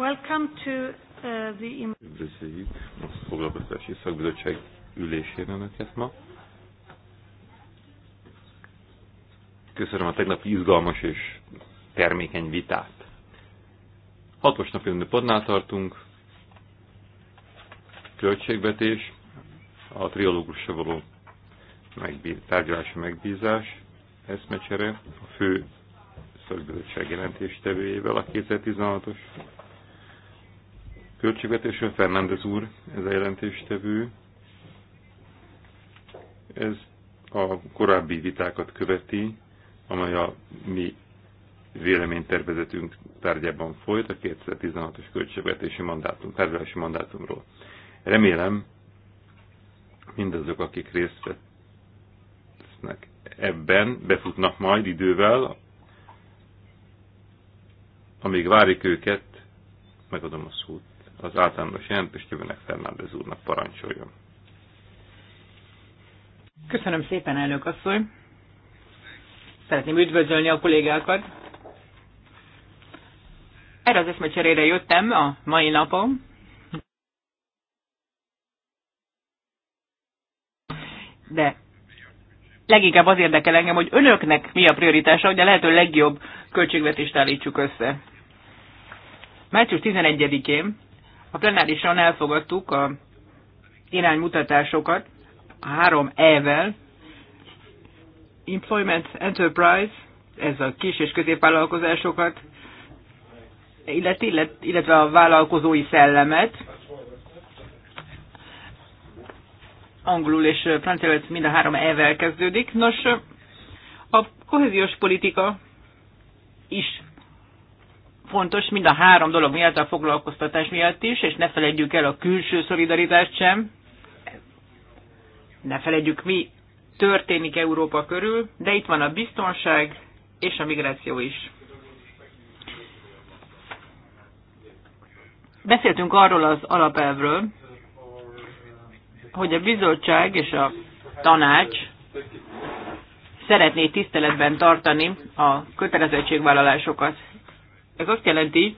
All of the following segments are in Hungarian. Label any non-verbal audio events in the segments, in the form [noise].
Welcome to uh, the... Üdvözöljük a foglalkoztatási szakbizottság ülésére önöket ma. Köszönöm a tegnapi izgalmas és termékeny vitát. Hatos napi padnál tartunk, költségvetés, a triológusra való megbíz, tárgyalási megbízás, eszmecsere, a fő szakbizottság jelentéstevőjével a 2016-os költségvetésről. Fernández úr, ez a jelentéstevő. Ez a korábbi vitákat követi, amely a mi véleménytervezetünk tárgyában folyt a 2016-os költségvetési mandátum, tárgyalási mandátumról. Remélem, mindazok, akik részt vesznek ebben, befutnak majd idővel, amíg várik őket, megadom a szót az általános jelentéstevőnek Fernández úrnak parancsoljon. Köszönöm szépen, elnök asszony! Szeretném üdvözölni a kollégákat. Erre az eszmecserére jöttem a mai napon. De leginkább az érdekel engem, hogy önöknek mi a prioritása, hogy a lehető legjobb költségvetést állítsuk össze. Március 11-én a plenárisan elfogadtuk a iránymutatásokat a három E-vel, Employment Enterprise, ez a kis és középvállalkozásokat, illet, illetve a vállalkozói szellemet. Angolul és franciául mind a három E-vel kezdődik. Nos, a kohéziós politika is fontos mind a három dolog miatt, a foglalkoztatás miatt is, és ne felejtjük el a külső szolidaritást sem. Ne felejtjük, mi történik Európa körül, de itt van a biztonság és a migráció is. Beszéltünk arról az alapelvről, hogy a bizottság és a tanács szeretné tiszteletben tartani a kötelezettségvállalásokat. Ez azt jelenti,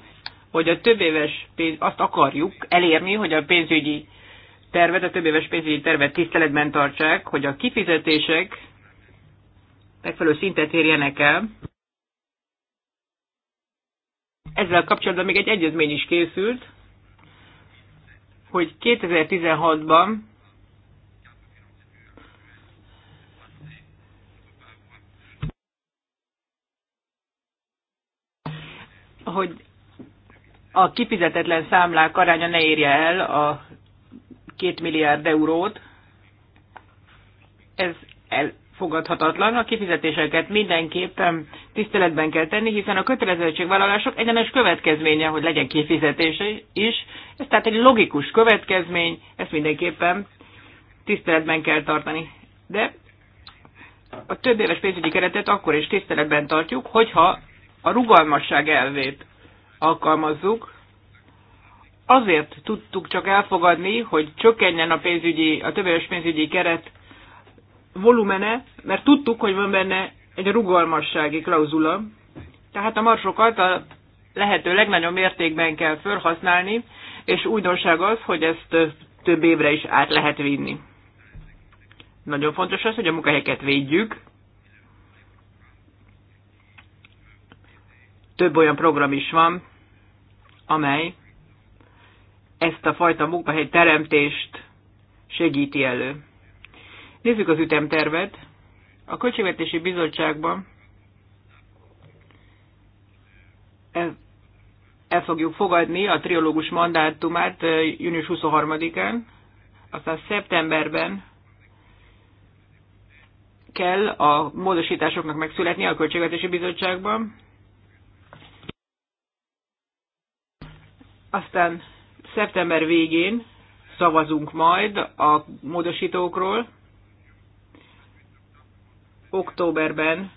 hogy a több éves pénz, azt akarjuk elérni, hogy a pénzügyi tervet, a több éves pénzügyi tervet tiszteletben tartsák, hogy a kifizetések megfelelő szintet érjenek el. Ezzel kapcsolatban még egy egyezmény is készült, hogy 2016-ban hogy a kifizetetlen számlák aránya ne érje el a két milliárd eurót. Ez elfogadhatatlan. A kifizetéseket mindenképpen tiszteletben kell tenni, hiszen a kötelezettségvállalások egyenes következménye, hogy legyen kifizetése is. Ez tehát egy logikus következmény, ezt mindenképpen tiszteletben kell tartani. De a több éves pénzügyi keretet akkor is tiszteletben tartjuk, hogyha a rugalmasság elvét alkalmazzuk, azért tudtuk csak elfogadni, hogy csökkenjen a pénzügyi, a többéves pénzügyi keret volumene, mert tudtuk, hogy van benne egy rugalmassági klauzula, tehát a marsokat a lehető legnagyobb mértékben kell felhasználni, és újdonság az, hogy ezt több évre is át lehet vinni. Nagyon fontos az, hogy a munkahelyeket védjük, több olyan program is van, amely ezt a fajta munkahely teremtést segíti elő. Nézzük az ütemtervet. A Költségvetési Bizottságban el, el fogjuk fogadni a triológus mandátumát június 23-án, aztán szeptemberben kell a módosításoknak megszületni a Költségvetési Bizottságban, Aztán szeptember végén szavazunk majd a módosítókról. Októberben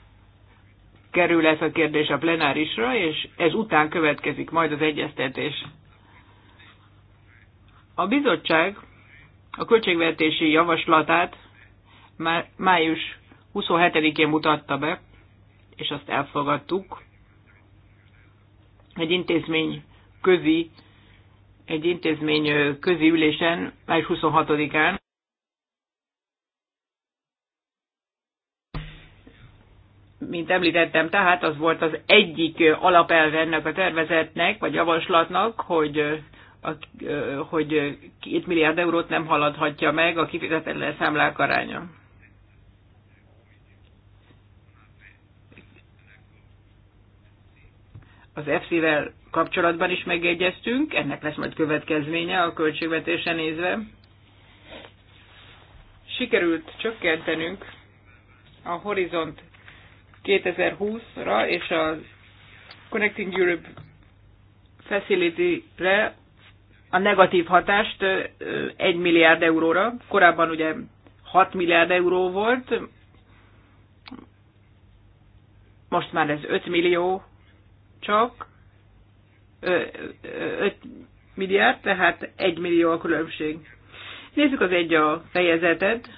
kerül ez a kérdés a plenárisra, és ez után következik majd az egyeztetés. A bizottság a költségvetési javaslatát május 27-én mutatta be, és azt elfogadtuk. Egy intézmény közi egy intézmény közi ülésen, május 26-án. Mint említettem, tehát az volt az egyik alapelve ennek a tervezetnek, vagy javaslatnak, hogy a, hogy két milliárd eurót nem haladhatja meg a kifizetetlen számlák aránya. Az FC-vel kapcsolatban is megegyeztünk, ennek lesz majd következménye a költségvetése nézve. Sikerült csökkentenünk a Horizont 2020-ra és a Connecting Europe Facility-re a negatív hatást 1 milliárd euróra. Korábban ugye 6 milliárd euró volt, most már ez 5 millió csak, 5 milliárd, tehát 1 millió a különbség. Nézzük az egy a fejezetet.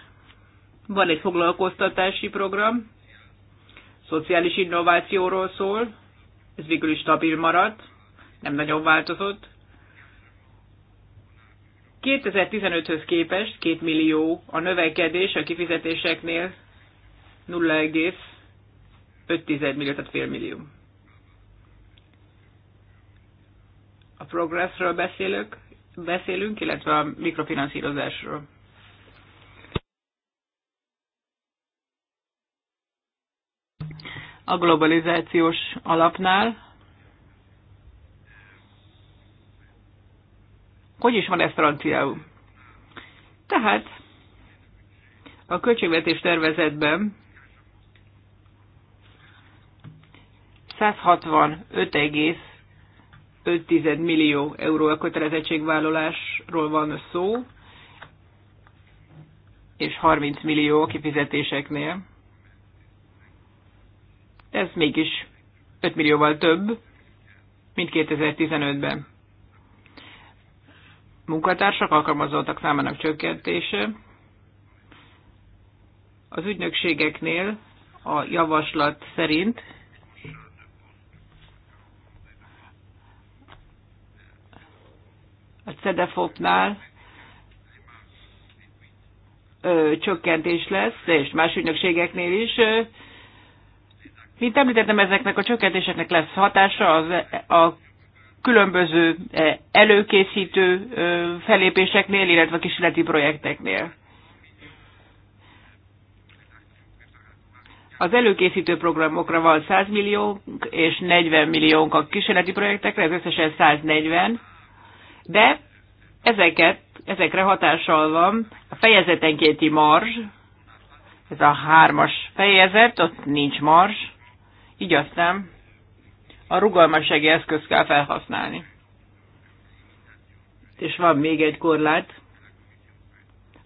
Van egy foglalkoztatási program, szociális innovációról szól, ez végül is stabil maradt, nem nagyon változott. 2015-höz képest 2 millió a növekedés a kifizetéseknél 0,5 millió, tehát fél millió. a progressről beszélök, beszélünk, illetve a mikrofinanszírozásról. A globalizációs alapnál Hogy is van ez franciául? Tehát a költségvetés tervezetben 165, 5 millió euró a kötelezettségvállalásról van szó, és 30 millió a kifizetéseknél. Ez mégis 5 millióval több, mint 2015-ben. Munkatársak alkalmazottak számának csökkentése. Az ügynökségeknél a javaslat szerint a CEDEFOP-nál csökkentés lesz, és más ügynökségeknél is. Mint említettem, ezeknek a csökkentéseknek lesz hatása az, e, a különböző e, előkészítő felépéseknél, illetve a kísérleti projekteknél. Az előkészítő programokra van 100 millió és 40 milliónk a kísérleti projektekre, ez összesen 140 de ezeket, ezekre hatással van a fejezetenkénti marzs, ez a hármas fejezet, ott nincs marzs, így aztán a rugalmassági eszközt kell felhasználni. És van még egy korlát,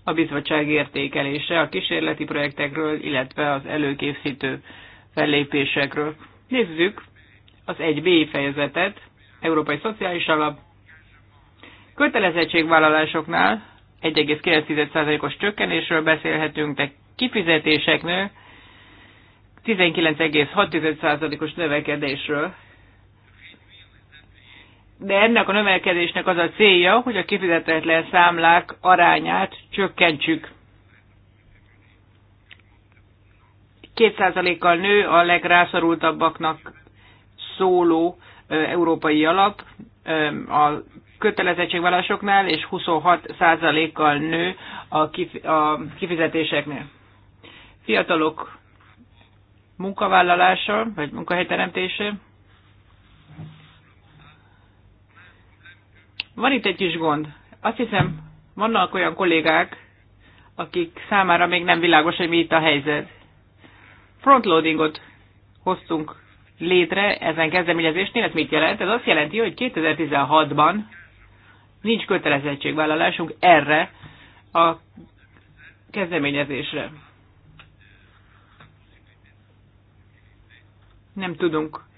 a bizottság értékelése a kísérleti projektekről, illetve az előkészítő fellépésekről. Nézzük az 1B fejezetet, Európai Szociális Alap, kötelezettségvállalásoknál 1,9%-os csökkenésről beszélhetünk, de kifizetéseknél 19,6%-os növekedésről. De ennek a növekedésnek az a célja, hogy a kifizetetlen számlák arányát csökkentsük. 2%-kal nő a legrászorultabbaknak szóló európai alap, a kötelezettségvállalásoknál, és 26%-kal nő a, kif- a kifizetéseknél. Fiatalok munkavállalása, vagy munkahelyteremtése. Van itt egy kis gond. Azt hiszem, vannak olyan kollégák, akik számára még nem világos, hogy mi itt a helyzet. Frontloadingot hoztunk létre ezen kezdeményezésnél, ez mit jelent? Ez azt jelenti, hogy 2016-ban nincs kötelezettségvállalásunk erre a kezdeményezésre. Nem tudunk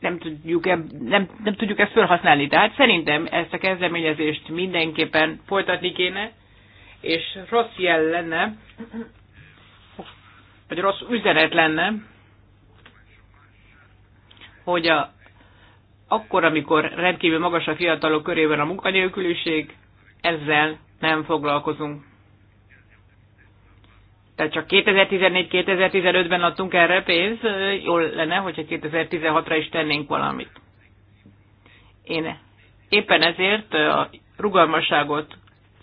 nem tudjuk, eb, nem, nem tudjuk ezt felhasználni. Tehát szerintem ezt a kezdeményezést mindenképpen folytatni kéne, és rossz jel lenne, vagy rossz üzenet lenne, hogy a akkor, amikor rendkívül magas a fiatalok körében a munkanélküliség, ezzel nem foglalkozunk. Tehát csak 2014-2015-ben adtunk erre pénzt, jól lenne, hogyha 2016-ra is tennénk valamit. Én éppen ezért a rugalmasságot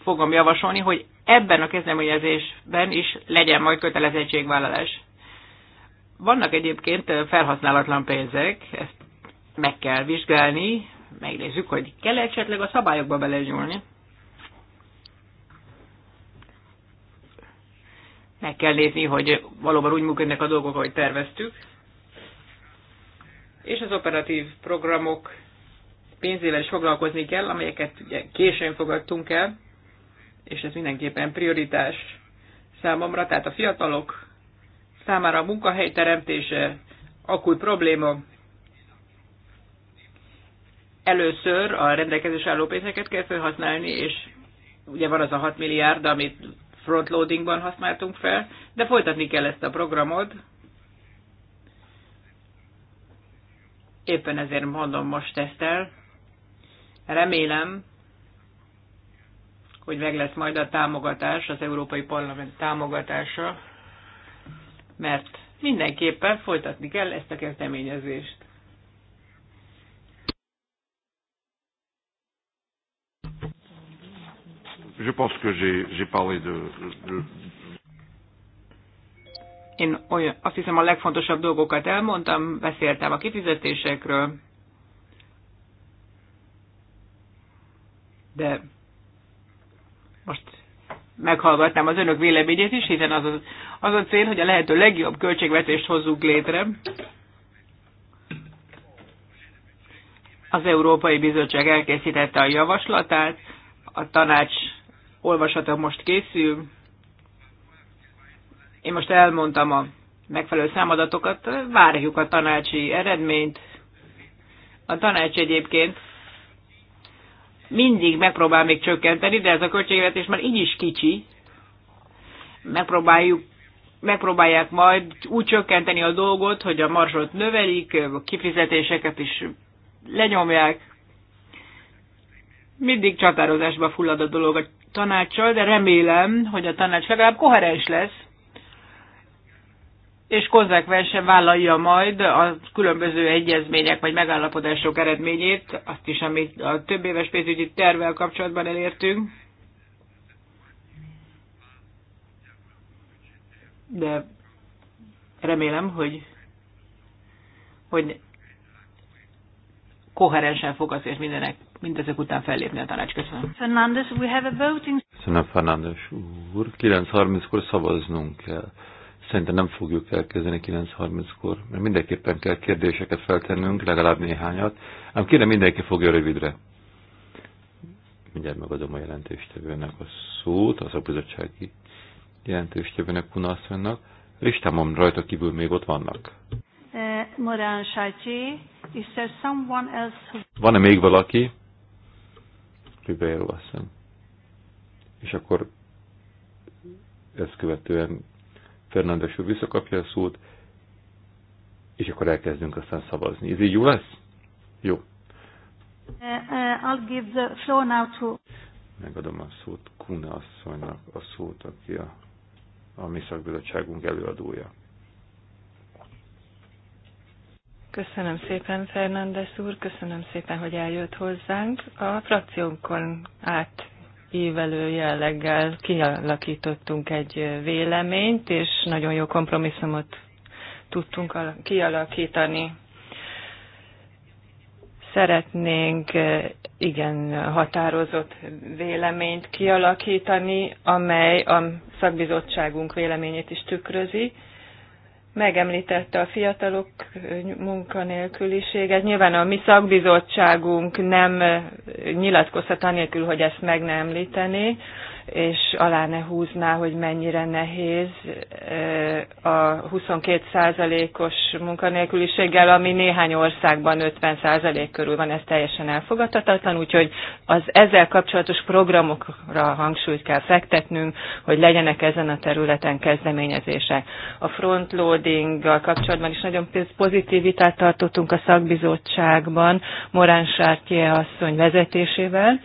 fogom javasolni, hogy ebben a kezdeményezésben is legyen majd kötelezettségvállalás. Vannak egyébként felhasználatlan pénzek, ezt meg kell vizsgálni, megnézzük, hogy kell esetleg a szabályokba belegyúlni. Meg kell nézni, hogy valóban úgy működnek a dolgok, ahogy terveztük. És az operatív programok pénzével is foglalkozni kell, amelyeket ugye későn fogadtunk el, és ez mindenképpen prioritás számomra, tehát a fiatalok számára a munkahely teremtése akut probléma, először a rendelkezés álló pénzeket kell felhasználni, és ugye van az a 6 milliárd, amit frontloadingban használtunk fel, de folytatni kell ezt a programot. Éppen ezért mondom most ezt el. Remélem, hogy meg lesz majd a támogatás, az Európai Parlament támogatása, mert mindenképpen folytatni kell ezt a kezdeményezést. je pense que j'ai parlé de, de... Én olyan, azt hiszem a legfontosabb dolgokat elmondtam, beszéltem a kifizetésekről, de most meghallgatnám az önök véleményét is, hiszen az, az, az a cél, hogy a lehető legjobb költségvetést hozzuk létre. Az Európai Bizottság elkészítette a javaslatát, a tanács olvasata most készül. Én most elmondtam a megfelelő számadatokat, várjuk a tanácsi eredményt. A tanács egyébként mindig megpróbál még csökkenteni, de ez a költségvetés már így is kicsi. Megpróbáljuk megpróbálják majd úgy csökkenteni a dolgot, hogy a marzsot növelik, a kifizetéseket is lenyomják. Mindig csatározásba fullad a dolog a tanácssal, de remélem, hogy a tanács legalább koherens lesz, és konzekvensen vállalja majd a különböző egyezmények vagy megállapodások eredményét, azt is, amit a több éves pénzügyi tervvel kapcsolatban elértünk. De remélem, hogy, hogy koherensen fog azért mindenek mindezek után fellépni a tanács. Köszönöm. Fernandez, we have a voting... Köszönöm, Fernandez úr. 9.30-kor szavaznunk kell. Szerintem nem fogjuk elkezdeni 9.30-kor, mert mindenképpen kell kérdéseket feltennünk, legalább néhányat. Ám kérem, mindenki fogja rövidre. Mindjárt megadom a jelentéstevőnek a szót, az a bizottsági jelentéstevőnek, Kunasszonynak. Listámon rajta kívül még ott vannak. Eh, Morán Sajci, is there someone else? Van-e még valaki, Ribeiro hiszem. És akkor ezt követően Fernándes úr visszakapja a szót, és akkor elkezdünk aztán szavazni. Ez így jó lesz? Jó. Uh, uh, I'll give the floor now to... Megadom a szót Kuna asszonynak, a szót, aki a, a mi szakbizottságunk előadója. Köszönöm szépen, Fernández úr, köszönöm szépen, hogy eljött hozzánk. A frakciónkon át ívelő jelleggel kialakítottunk egy véleményt, és nagyon jó kompromisszumot tudtunk kialakítani. Szeretnénk igen határozott véleményt kialakítani, amely a szakbizottságunk véleményét is tükrözi megemlítette a fiatalok munkanélküliséget. Nyilván a mi szakbizottságunk nem nyilatkozhat anélkül, hogy ezt meg ne említené és alá ne húzná, hogy mennyire nehéz a 22%-os munkanélküliséggel, ami néhány országban 50% körül van, ez teljesen elfogadhatatlan, úgyhogy az ezzel kapcsolatos programokra hangsúlyt kell fektetnünk, hogy legyenek ezen a területen kezdeményezések. A frontloadinggal kapcsolatban is nagyon pozitív vitát tartottunk a szakbizottságban Morán Sártje asszony vezetésével,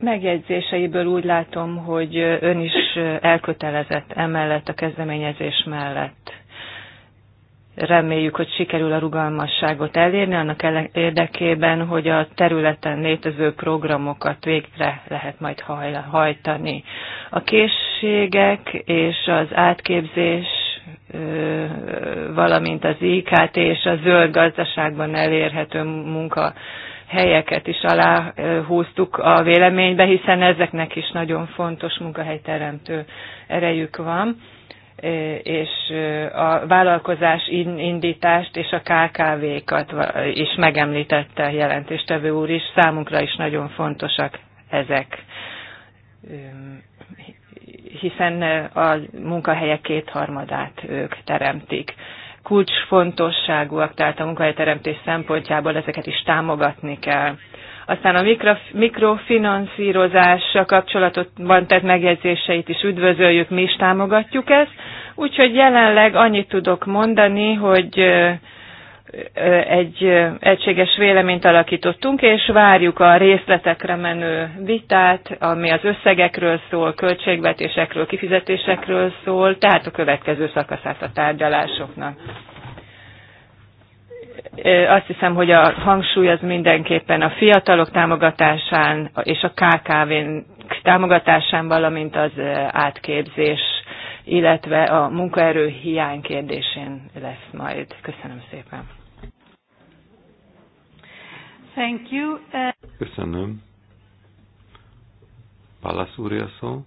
megjegyzéseiből úgy látom, hogy ön is elkötelezett emellett a kezdeményezés mellett. Reméljük, hogy sikerül a rugalmasságot elérni annak érdekében, hogy a területen létező programokat végre lehet majd hajtani. A készségek és az átképzés valamint az IKT és a zöld gazdaságban elérhető munka helyeket is aláhúztuk a véleménybe, hiszen ezeknek is nagyon fontos munkahelyteremtő erejük van és a vállalkozás indítást és a KKV-kat is megemlítette jelentéstevő úr is, számunkra is nagyon fontosak ezek, hiszen a munkahelyek kétharmadát ők teremtik kulcsfontosságúak, tehát a munkahelyteremtés szempontjából ezeket is támogatni kell. Aztán a mikro, mikrofinanszírozással kapcsolatban tett megjegyzéseit is üdvözöljük, mi is támogatjuk ezt. Úgyhogy jelenleg annyit tudok mondani, hogy egy egységes véleményt alakítottunk, és várjuk a részletekre menő vitát, ami az összegekről szól, költségvetésekről, kifizetésekről szól, tehát a következő szakaszát a tárgyalásoknak. Azt hiszem, hogy a hangsúly az mindenképpen a fiatalok támogatásán és a KKV-n támogatásán, valamint az átképzés, illetve a munkaerő hiány kérdésén lesz majd. Köszönöm szépen. Thank you. Uh, Köszönöm. Palasz úr szó.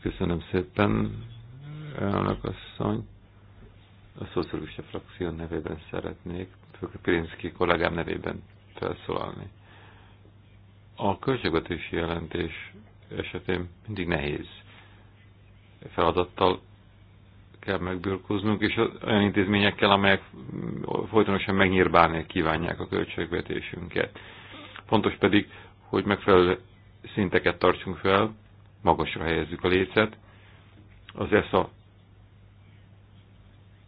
Köszönöm szépen, elnök asszony. A szocialista frakció nevében szeretnék, a Pirinszki kollégám nevében felszólalni. A költségvetési jelentés esetén mindig nehéz feladattal kell megbürkóznunk, és olyan intézményekkel, amelyek folytonosan megnyírbálni kívánják a költségvetésünket. Fontos pedig, hogy megfelelő szinteket tartsunk fel, magasra helyezzük a lécet, az ESZA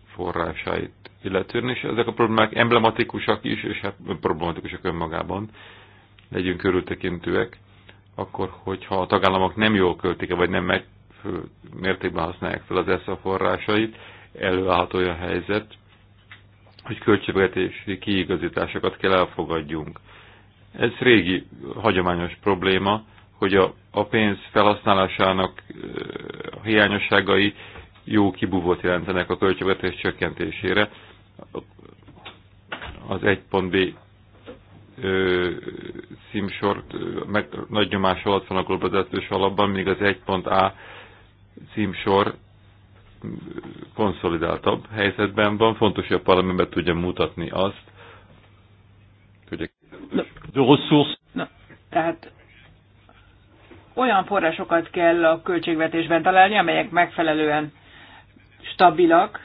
forrásait illetően, és ezek a problémák emblematikusak is, és hát problematikusak önmagában, legyünk körültekintőek, akkor hogyha a tagállamok nem jól költik vagy nem mértékben használják fel az ESZA forrásait, előállhat olyan helyzet, hogy költségvetési kiigazításokat kell elfogadjunk. Ez régi, hagyományos probléma, hogy a, a pénz felhasználásának a hiányosságai jó kibúvót jelentenek a költségvetés csökkentésére. Az 1.b szímsort meg, nagy nyomás alatt van a globalizációs alapban, míg az 1.a címsor konszolidáltabb helyzetben van. Fontos, hogy a parlamentben tudja mutatni azt, hogy a Na, tehát olyan forrásokat kell a költségvetésben találni, amelyek megfelelően stabilak.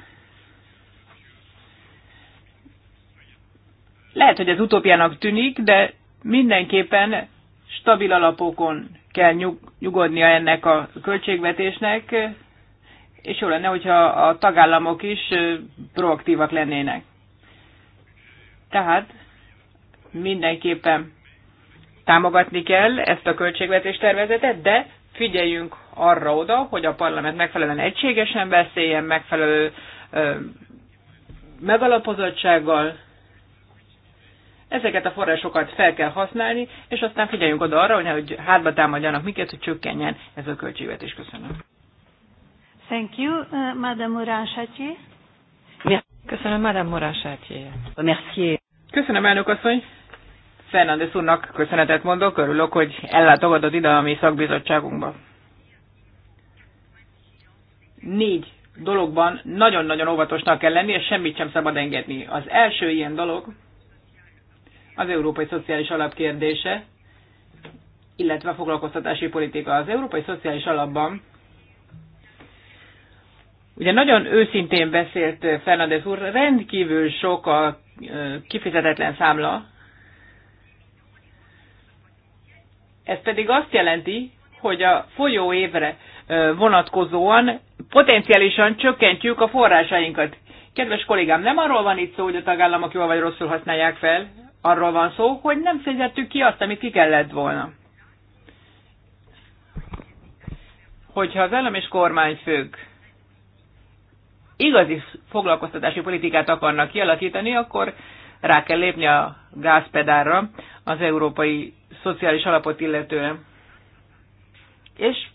Lehet, hogy ez utópiának tűnik, de mindenképpen stabil alapokon kell nyug, nyugodnia ennek a költségvetésnek, és jó lenne, hogyha a tagállamok is proaktívak lennének. Tehát mindenképpen támogatni kell ezt a költségvetés tervezetet, de figyeljünk arra oda, hogy a parlament megfelelően egységesen beszéljen, megfelelő ö, megalapozottsággal, Ezeket a forrásokat fel kell használni, és aztán figyeljünk oda arra, hogy nehogy hátba támadjanak minket, hogy csökkenjen ez a költségvetés. Köszönöm. Thank you, uh, Madame Morásátyi. Köszönöm, Madame Morásátyi. Merci. Köszönöm, elnök asszony. Fernández úrnak köszönetet mondok, örülök, hogy ellátogatott ide a mi szakbizottságunkba. Négy dologban nagyon-nagyon óvatosnak kell lenni, és semmit sem szabad engedni. Az első ilyen dolog, az európai szociális alap kérdése, illetve a foglalkoztatási politika. Az európai szociális alapban Ugye nagyon őszintén beszélt Fernández úr, rendkívül sok a kifizetetlen számla. Ez pedig azt jelenti, hogy a folyó évre vonatkozóan potenciálisan csökkentjük a forrásainkat. Kedves kollégám, nem arról van itt szó, hogy a tagállamok jól vagy rosszul használják fel arról van szó, hogy nem fizettük ki azt, amit ki kellett volna. Hogyha az állam és kormányfők igazi foglalkoztatási politikát akarnak kialakítani, akkor rá kell lépni a gázpedálra az európai szociális alapot illetően. És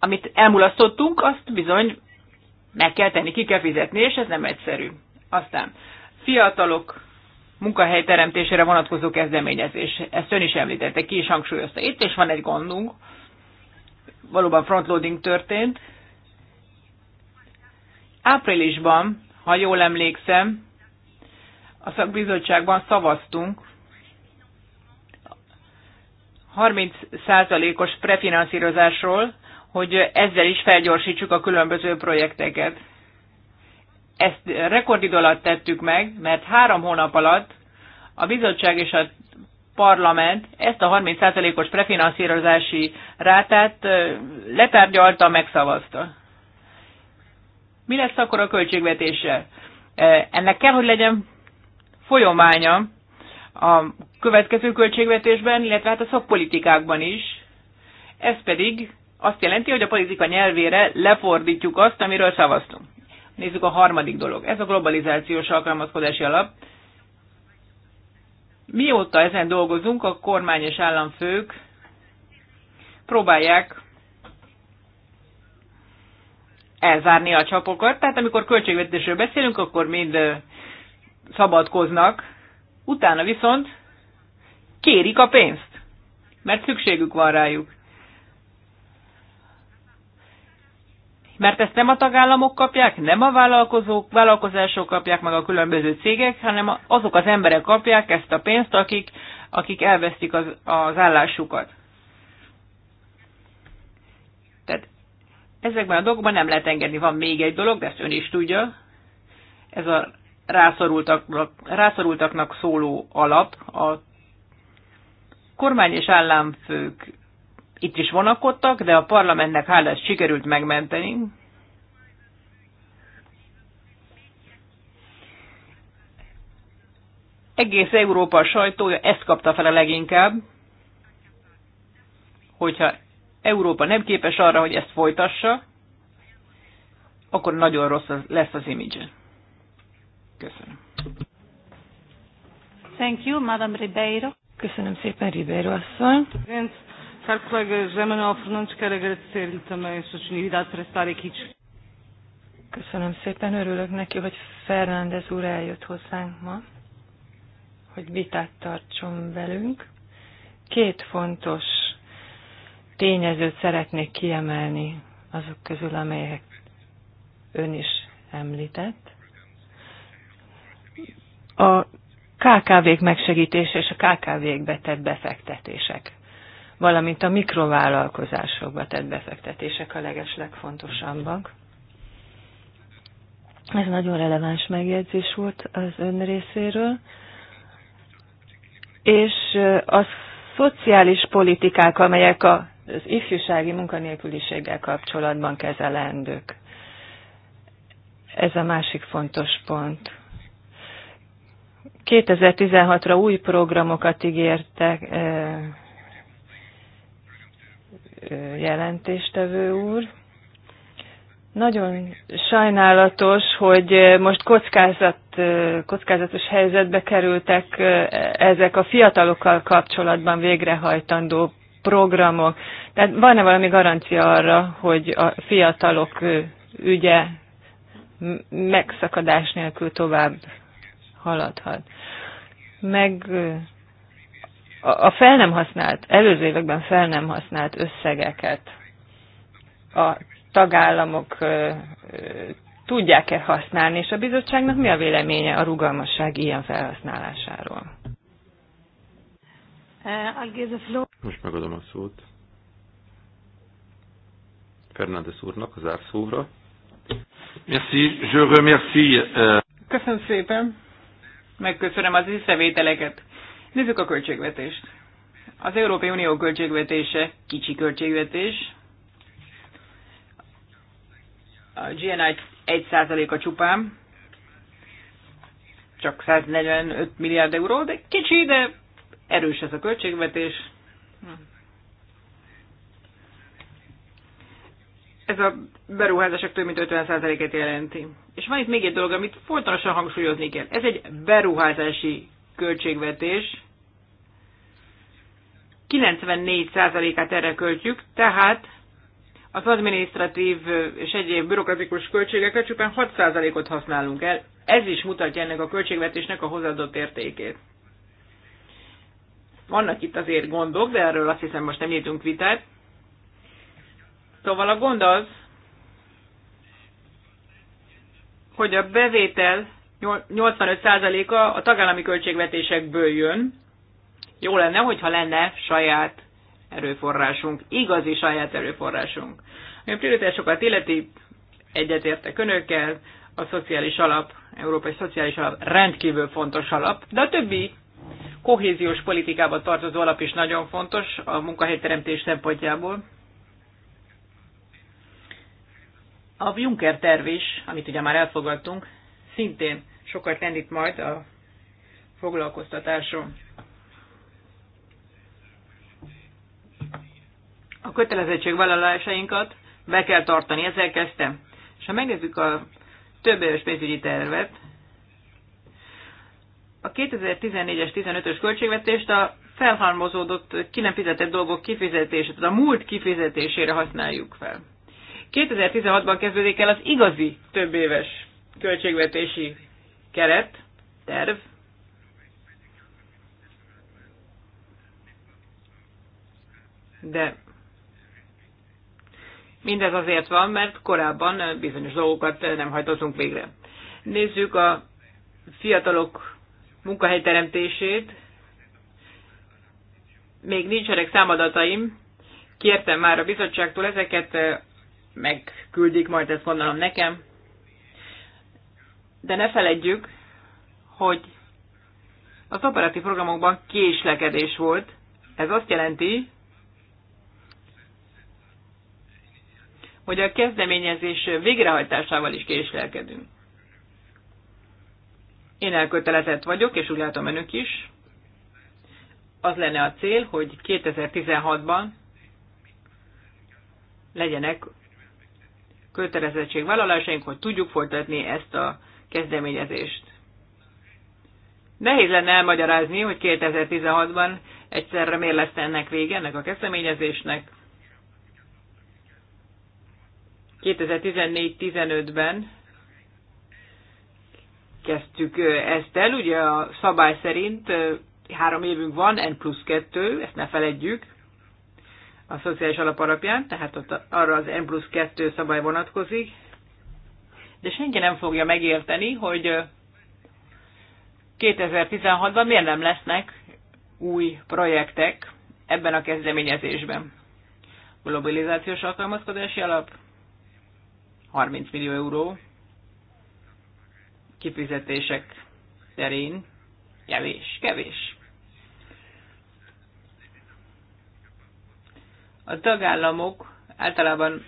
amit elmulasztottunk, azt bizony meg kell tenni, ki kell fizetni, és ez nem egyszerű. Aztán fiatalok munkahely teremtésére vonatkozó kezdeményezés. Ezt ön is említette, ki is hangsúlyozta. Itt is van egy gondunk, valóban frontloading történt. Áprilisban, ha jól emlékszem, a szakbizottságban szavaztunk 30%-os prefinanszírozásról, hogy ezzel is felgyorsítsuk a különböző projekteket. Ezt rekordidő alatt tettük meg, mert három hónap alatt a bizottság és a parlament ezt a 30%-os prefinanszírozási rátát letárgyalta, megszavazta. Mi lesz akkor a költségvetéssel? Ennek kell, hogy legyen folyománya a következő költségvetésben, illetve hát a szakpolitikákban is. Ez pedig azt jelenti, hogy a politika nyelvére lefordítjuk azt, amiről szavaztunk. Nézzük a harmadik dolog. Ez a globalizációs alkalmazkodási alap. Mióta ezen dolgozunk, a kormány és államfők próbálják elzárni a csapokat, tehát amikor költségvetésről beszélünk, akkor mind szabadkoznak, utána viszont kérik a pénzt, mert szükségük van rájuk. mert ezt nem a tagállamok kapják, nem a vállalkozók, vállalkozások kapják meg a különböző cégek, hanem azok az emberek kapják ezt a pénzt, akik, akik elvesztik az, az állásukat. Tehát ezekben a dolgokban nem lehet engedni. Van még egy dolog, de ezt ön is tudja, ez a rászorultaknak, rászorultaknak szóló alap, a kormány és államfők itt is vonakodtak, de a parlamentnek hálás sikerült megmenteni. Egész Európa sajtója ezt kapta fel a leginkább, hogyha Európa nem képes arra, hogy ezt folytassa, akkor nagyon rossz lesz az image. Köszönöm. Thank you, Madam Ribeiro. Köszönöm szépen, Ribeiro asszony. Caro colega José Manuel Fernandes, quero agradecer-lhe também a sua disponibilidade para estar aqui. Köszönöm szépen, örülök neki, hogy Fernández úr eljött hozzánk ma, hogy vitát tartson velünk. Két fontos tényezőt szeretnék kiemelni azok közül, amelyek ön is említett. A KKV-k megsegítése és a KKV-k betett befektetések valamint a mikrovállalkozásokba tett befektetések a legeslegfontosabbak. Ez nagyon releváns megjegyzés volt az ön részéről. És a szociális politikák, amelyek az ifjúsági munkanélküliséggel kapcsolatban kezelendők. Ez a másik fontos pont. 2016-ra új programokat ígértek, jelentéstevő úr. Nagyon sajnálatos, hogy most kockázat, kockázatos helyzetbe kerültek eh, ezek a fiatalokkal kapcsolatban végrehajtandó programok. Tehát van-e valami garancia arra, hogy a fiatalok eh, ügye megszakadás nélkül tovább haladhat? Meg eh, a fel nem használt, előző években fel nem használt összegeket a tagállamok tudják-e használni, és a bizottságnak mi a véleménye a rugalmasság ilyen felhasználásáról? Uh, Most megadom a szót. Fernández úrnak az árszóra. Merci, je remercie. Euh, Köszönöm szépen. Megköszönöm az észrevételeket. Nézzük a költségvetést. Az Európai Unió költségvetése kicsi költségvetés. A GNI 1%-a csupán, csak 145 milliárd euró, de kicsi, de erős ez a költségvetés. Ez a beruházások több mint 50%-et jelenti. És van itt még egy dolog, amit folytonosan hangsúlyozni kell. Ez egy beruházási költségvetés, 94%-át erre költjük, tehát az adminisztratív és egyéb bürokratikus költségekre csupán 6%-ot használunk el. Ez is mutatja ennek a költségvetésnek a hozzáadott értékét. Vannak itt azért gondok, de erről azt hiszem most nem nyitunk vitát. Szóval a gond az, hogy a bevétel 85%-a a tagállami költségvetésekből jön, jó lenne, hogyha lenne saját erőforrásunk, igazi saját erőforrásunk. a prioritásokat illeti, egyetértek önökkel, a szociális alap, európai szociális alap rendkívül fontos alap, de a többi kohéziós politikában tartozó alap is nagyon fontos a munkahelyteremtés szempontjából. A Juncker terv is, amit ugye már elfogadtunk, szintén sokat lendít majd a foglalkoztatáson. kötelezettségvállalásainkat be kell tartani, ezzel kezdtem. És ha megnézzük a több éves pénzügyi tervet, a 2014-es 15-ös költségvetést a felhalmozódott, ki nem fizetett dolgok kifizetését, a múlt kifizetésére használjuk fel. 2016-ban kezdődik el az igazi több éves költségvetési keret, terv, de Mindez azért van, mert korábban bizonyos dolgokat nem hajtottunk végre. Nézzük a fiatalok munkahelyteremtését. Még nincsenek számadataim, kértem már a bizottságtól ezeket, megküldik majd ezt gondolom nekem. De ne feledjük, hogy az operatív programokban késlekedés volt. Ez azt jelenti, hogy a kezdeményezés végrehajtásával is késlelkedünk. Én elkötelezett vagyok, és úgy látom önök is. Az lenne a cél, hogy 2016-ban legyenek kötelezettségvállalásaink, hogy tudjuk folytatni ezt a kezdeményezést. Nehéz lenne elmagyarázni, hogy 2016-ban egyszerre miért lesz ennek vége, ennek a kezdeményezésnek. 2014-15-ben kezdtük ezt el, ugye a szabály szerint három évünk van, N plusz 2, ezt ne feledjük, a szociális alap alapján, tehát ott arra az N plusz 2 szabály vonatkozik, de senki nem fogja megérteni, hogy 2016-ban miért nem lesznek új projektek ebben a kezdeményezésben. Globalizációs alkalmazkodási alap, 30 millió euró kifizetések terén kevés, kevés. A tagállamok általában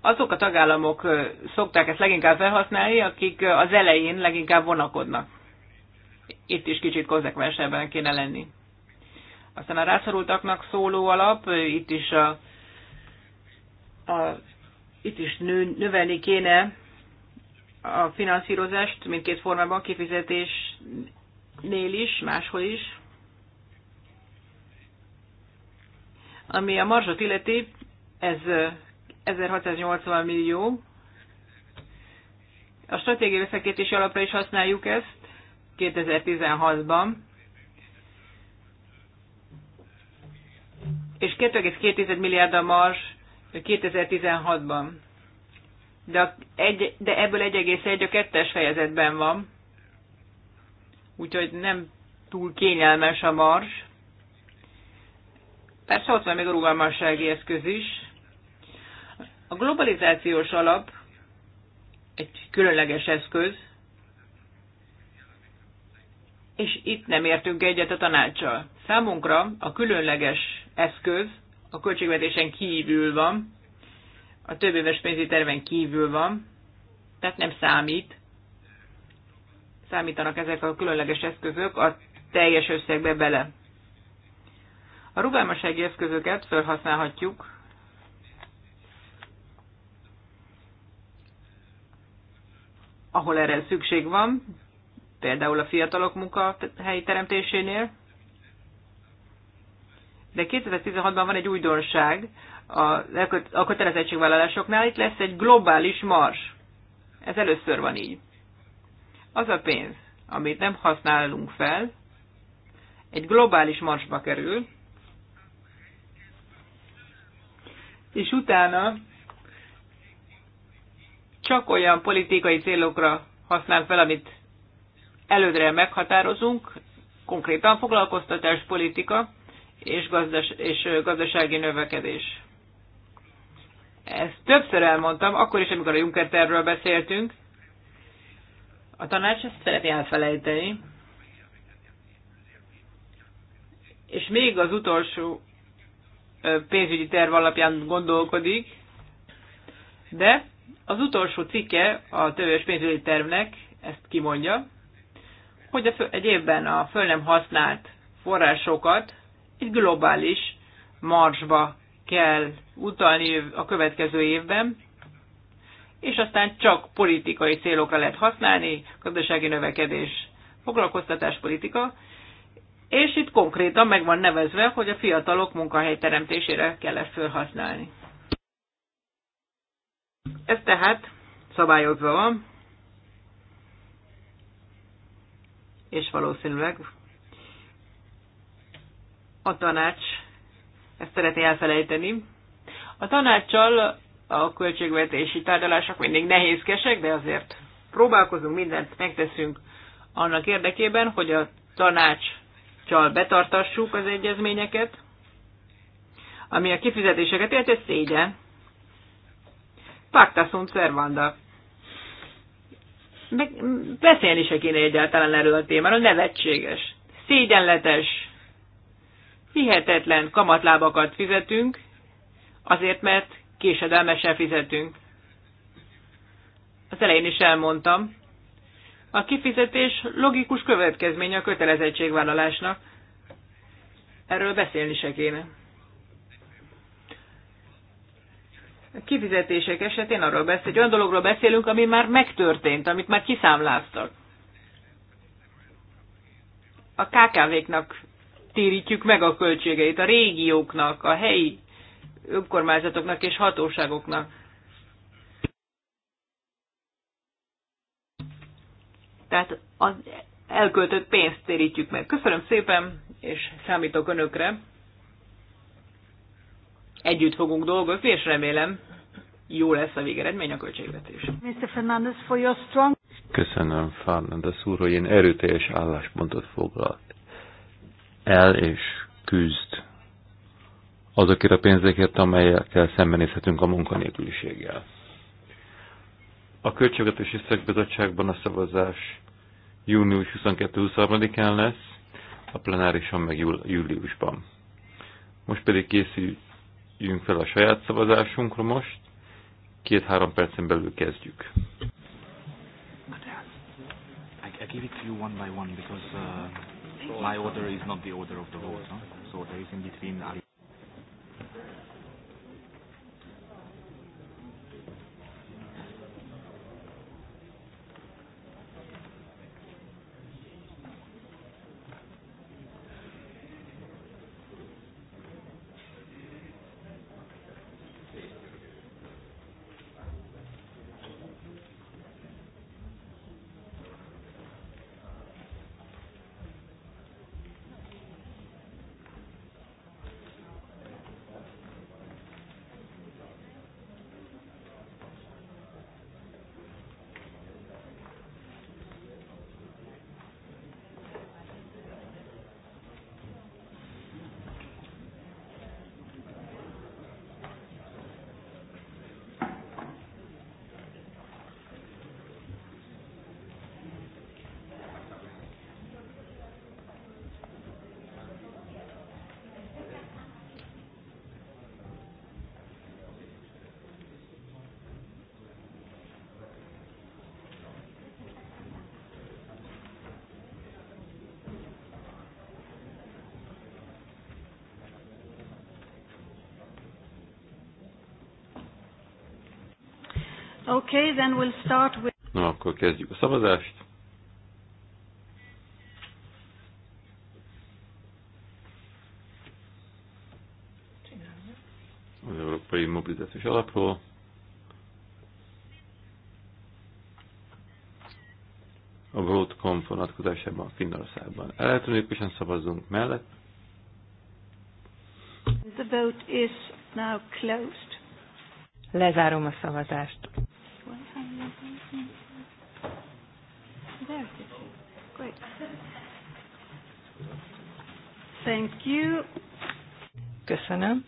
azok a tagállamok szokták ezt leginkább felhasználni, akik az elején leginkább vonakodnak. Itt is kicsit konzekvensebben kéne lenni. Aztán a rászorultaknak szóló alap, itt is a, a itt is nő, növelni kéne a finanszírozást mindkét formában, kifizetésnél is, máshol is. Ami a marzsot illeti, ez 1680 millió. A stratégiai összekétési alapra is használjuk ezt 2016-ban. És 2,2 milliárd a marzs 2016-ban. De, a, egy, de ebből 1,1 a kettes fejezetben van, úgyhogy nem túl kényelmes a mars. Persze ott van még a rugalmassági eszköz is. A globalizációs alap egy különleges eszköz, és itt nem értünk egyet a tanácssal. Számunkra a különleges eszköz a költségvetésen kívül van, a több éves pénzi terven kívül van, tehát nem számít. Számítanak ezek a különleges eszközök a teljes összegbe bele. A rugalmasági eszközöket felhasználhatjuk ahol erre szükség van, például a fiatalok munkahelyi teremtésénél, de 2016-ban van egy újdonság a kötelezettségvállalásoknál, itt lesz egy globális mars. Ez először van így. Az a pénz, amit nem használunk fel, egy globális marsba kerül, és utána csak olyan politikai célokra használ fel, amit előre meghatározunk, konkrétan foglalkoztatás politika és, gazdas- és gazdasági növekedés. Ezt többször elmondtam, akkor is, amikor a Juncker tervről beszéltünk. A tanács ezt szereti elfelejteni. És még az utolsó pénzügyi terv alapján gondolkodik, de az utolsó cikke a tövös pénzügyi tervnek ezt kimondja, hogy a, egy évben a föl nem használt forrásokat egy globális marsba kell utalni a következő évben, és aztán csak politikai célokra lehet használni, gazdasági növekedés, foglalkoztatáspolitika, és itt konkrétan meg van nevezve, hogy a fiatalok munkahelyteremtésére kell ezt felhasználni. Ez tehát szabályozva van, és valószínűleg a tanács ezt szeretné elfelejteni. A tanácssal a költségvetési tárgyalások mindig nehézkesek, de azért próbálkozunk, mindent megteszünk annak érdekében, hogy a tanácssal betartassuk az egyezményeket, ami a kifizetéseket illeti, szégyen. Pacta sunt servanda. Meg beszélni se kéne egyáltalán erről a témáról, nevetséges, szégyenletes, hihetetlen kamatlábakat fizetünk, azért mert késedelmesen fizetünk. Az elején is elmondtam. A kifizetés logikus következménye a kötelezettségvállalásnak. Erről beszélni se kéne. A kifizetések esetén arról beszél, hogy olyan dologról beszélünk, ami már megtörtént, amit már kiszámláztak. A KKV-knak térítjük meg a költségeit a régióknak, a helyi önkormányzatoknak és hatóságoknak. Tehát az elköltött pénzt térítjük meg. Köszönöm szépen, és számítok önökre. Együtt fogunk dolgozni, és remélem jó lesz a végeredmény a költségvetés. Mr. Fernandez, for your strong... Köszönöm, Fernandez úr, hogy én erőteljes álláspontot foglalt el és küzd azokért a pénzekért, amelyekkel szembenézhetünk a munkanélküliséggel. A Költségvetési Szakbizottságban a szavazás június 22-23-án lesz, a plenárison meg júliusban. Most pedig készüljünk fel a saját szavazásunkra most, két-három percen belül kezdjük. I give it to you one by one because uh... My order is not the order of the vote, Huh? so there is in between. Okay, then we'll start with... Na, akkor kezdjük a szavazást. Az Európai Mobilizációs Alapról. A Broadcom vonatkozásában Finnországban elektronikusan szavazzunk mellett. The vote is now closed. Lezárom a szavazást. Thank you. Köszönöm.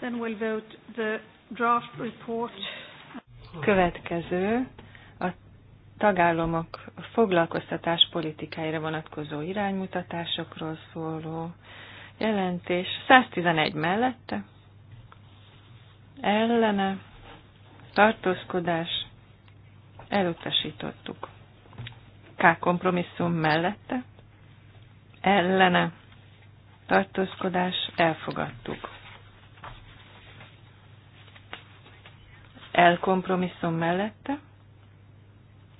Then we'll vote the draft report. Következő a tagállamok foglalkoztatás politikáira vonatkozó iránymutatásokról szóló jelentés. 111 mellette. Ellene tartózkodás elutasítottuk. K kompromisszum mellette, ellene tartózkodás elfogadtuk. L kompromisszum mellette,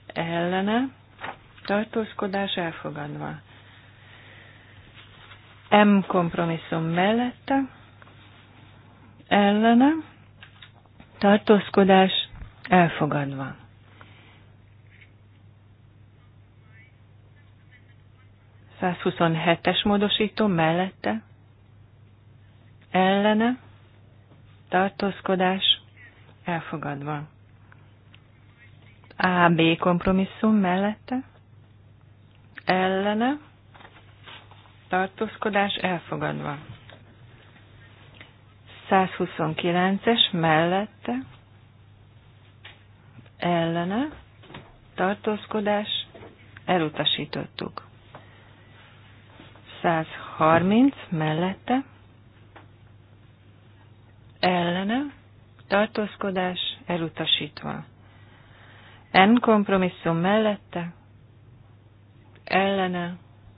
ellene tartózkodás elfogadva. M kompromisszum mellette, ellene tartózkodás elfogadva. 127-es módosító mellette, ellene, tartózkodás, elfogadva. AB kompromisszum mellette, ellene, tartózkodás, elfogadva. 129-es mellette, ellene, tartózkodás, elutasítottuk. 130 mellette, ellene, tartózkodás elutasítva. N kompromisszum mellette, ellene,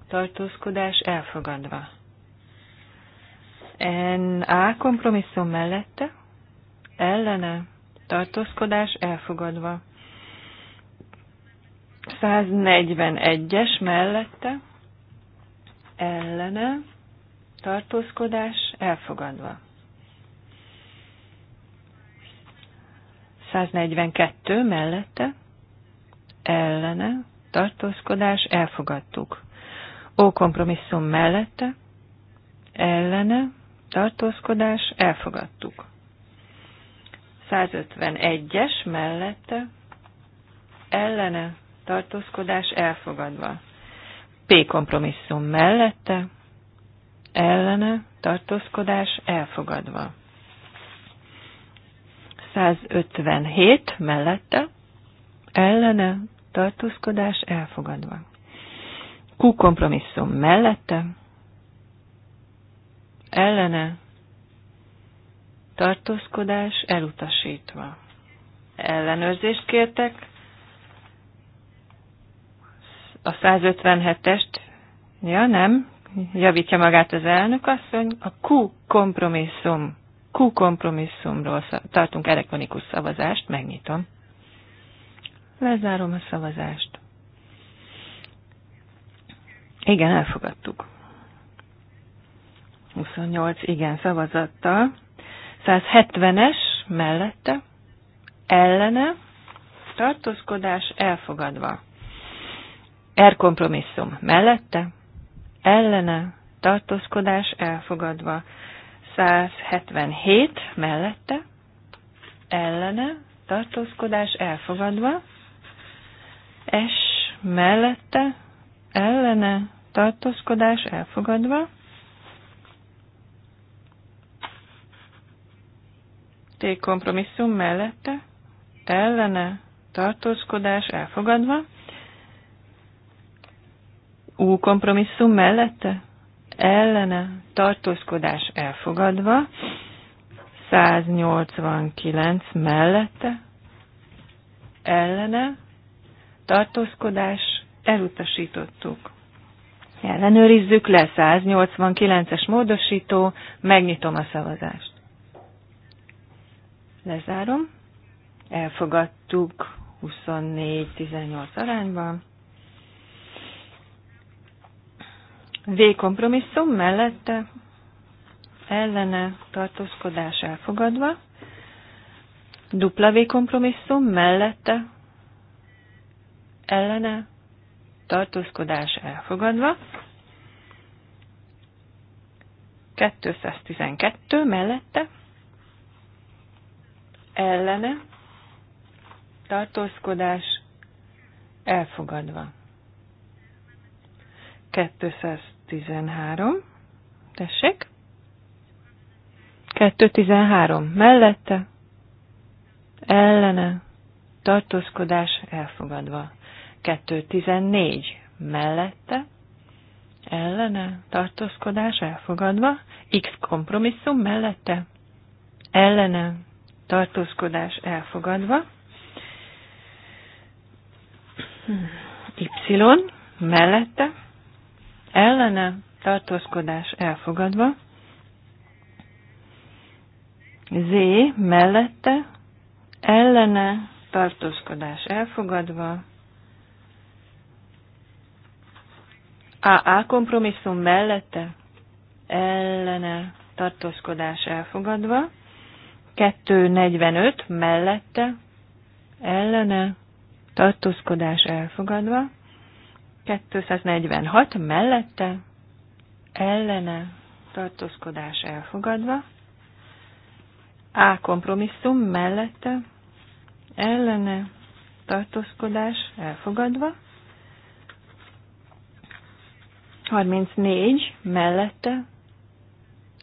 tartózkodás elfogadva. N A kompromisszum mellette, ellene, tartózkodás elfogadva. 141-es mellette, ellene, tartózkodás elfogadva. 142 mellette, ellene, tartózkodás elfogadtuk. Ó kompromisszum mellette, ellene, tartózkodás elfogadtuk. 151-es mellette, ellene, tartózkodás elfogadva. P kompromisszum mellette, ellene, tartózkodás elfogadva. 157 mellette, ellene, tartózkodás elfogadva. Q kompromisszum mellette, ellene, tartózkodás elutasítva. Ellenőrzést kértek, a 157-est, ja nem, javítja magát az elnök asszony, a Q kompromisszum, Q kompromisszumról tartunk elektronikus szavazást, megnyitom. Lezárom a szavazást. Igen, elfogadtuk. 28 igen szavazattal. 170-es mellette, ellene, tartózkodás elfogadva. Er kompromisszum mellette, ellene, tartózkodás elfogadva. 177 mellette, ellene, tartózkodás elfogadva. S mellette, ellene, tartózkodás elfogadva. T kompromisszum mellette, ellene, tartózkodás elfogadva ú kompromisszum mellette ellene tartózkodás elfogadva, 189 mellette ellene tartózkodás elutasítottuk. Ellenőrizzük le 189-es módosító, megnyitom a szavazást. Lezárom. Elfogadtuk 24-18 arányban. V kompromisszum mellette ellene tartózkodás elfogadva, dupla kompromisszum mellette ellene tartózkodás elfogadva, 212 mellette ellene tartózkodás elfogadva. 213. Tessék. 213. Mellette. Ellene. Tartózkodás elfogadva. 214. Mellette. Ellene. Tartózkodás elfogadva. X kompromisszum mellette. Ellene. Tartózkodás elfogadva. Y mellette ellene tartózkodás elfogadva, Z mellette ellene tartózkodás elfogadva, AA kompromisszum mellette ellene tartózkodás elfogadva, 245 mellette ellene tartózkodás elfogadva, 246 mellette ellene tartózkodás elfogadva, A kompromisszum mellette ellene tartózkodás elfogadva, 34 mellette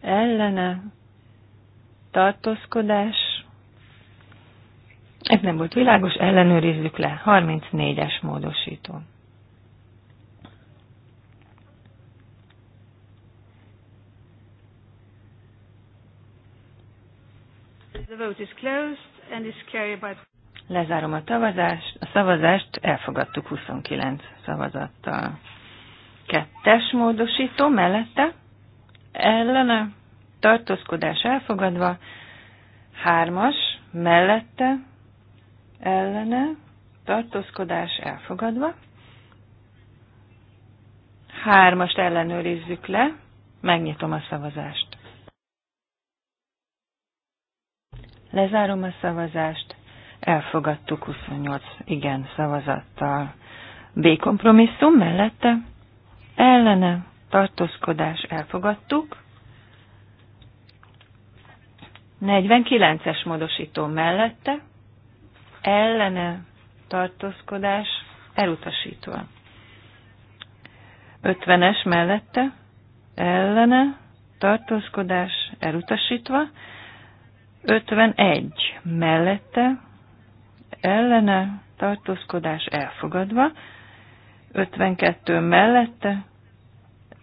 ellene tartózkodás ez nem volt világos, ellenőrizzük le. 34-es módosító. Lezárom a szavazást. A szavazást elfogadtuk 29 szavazattal. Kettes módosító mellette, ellene, tartózkodás elfogadva, hármas mellette, ellene, tartózkodás elfogadva. Hármast ellenőrizzük le, megnyitom a szavazást. Lezárom a szavazást. Elfogadtuk 28 igen szavazattal. B kompromisszum mellette. Ellene tartózkodás elfogadtuk. 49-es módosító mellette. Ellene tartózkodás elutasítva. 50-es mellette. Ellene tartózkodás elutasítva. 51 mellette, ellene, tartózkodás elfogadva, 52 mellette,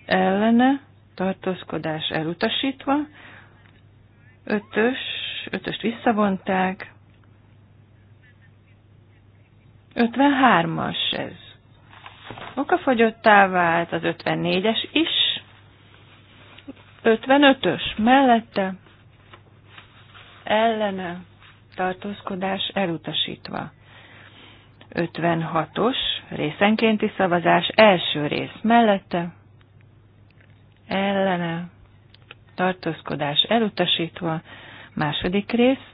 ellene, tartózkodás elutasítva, 5-ös, 5-öst visszavonták, 53-as ez. Okafogyottá vált az 54-es is, 55-ös mellette, ellene tartózkodás elutasítva. 56-os részenkénti szavazás első rész mellette ellene tartózkodás elutasítva, második rész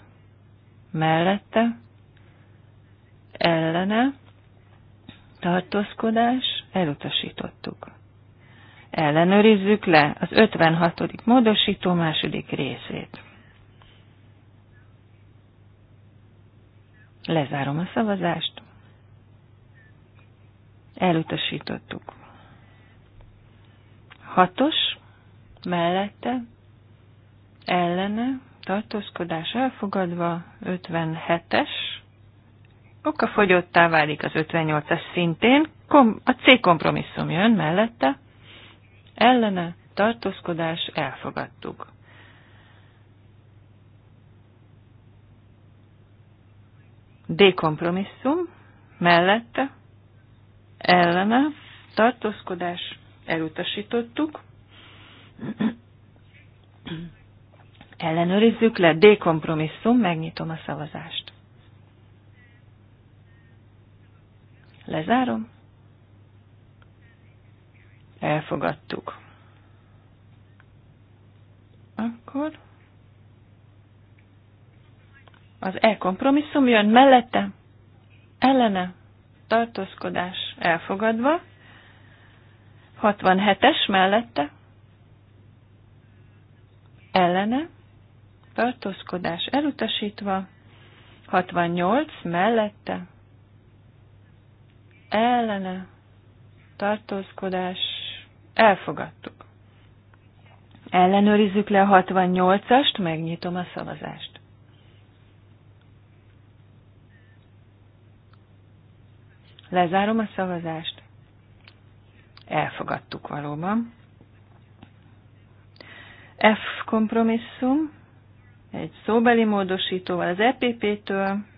mellette ellene tartózkodás elutasítottuk. Ellenőrizzük le az 56. módosító második részét. Lezárom a szavazást. Elutasítottuk. Hatos, mellette, ellene, tartózkodás elfogadva, 57-es, okafogyottá válik az 58 es szintén, a C kompromisszum jön mellette, ellene, tartózkodás elfogadtuk. D kompromisszum, mellette, ellene, tartózkodás, elutasítottuk. Ellenőrizzük le, D kompromisszum, megnyitom a szavazást. Lezárom. Elfogadtuk. Akkor az e-kompromisszum jön mellette, ellene, tartózkodás elfogadva, 67-es mellette, ellene, tartózkodás elutasítva, 68 mellette, ellene, tartózkodás elfogadtuk. Ellenőrizzük le a 68-ast, megnyitom a szavazást. Lezárom a szavazást. Elfogadtuk valóban. F kompromisszum, egy szóbeli módosítóval az EPP-től,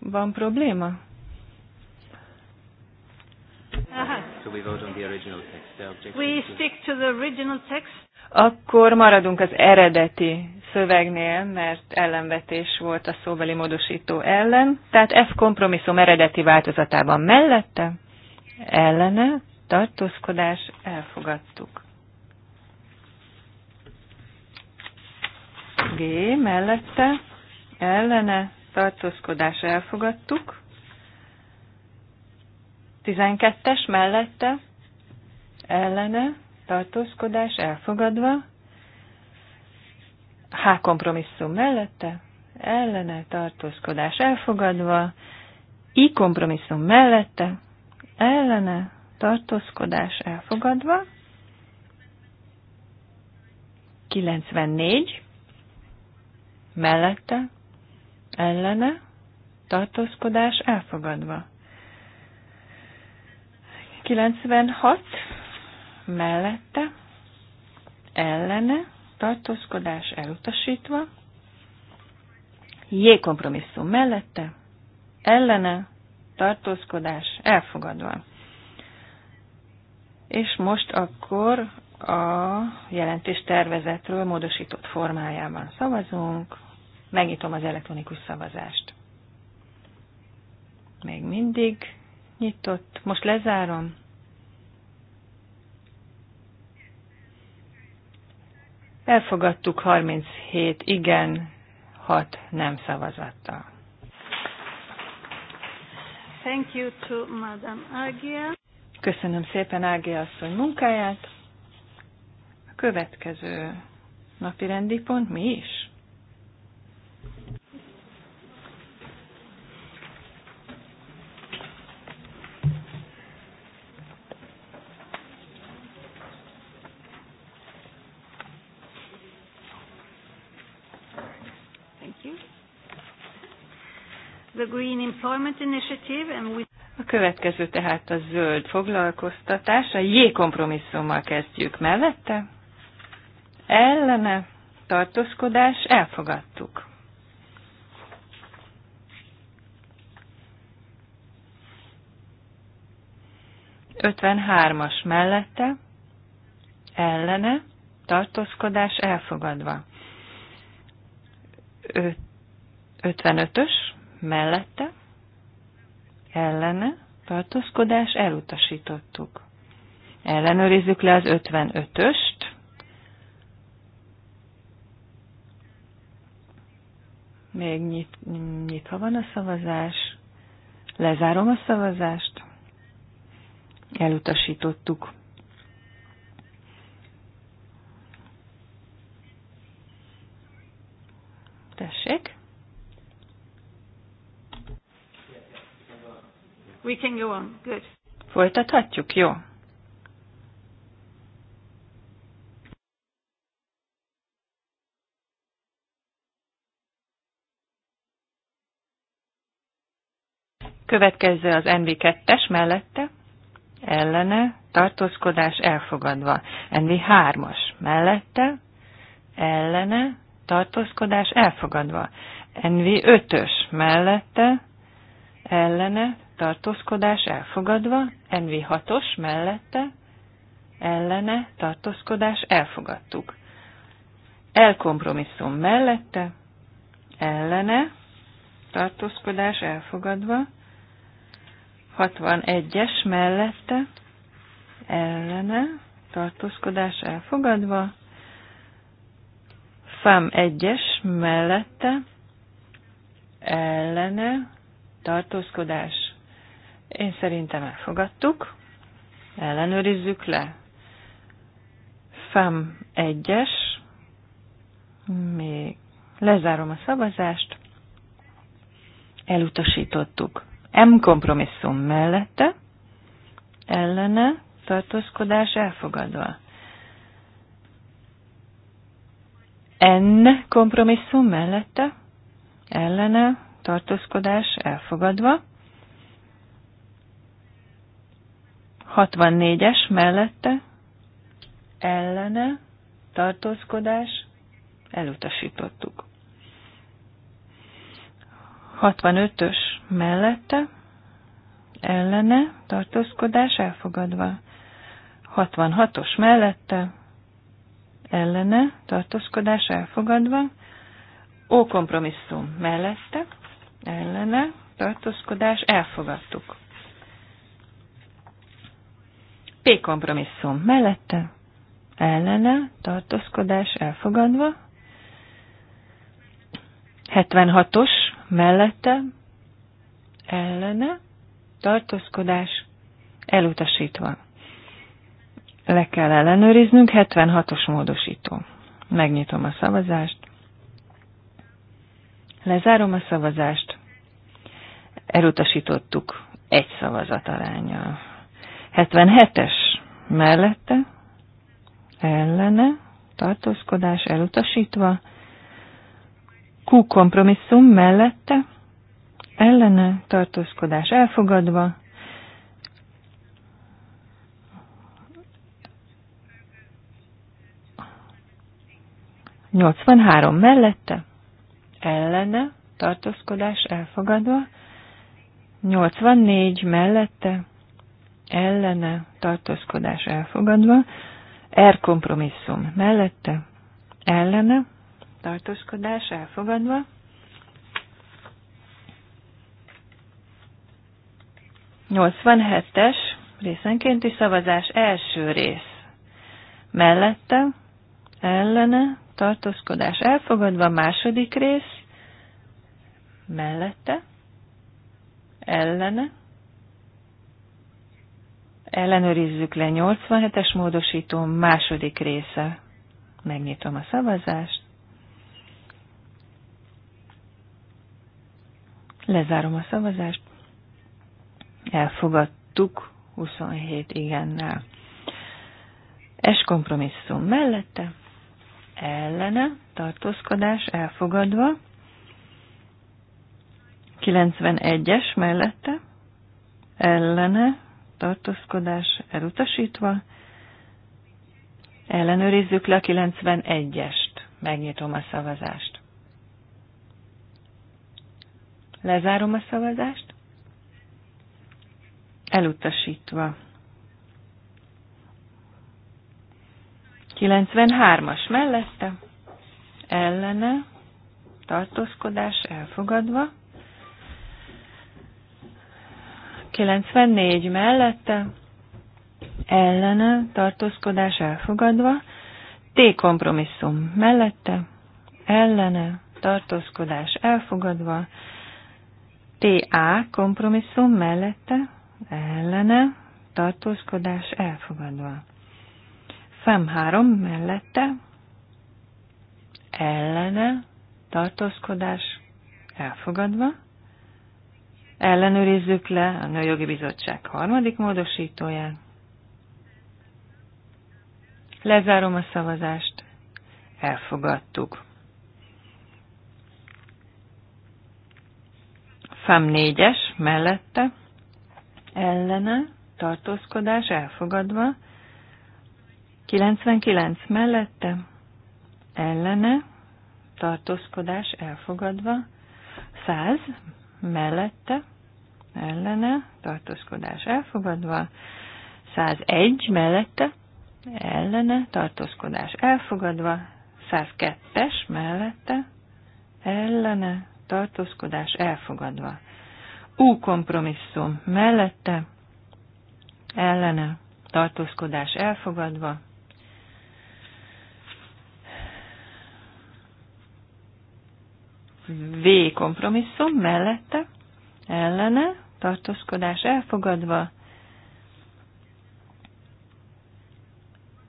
Van probléma? Aha. So we vote on the original text. The we stick to the original text. Akkor maradunk az eredeti szövegnél, mert ellenvetés volt a szóbeli módosító ellen. Tehát F kompromisszum eredeti változatában mellette, ellene, tartózkodás, elfogadtuk. G mellette, ellene, tartózkodás, elfogadtuk. 12-es mellette, ellene, tartózkodás elfogadva, H kompromisszum mellette, ellene tartózkodás elfogadva, I kompromisszum mellette, ellene tartózkodás elfogadva, 94 mellette, ellene tartózkodás elfogadva. 96 mellette, ellene, tartózkodás elutasítva, J kompromisszum mellette, ellene, tartózkodás elfogadva. És most akkor a jelentés tervezetről módosított formájában szavazunk. Megnyitom az elektronikus szavazást. Még mindig nyitott. Most lezárom. Elfogadtuk 37 igen, 6 nem szavazattal. Thank you to Madame Agia. Köszönöm szépen Ágia asszony munkáját. A következő napi rendi pont mi is? the Green Employment Initiative, and we... A következő tehát a zöld foglalkoztatás. A J kompromisszummal kezdjük mellette. Ellene tartózkodás elfogadtuk. Ötvenhármas mellette, ellene, tartózkodás elfogadva. 55-ös mellette, ellene, tartózkodás, elutasítottuk. Ellenőrizzük le az 55-öst. Még nyit, nyitva van a szavazás. Lezárom a szavazást. Elutasítottuk. We can go on. Good. Folytathatjuk? Jó. Következő az NV2-es mellette, ellene, tartózkodás elfogadva. NV3-as mellette, ellene, tartózkodás elfogadva. NV5-ös mellette, ellene, tartózkodás elfogadva, NV6-os mellette, ellene, tartózkodás elfogadtuk. Elkompromisszum mellette, ellene, tartózkodás elfogadva, 61-es mellette, ellene, tartózkodás elfogadva, FAM 1-es mellette, ellene, tartózkodás én szerintem elfogadtuk. Ellenőrizzük le. Fem egyes, Még lezárom a szavazást. Elutasítottuk. M kompromisszum mellette. Ellene tartózkodás elfogadva. N kompromisszum mellette. Ellene tartózkodás elfogadva. 64-es mellette ellene tartózkodás elutasítottuk. 65-ös mellette ellene tartózkodás elfogadva. 66-os mellette ellene tartózkodás elfogadva. Ó kompromisszum mellette ellene tartózkodás elfogadtuk. P kompromisszum mellette, ellene, tartózkodás elfogadva. 76-os mellette, ellene, tartózkodás elutasítva. Le kell ellenőriznünk, 76-os módosító. Megnyitom a szavazást. Lezárom a szavazást. Elutasítottuk egy szavazat arányjal. 77-es mellette, ellene, tartózkodás elutasítva, Q kompromisszum mellette, ellene, tartózkodás elfogadva, három mellette, ellene, tartózkodás elfogadva, 84 mellette, ellene tartózkodás elfogadva, er kompromisszum mellette ellene tartózkodás elfogadva, hetes részenkénti szavazás első rész mellette ellene tartózkodás elfogadva, második rész mellette ellene Ellenőrizzük le 87-es módosító második része. Megnyitom a szavazást. Lezárom a szavazást. Elfogadtuk 27 igennel. Es kompromisszum mellette, ellene, tartózkodás elfogadva, 91-es mellette, ellene, tartózkodás elutasítva. Ellenőrizzük le a 91-est. Megnyitom a szavazást. Lezárom a szavazást. Elutasítva. 93-as mellette, ellene, tartózkodás elfogadva. 94 mellette ellene tartózkodás elfogadva, T kompromisszum mellette ellene tartózkodás elfogadva, TA kompromisszum mellette ellene tartózkodás elfogadva. FEM 3 mellette ellene tartózkodás elfogadva. Ellenőrizzük le a Nőjogi Bizottság harmadik módosítóját. Lezárom a szavazást. Elfogadtuk. FAM 4-es mellette. Ellene. Tartózkodás elfogadva. 99 mellette. Ellene. Tartózkodás elfogadva. 100 mellette ellene, tartózkodás elfogadva, 101 mellette, ellene, tartózkodás elfogadva, 102-es mellette, ellene, tartózkodás elfogadva. U kompromisszum mellette, ellene, tartózkodás elfogadva, V kompromisszum mellette, ellene, tartózkodás elfogadva,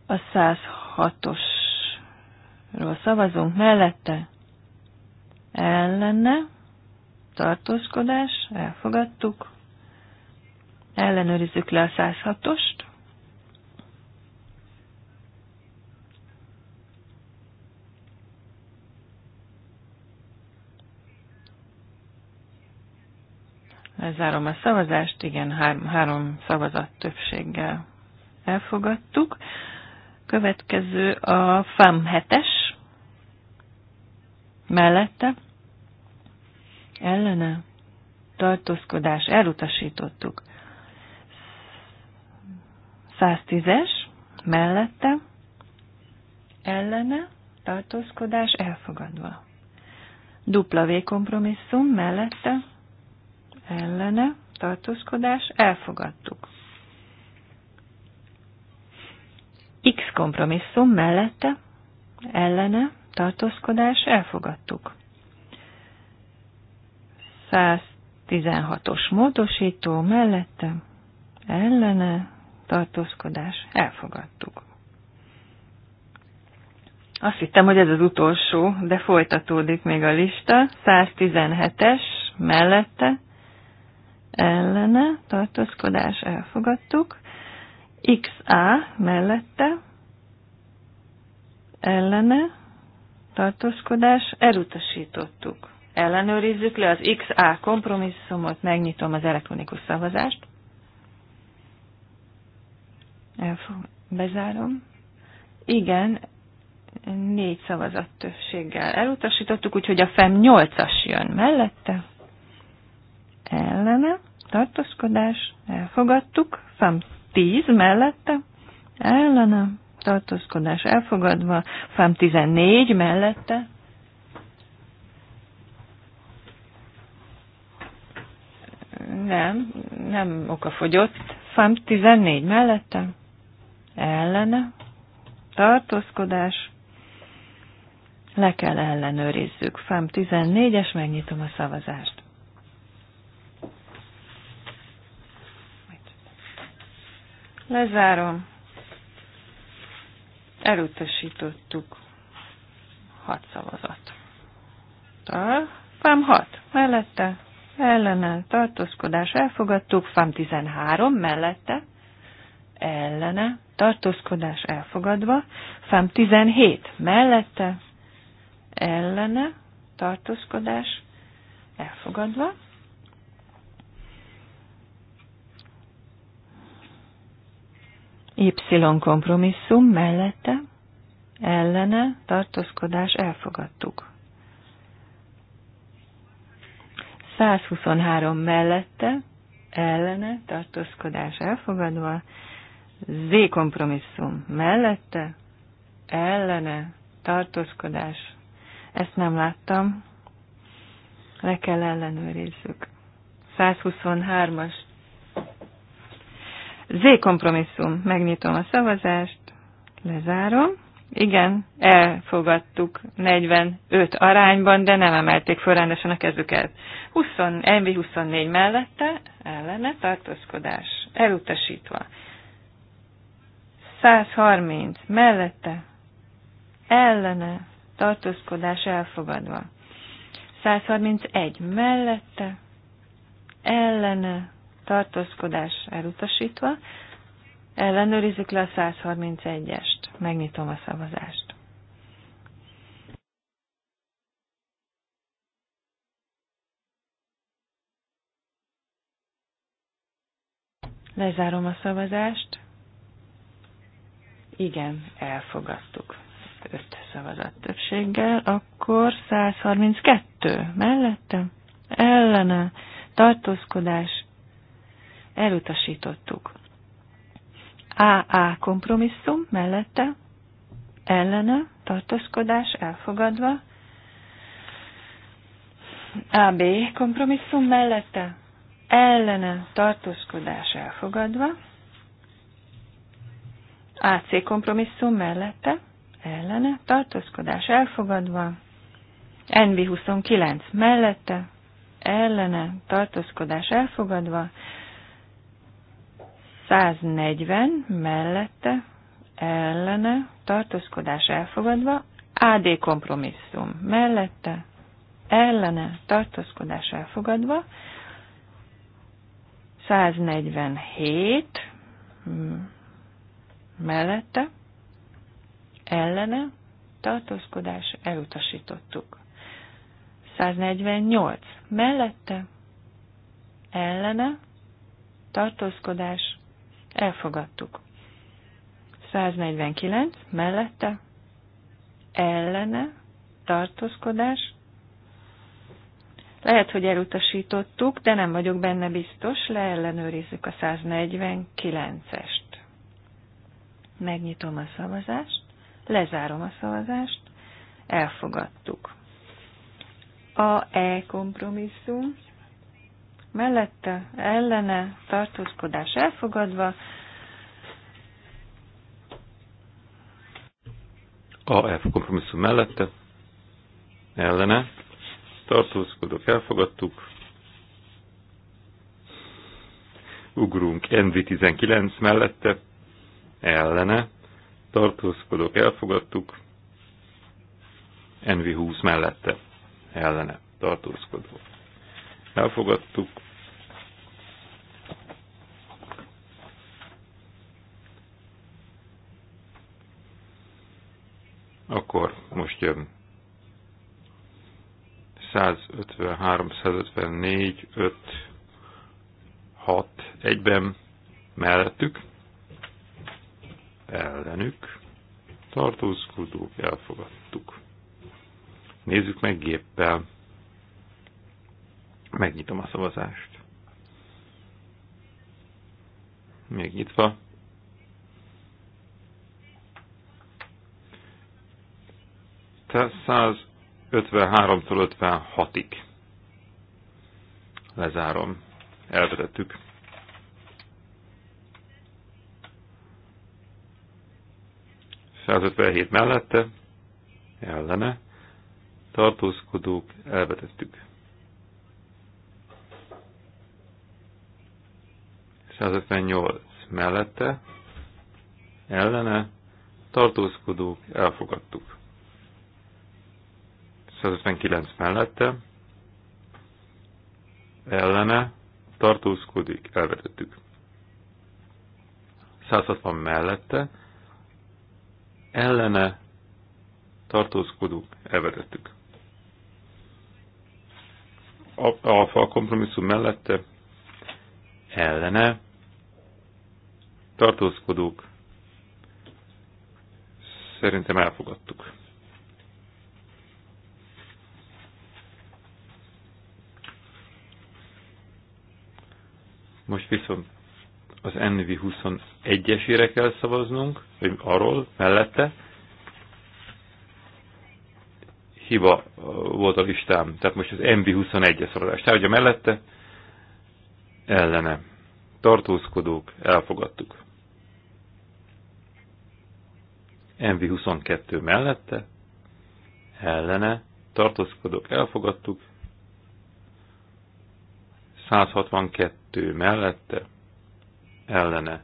a 106-osról szavazunk mellette, ellene, tartózkodás, elfogadtuk, ellenőrizzük le a 106-ost, Lezárom a szavazást, igen, három, három szavazat többséggel elfogadtuk. Következő a FAM 7-es mellette. Ellene tartózkodás elutasítottuk. 110-es mellette. Ellene tartózkodás elfogadva. Dupla V kompromisszum mellette ellene tartózkodás elfogadtuk. X kompromisszum mellette ellene tartózkodás elfogadtuk. 116-os módosító mellette ellene tartózkodás elfogadtuk. Azt hittem, hogy ez az utolsó, de folytatódik még a lista. 117-es mellette ellene tartózkodás elfogadtuk, XA mellette ellene tartózkodás elutasítottuk. Ellenőrizzük le az XA kompromisszumot, megnyitom az elektronikus szavazást. Elfog, bezárom. Igen, négy szavazat többséggel elutasítottuk, úgyhogy a FEM 8-as jön mellette ellene, tartózkodás, elfogadtuk, FAM 10 mellette, ellene, tartózkodás elfogadva, FAM 14 mellette, nem, nem okafogyott, FAM 14 mellette, ellene, tartózkodás, le kell ellenőrizzük. FAM 14-es, megnyitom a szavazást. Lezárom. Elutasítottuk. Hat szavazat. Fám hat. Mellette. Ellene. Tartózkodás. Elfogadtuk. Fám 13. Mellette. Ellene. Tartózkodás. Elfogadva. Fám 17. Mellette. Ellene. Tartózkodás. Elfogadva. Y kompromisszum mellette, ellene, tartózkodás elfogadtuk. 123 mellette, ellene, tartózkodás elfogadva, Z kompromisszum mellette, ellene, tartózkodás. Ezt nem láttam, le kell ellenőrizzük. 123-as Z kompromisszum. Megnyitom a szavazást, lezárom. Igen, elfogadtuk 45 arányban, de nem emelték föl rendesen a kezüket. 20, MV24 mellette ellene tartózkodás elutasítva. 130 mellette ellene tartózkodás elfogadva. 131 mellette ellene tartózkodás elutasítva. Ellenőrizzük le a 131-est. Megnyitom a szavazást. Lezárom a szavazást. Igen, elfogadtuk. 5 szavazat többséggel, akkor 132 mellette, ellene, tartózkodás, elutasítottuk. AA kompromisszum mellette, ellene, tartózkodás elfogadva, AB kompromisszum mellette, ellene, tartózkodás elfogadva, AC kompromisszum mellette, ellene, tartózkodás elfogadva, NV29 mellette, ellene, tartózkodás elfogadva, 140 mellette ellene tartózkodás elfogadva, AD kompromisszum mellette ellene tartózkodás elfogadva, 147 mellette ellene tartózkodás elutasítottuk. 148 mellette ellene tartózkodás Elfogadtuk. 149 mellette ellene tartózkodás. Lehet, hogy elutasítottuk, de nem vagyok benne biztos, leellenőrizzük a 149-est. Megnyitom a szavazást, lezárom a szavazást, elfogadtuk. A E kompromisszum mellette, ellene, tartózkodás elfogadva. F kompromisszum mellette, ellene, tartózkodok, elfogadtuk. Ugrunk NV19 mellette, ellene, tartózkodok, elfogadtuk. NV20 mellette, ellene, tartózkodok. elfogadtuk. Akkor most jön 153, 154, 5, 6 egyben mellettük, ellenük tartózkodók elfogadtuk. Nézzük meg géppel. Megnyitom a szavazást. Még nyitva. 153-től 56-ig. Lezárom. Elvetettük. hét mellette, ellene, tartózkodók, elvetettük. 158 mellette, ellene, tartózkodók, elfogadtuk. 159 mellette, ellene tartózkodik, elvetettük. 160 mellette, ellene tartózkodunk, elvetettük. Alfa a kompromisszum mellette, ellene tartózkodók, szerintem elfogadtuk. Most viszont az NV 21-esére kell szavaznunk, vagy arról, mellette. Hiba volt a listám, tehát most az NV 21-es szavazás. Tehát a mellette, ellene. Tartózkodók, elfogadtuk. NV 22 mellette, ellene, tartózkodók, elfogadtuk. 162 2 mellette ellene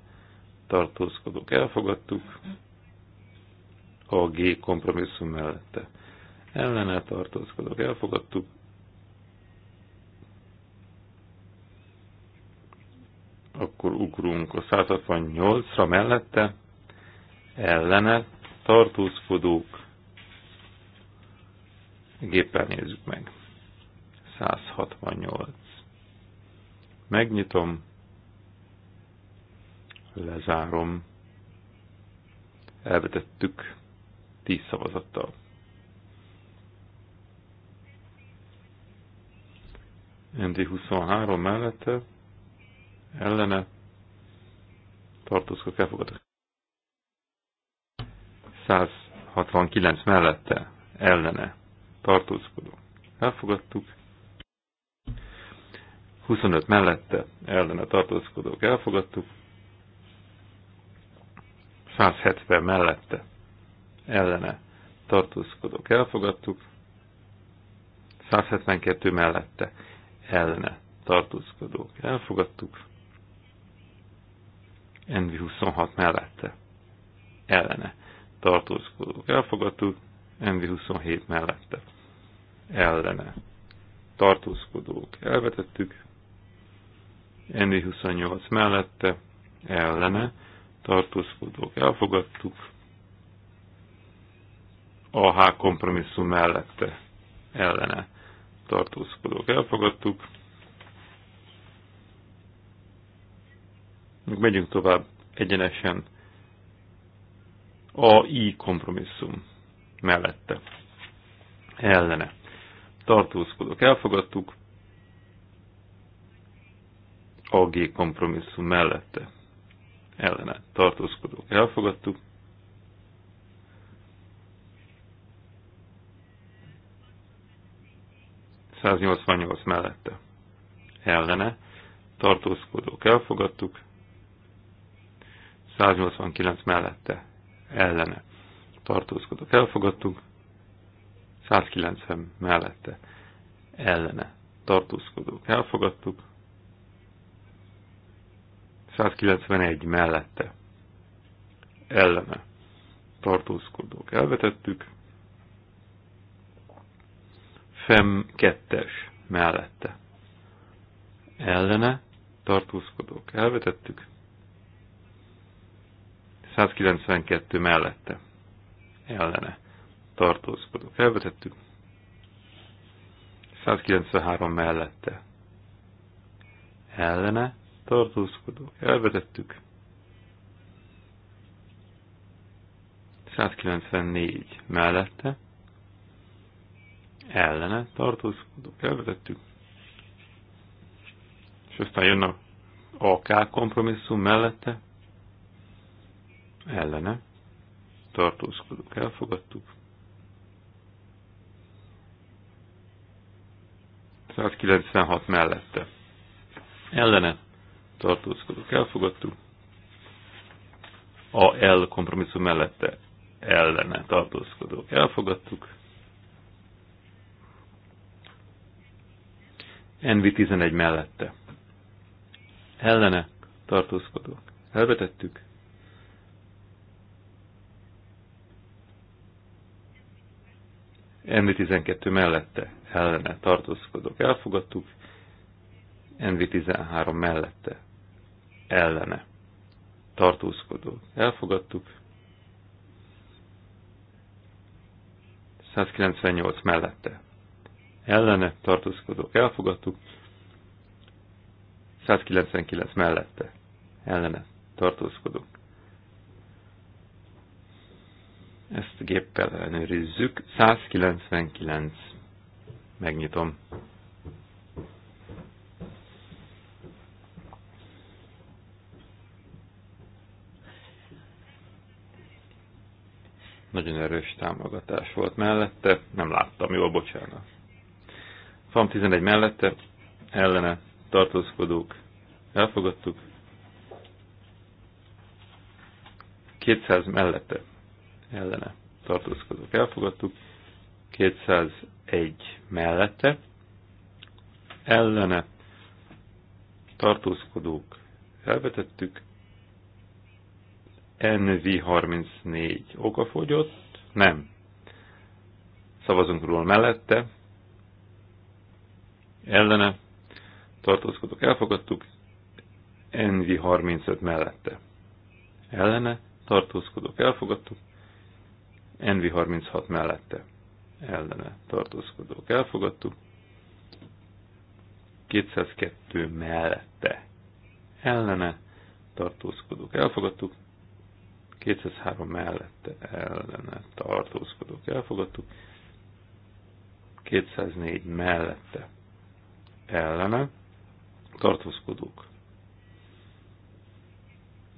tartózkodók elfogadtuk, a G kompromisszum mellette ellene tartózkodók elfogadtuk, akkor ugrunk a 168-ra mellette, ellene tartózkodók, géppel nézzük meg, 168. Megnyitom, lezárom, elvetettük tíz szavazattal. nd 23 mellette, ellene, Tartózkodok elfogadtak. 169 mellette, ellene, tartózkodó. Elfogadtuk. 25 mellette ellene tartózkodók elfogadtuk, 170 mellette ellene tartózkodók elfogadtuk, 172 mellette ellene tartózkodók elfogadtuk, NV26 mellette ellene tartózkodók elfogadtuk, NV27 mellette ellene tartózkodók elvetettük, NV28 mellette ellene tartózkodók elfogadtuk, AH kompromisszum mellette ellene tartózkodók elfogadtuk. Megyünk tovább egyenesen AI kompromisszum mellette ellene tartózkodók elfogadtuk. AG kompromisszum mellette ellene tartózkodók elfogadtuk. ...188 mellette ellene tartózkodók elfogadtuk, 189 mellette ellene tartózkodók elfogadtuk, 190 mellette ellene tartózkodók elfogadtuk, 191 mellette elleme tartózkodók elvetettük, FEM 2-es mellette ellene tartózkodók elvetettük, 192 mellette ellene tartózkodók elvetettük, 193 mellette ellene tartózkodók, elvetettük. 194 mellette, ellene tartózkodók, elvetettük. És aztán jön a AK kompromisszum mellette, ellene tartózkodók, elfogadtuk. 196 mellette. Ellene tartózkodók elfogadtuk. A L kompromisszum mellette ellene tartózkodók elfogadtuk. NV11 mellette ellene tartózkodók elvetettük. NV12 mellette ellene tartózkodók elfogadtuk, NV13 mellette ellene Tartózkodó. Elfogadtuk. 198 mellette ellene tartózkodók. Elfogadtuk. 199 mellette ellene tartózkodók. Ezt géppel ellenőrizzük. 199. Megnyitom. Nagyon erős támogatás volt mellette, nem láttam, jól bocsánat. FAM 11 mellette, ellene tartózkodók elfogadtuk. 200 mellette, ellene tartózkodók elfogadtuk. 201 mellette, ellene tartózkodók elvetettük, NV34 okafogyott, nem. Szavazunk róla mellette, ellene, Tartózkodok, elfogadtuk, NV35 mellette, ellene, Tartózkodok, elfogadtuk, NV36 mellette, ellene, Tartózkodok, elfogadtuk, 202 mellette, ellene, tartózkodók elfogadtuk, 203 mellette ellene tartózkodók elfogadtuk, 204 mellette ellene tartózkodók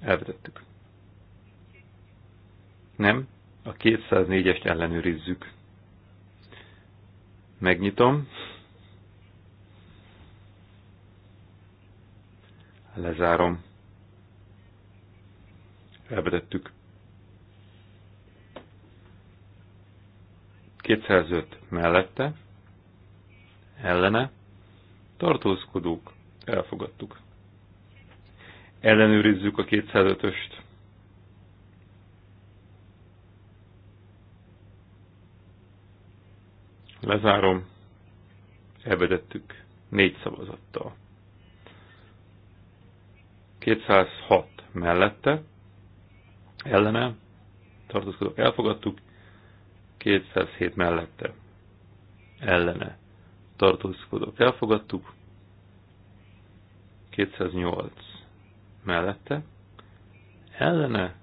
elvetettük. Nem, a 204-est ellenőrizzük. Megnyitom. Lezárom elvetettük. 205 mellette, ellene, tartózkodók, elfogadtuk. Ellenőrizzük a 205-öst. Lezárom, elvedettük négy szavazattal. 206 mellette, ellene tartózkodók elfogadtuk, 207 mellette ellene tartózkodók elfogadtuk, 208 mellette ellene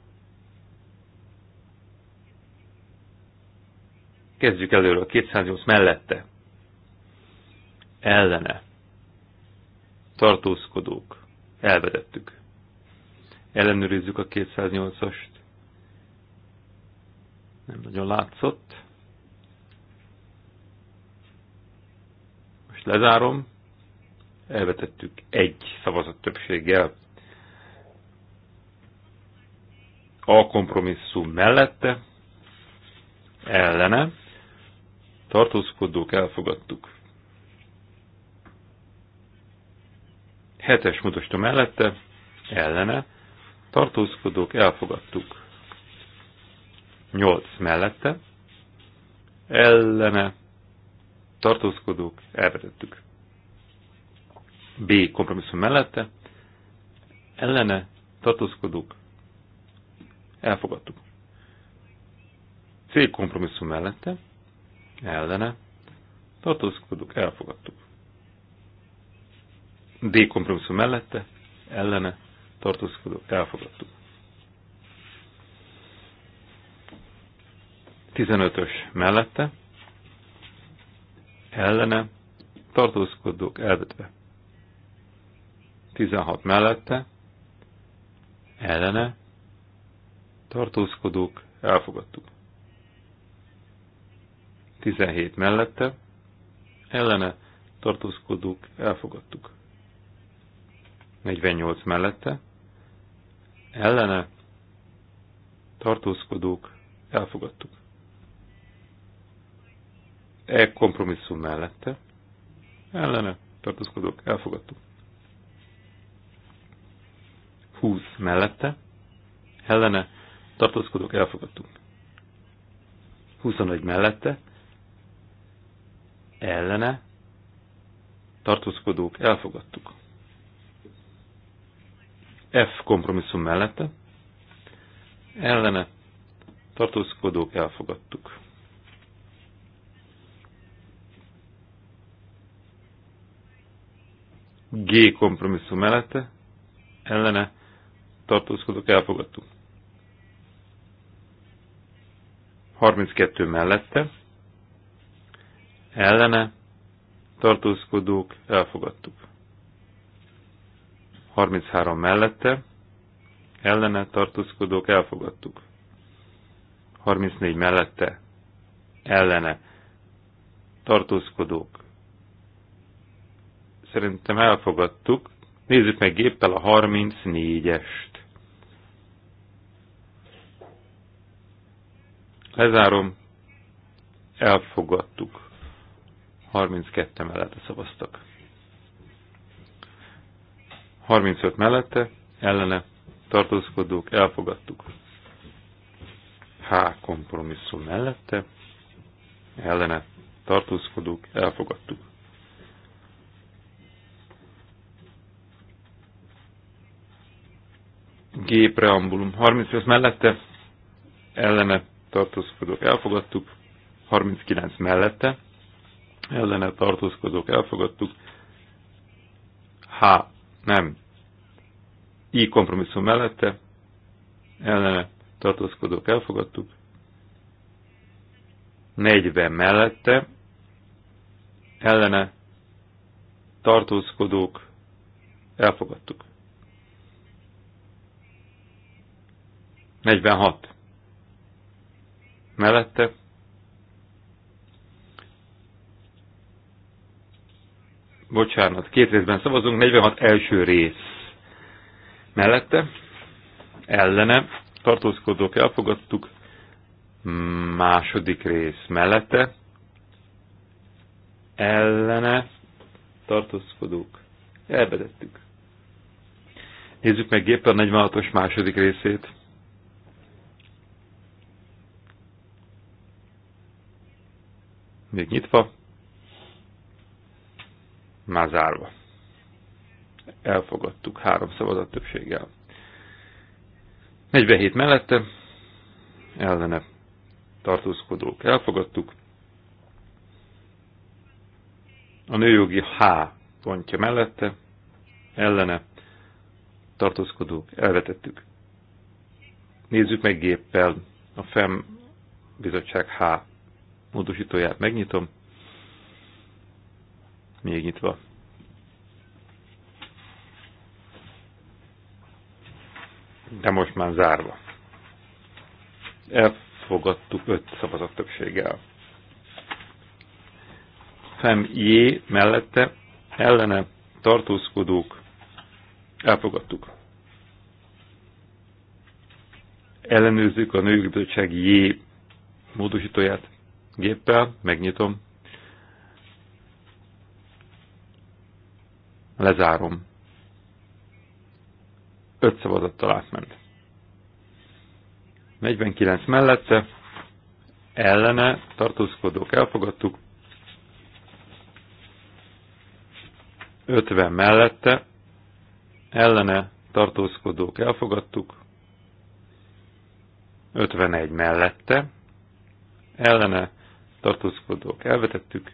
kezdjük előről, 208 mellette ellene tartózkodók elvedettük. Ellenőrizzük a 208-ast. Nem nagyon látszott. Most lezárom. Elvetettük egy szavazat többséggel. A kompromisszum mellette, ellene, tartózkodók elfogadtuk. Hetes mutasta mellette, ellene, tartózkodók elfogadtuk. 8 mellette, ellene tartózkodók elvetettük. B kompromisszum mellette, ellene tartózkodók elfogadtuk. C kompromisszum mellette, ellene tartózkodók elfogadtuk. D kompromisszum mellette, ellene tartózkodók elfogadtuk. 15-ös mellette, ellene, tartózkodók elvetve. 16 mellette, ellene, tartózkodók elfogadtuk. 17 mellette, ellene, tartózkodók elfogadtuk. 48 mellette, ellene tartózkodók elfogadtuk. E kompromisszum mellette ellene tartózkodók elfogadtuk. 20 mellette ellene tartózkodók elfogadtuk. 21 mellette ellene tartózkodók elfogadtuk. F kompromisszum mellette, ellene tartózkodók elfogadtuk. G kompromisszum mellette, ellene tartózkodók elfogadtuk. 32 mellette, ellene tartózkodók elfogadtuk. 33 mellette, ellene tartózkodók elfogadtuk. 34 mellette, ellene tartózkodók. Szerintem elfogadtuk. Nézzük meg géppel a 34-est. Lezárom. Elfogadtuk. 32 mellette szavaztak. 35 mellette, ellene tartózkodók elfogadtuk. H kompromisszum mellette, ellene tartózkodók elfogadtuk. G preambulum 35 mellette, ellene tartózkodók elfogadtuk, 39 mellette, ellene tartózkodók elfogadtuk, H nem. Így kompromisszum mellette, ellene tartózkodók elfogadtuk. 40 mellette, ellene tartózkodók elfogadtuk. 46 mellette, bocsánat, két részben szavazunk, 46 első rész mellette, ellene, tartózkodók elfogadtuk, második rész mellette, ellene, tartózkodók, elvedettük. Nézzük meg éppen a 46-os második részét. Még nyitva már zárva. Elfogadtuk három szavazat többséggel. 47 mellette ellene tartózkodók elfogadtuk. A nőjogi H pontja mellette ellene tartózkodók elvetettük. Nézzük meg géppel a FEM bizottság H módosítóját megnyitom még nyitva. De most már zárva. Elfogadtuk öt szavazat többséggel. Fem J mellette ellene tartózkodók elfogadtuk. Ellenőrzzük a nőgyűjtőség J módosítóját géppel, megnyitom. Lezárom. Öt szavazattal átment. 49 mellette, ellene tartózkodók elfogadtuk, 50 mellette, ellene tartózkodók elfogadtuk, 51 mellette, ellene tartózkodók elvetettük,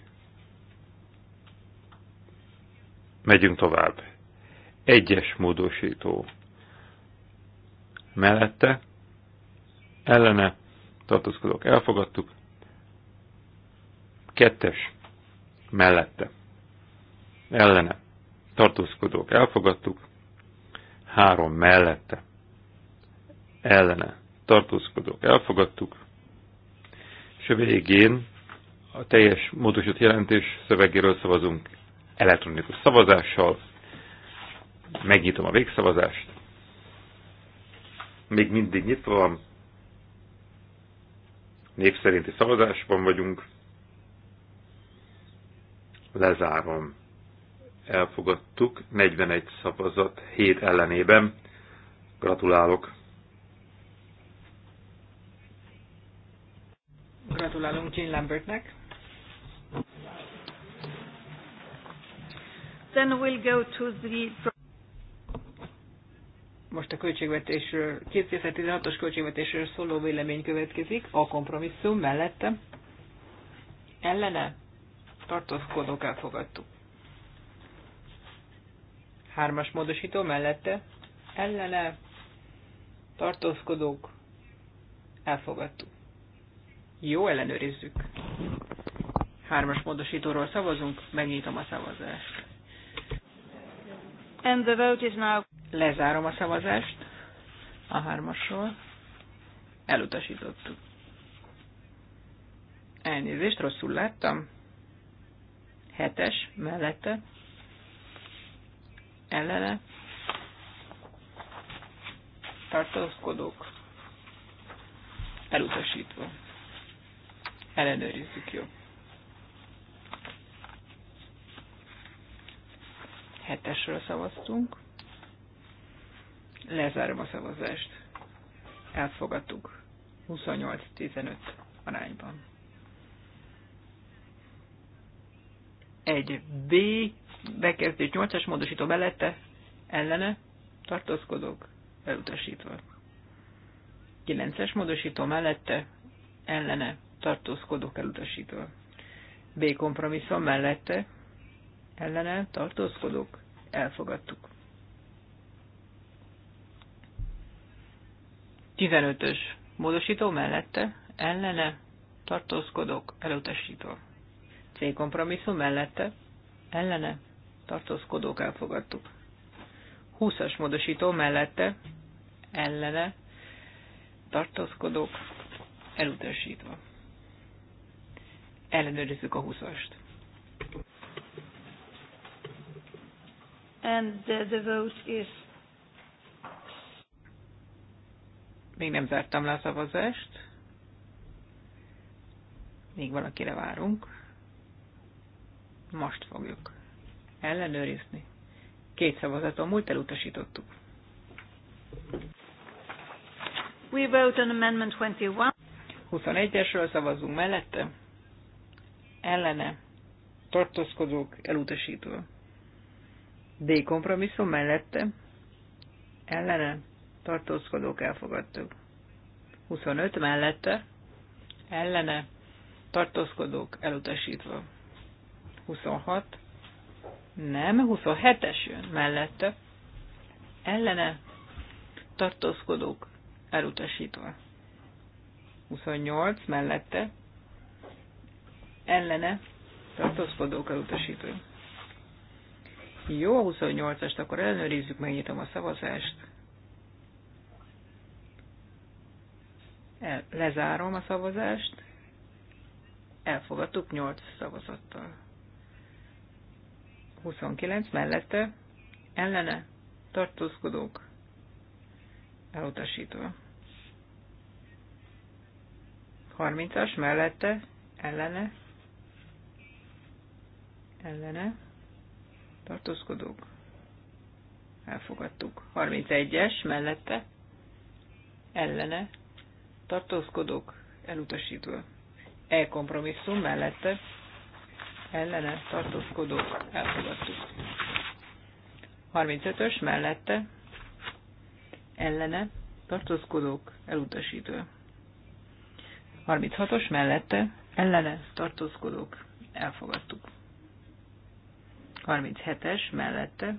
Megyünk tovább. Egyes módosító. Mellette, ellene, tartózkodók elfogadtuk. Kettes, mellette, ellene, tartózkodók elfogadtuk. Három, mellette, ellene, tartózkodók elfogadtuk. És a végén a teljes módosított jelentés szövegéről szavazunk elektronikus szavazással. Megnyitom a végszavazást. Még mindig nyitva van. Népszerinti szavazásban vagyunk. Lezárom. Elfogadtuk. 41 szavazat 7 ellenében. Gratulálok. Gratulálunk Jane Lambertnek. Then we'll go to the... Most a költségvetésről, 2016-os költségvetésről szóló vélemény következik, a kompromisszum mellette. Ellene tartózkodók elfogadtuk. Hármas módosító mellette. Ellene tartózkodók elfogadtuk. Jó, ellenőrizzük. Hármas módosítóról szavazunk, megnyitom a szavazást. And the vote is now... Lezárom a szavazást a hármasról. Elutasítottuk. Elnézést, rosszul láttam. Hetes mellette. Ellene. Tartózkodók. Elutasítva. Ellenőrizzük, jó. Hetesről szavaztunk. Lezárom a szavazást. Elfogadtuk. 28-15 arányban. Egy B bekezdő 8-as módosító mellette ellene tartózkodók elutasítva. 9-es módosító mellette ellene tartózkodók elutasítva. B kompromisszum mellette ellene tartózkodók elfogadtuk. 15-ös módosító mellette ellene tartózkodók elutasító. C kompromisszum mellette ellene tartózkodók elfogadtuk. 20-as módosító mellette ellene tartózkodók elutasítva. Ellenőrizzük a 20-ast. and the, the vote is Még nem zártam le a szavazást. Még valakire várunk. Most fogjuk ellenőrizni. Két szavazaton múlt elutasítottuk. We vote on amendment 21. 21-esről szavazunk mellette. Ellene. Tartózkodók elutasítva. D kompromisszum mellette ellene tartózkodók elfogadtuk. 25 mellette ellene tartózkodók elutasítva. 26 nem, 27-es jön mellette ellene tartózkodók elutasítva. 28 mellette ellene tartózkodók elutasítva. Jó, a 28 est akkor ellenőrizzük, megnyitom a szavazást. El, lezárom a szavazást. Elfogadtuk 8 szavazattal. 29 mellette, ellene, tartózkodók, elutasítva. 30-as mellette, ellene, ellene, tartózkodók, elfogadtuk. 31-es mellette, ellene, tartózkodók, elutasítva. E kompromisszum mellette, ellene, tartózkodók, elfogadtuk. 35-ös mellette, ellene, tartózkodók, elutasítva. 36-os mellette, ellene, tartózkodók, elfogadtuk. 37-es mellette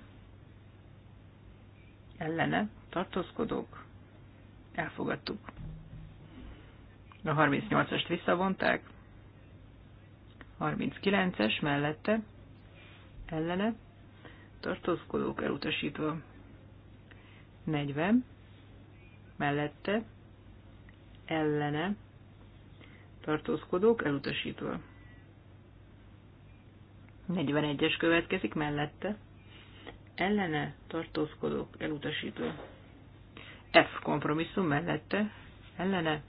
ellene tartózkodók elfogadtuk. A 38 est visszavonták, 39-es mellette ellene tartózkodók elutasítva. 40 mellette ellene tartózkodók elutasítva. 41-es következik mellette. Ellene tartózkodók elutasító. F kompromisszum mellette. Ellene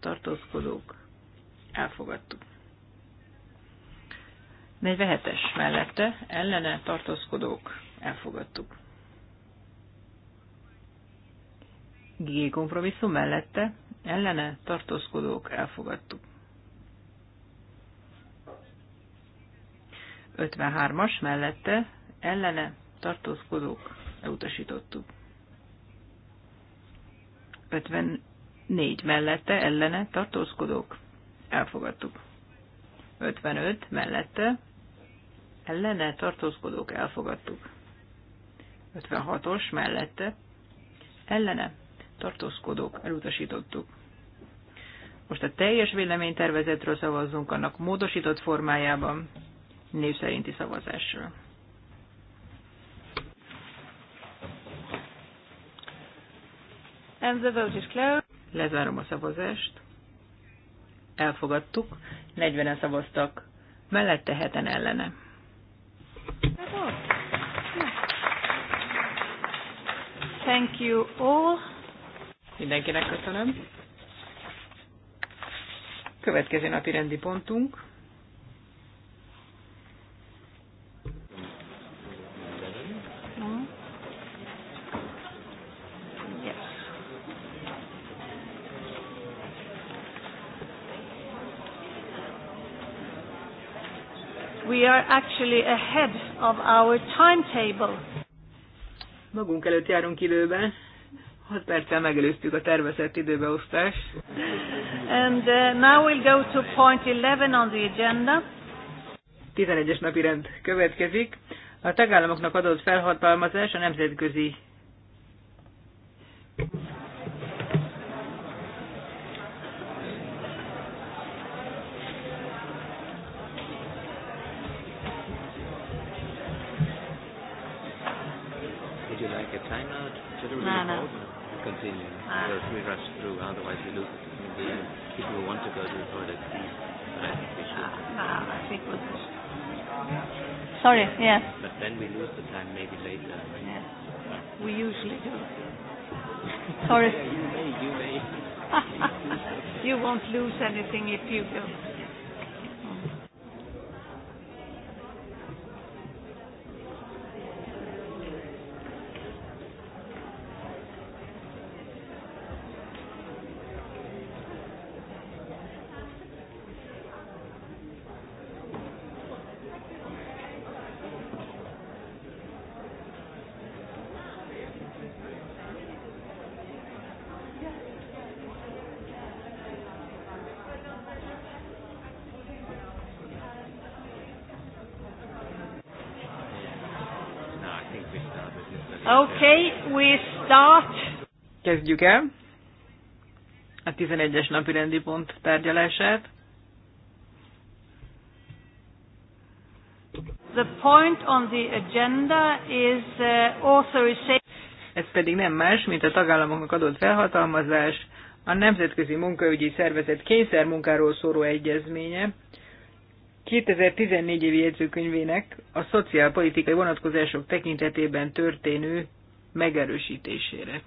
tartózkodók elfogadtuk. 47-es mellette ellene tartózkodók elfogadtuk. G kompromisszum mellette ellene tartózkodók elfogadtuk. 53-as mellette ellene tartózkodók elutasítottuk. 54 mellette ellene tartózkodók elfogadtuk. 55 mellette ellene tartózkodók elfogadtuk. 56-os mellette ellene tartózkodók elutasítottuk. Most a teljes véleménytervezetről szavazzunk annak módosított formájában név szerinti szavazásról. And the vote is closed. Lezárom a szavazást. Elfogadtuk. 40-en szavaztak. Mellette heten ellene. Thank you all. Mindenkinek köszönöm. Következő napi rendi pontunk. are actually ahead of our timetable. Magunk előtt járunk időben. 6 perccel megelőztük a tervezett időbeosztást. And uh, now we'll go to point 11 on the agenda. 11-es napi rend következik. A tagállamoknak adott felhatalmazás a nemzetközi the Ah, Sorry, yeah. But then we lose the time maybe later. Right? Yes. We usually do. [laughs] Sorry. you may, you may. [laughs] you won't lose anything if you go. Okay, we start. Kezdjük el a 11-es napi rendi pont tárgyalását. The point on the agenda is uh, authorization. Ez pedig nem más, mint a tagállamoknak adott felhatalmazás, a Nemzetközi Munkaügyi Szervezet kényszermunkáról szóló egyezménye, 2014 évi jegyzőkönyvének a szociálpolitikai vonatkozások tekintetében történő megerősítésére.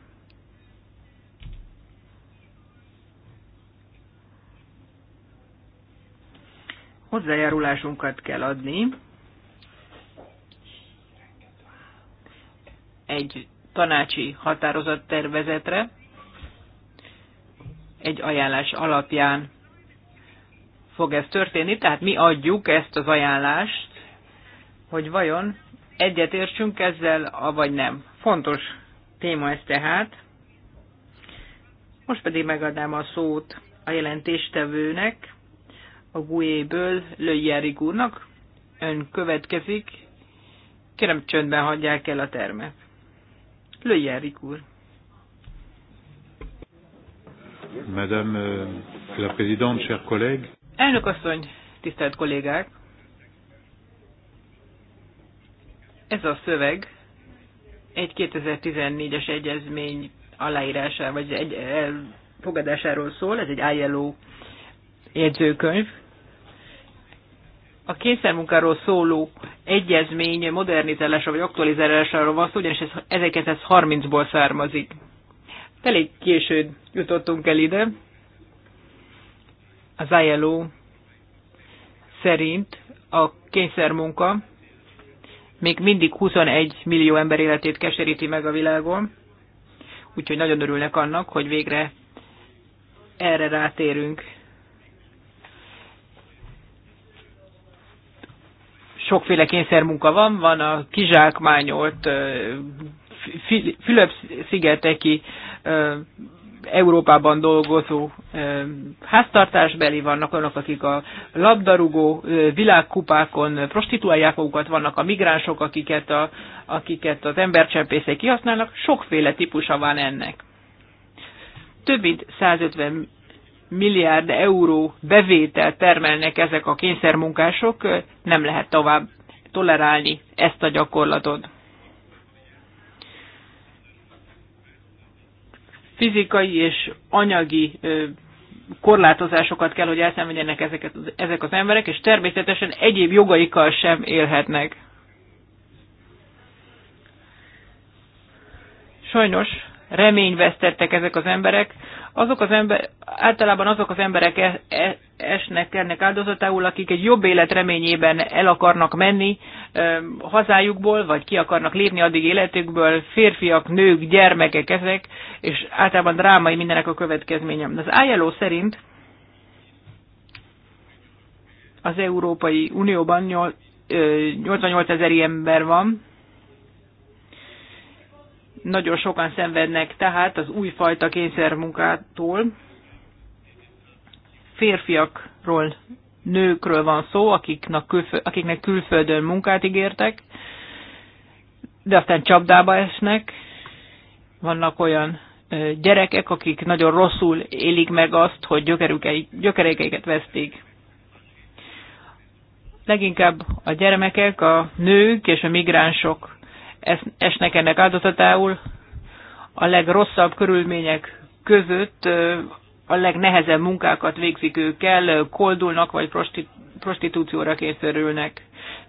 Hozzájárulásunkat kell adni egy tanácsi határozattervezetre, egy ajánlás alapján fog ez történni, tehát mi adjuk ezt az ajánlást, hogy vajon egyetértsünk ezzel, vagy nem. Fontos téma ez tehát. Most pedig megadnám a szót a jelentéstevőnek, a GUE-ből Löjjerik úrnak. Ön következik. Kérem csöndben hagyják el a termet. Löjjerik úr. Madame euh, la Présidente, chers collègues. Elnök asszony, tisztelt kollégák! Ez a szöveg egy 2014-es egyezmény aláírása, vagy egy fogadásáról szól, ez egy ILO jegyzőkönyv. A kényszermunkáról szóló egyezmény modernizálása vagy aktualizálásáról van szó, ugyanis ez 1930-ból származik. Elég későn jutottunk el ide, az ILO szerint a kényszermunka még mindig 21 millió ember életét keseríti meg a világon, úgyhogy nagyon örülnek annak, hogy végre erre rátérünk. Sokféle kényszermunka van, van a kizsákmányolt Fülöp-szigeteki Európában dolgozó háztartásbeli, vannak olyanok, akik a labdarúgó világkupákon prostituálják magukat, vannak a migránsok, akiket, a, akiket az embercsempészek kihasználnak, sokféle típusa van ennek. Több mint 150 milliárd euró bevétel termelnek ezek a kényszermunkások, nem lehet tovább tolerálni ezt a gyakorlatot. fizikai és anyagi korlátozásokat kell, hogy elszenvedjenek ezeket, ezek az emberek, és természetesen egyéb jogaikkal sem élhetnek. Sajnos reményvesztettek ezek az emberek, azok az ember, általában azok az emberek e, e, esnek ennek áldozatául, akik egy jobb élet reményében el akarnak menni hazájukból, vagy ki akarnak lépni addig életükből, férfiak, nők, gyermekek ezek, és általában drámai mindenek a következménye. Az ájeló szerint az Európai Unióban 88 ezer ember van, nagyon sokan szenvednek tehát az újfajta kényszermunkától. Férfiakról, nőkről van szó, akiknek külföldön munkát ígértek, de aztán csapdába esnek. Vannak olyan gyerekek, akik nagyon rosszul élik meg azt, hogy gyökerékeiket veszték. Leginkább a gyermekek, a nők és a migránsok esnek ennek áldozatául. A legrosszabb körülmények között a legnehezebb munkákat végzik ők el, koldulnak vagy prostitúcióra kényszerülnek.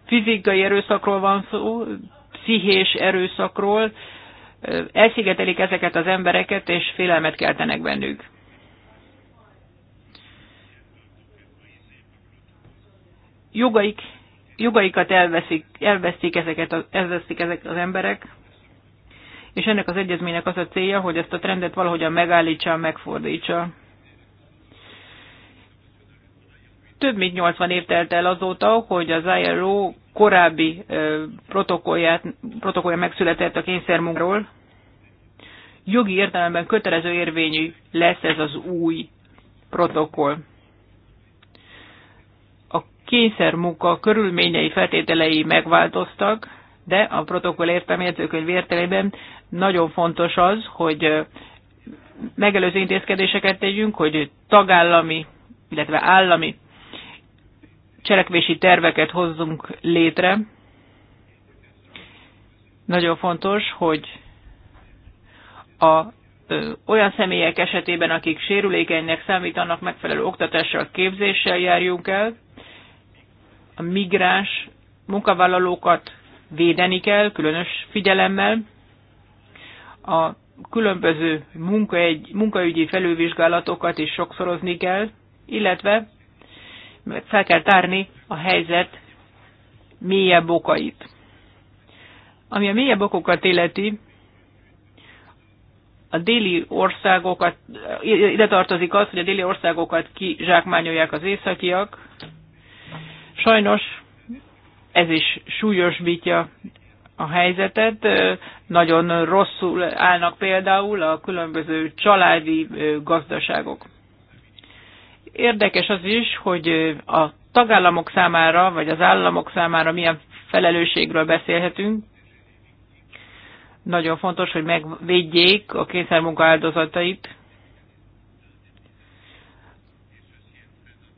Fizikai erőszakról van szó, pszichés erőszakról, elszigetelik ezeket az embereket, és félelmet keltenek bennük. Jogaik jogaikat elveszik, elveszik ezeket az, elveszik ezek az emberek, és ennek az egyezménynek az a célja, hogy ezt a trendet valahogyan megállítsa, megfordítsa. Több mint 80 év telt el azóta, hogy az ILO korábbi protokollját, protokollja megszületett a kényszermunkról. Jogi értelemben kötelező érvényű lesz ez az új protokoll kényszermunka körülményei, feltételei megváltoztak, de a protokoll értelmjegyzőkönyv értelében nagyon fontos az, hogy megelőző intézkedéseket tegyünk, hogy tagállami, illetve állami cselekvési terveket hozzunk létre. Nagyon fontos, hogy a olyan személyek esetében, akik sérülékenynek számítanak, megfelelő oktatással, képzéssel járjunk el, a migráns munkavállalókat védeni kell, különös figyelemmel. A különböző munkaegy, munkaügyi felülvizsgálatokat is sokszorozni kell, illetve fel kell tárni a helyzet mélyebb okait. Ami a mélyebb okokat illeti, a déli országokat, ide tartozik az, hogy a déli országokat kizsákmányolják az északiak, Sajnos ez is súlyosbítja a helyzetet. Nagyon rosszul állnak például a különböző családi gazdaságok. Érdekes az is, hogy a tagállamok számára, vagy az államok számára milyen felelősségről beszélhetünk. Nagyon fontos, hogy megvédjék a kényszermunka áldozatait.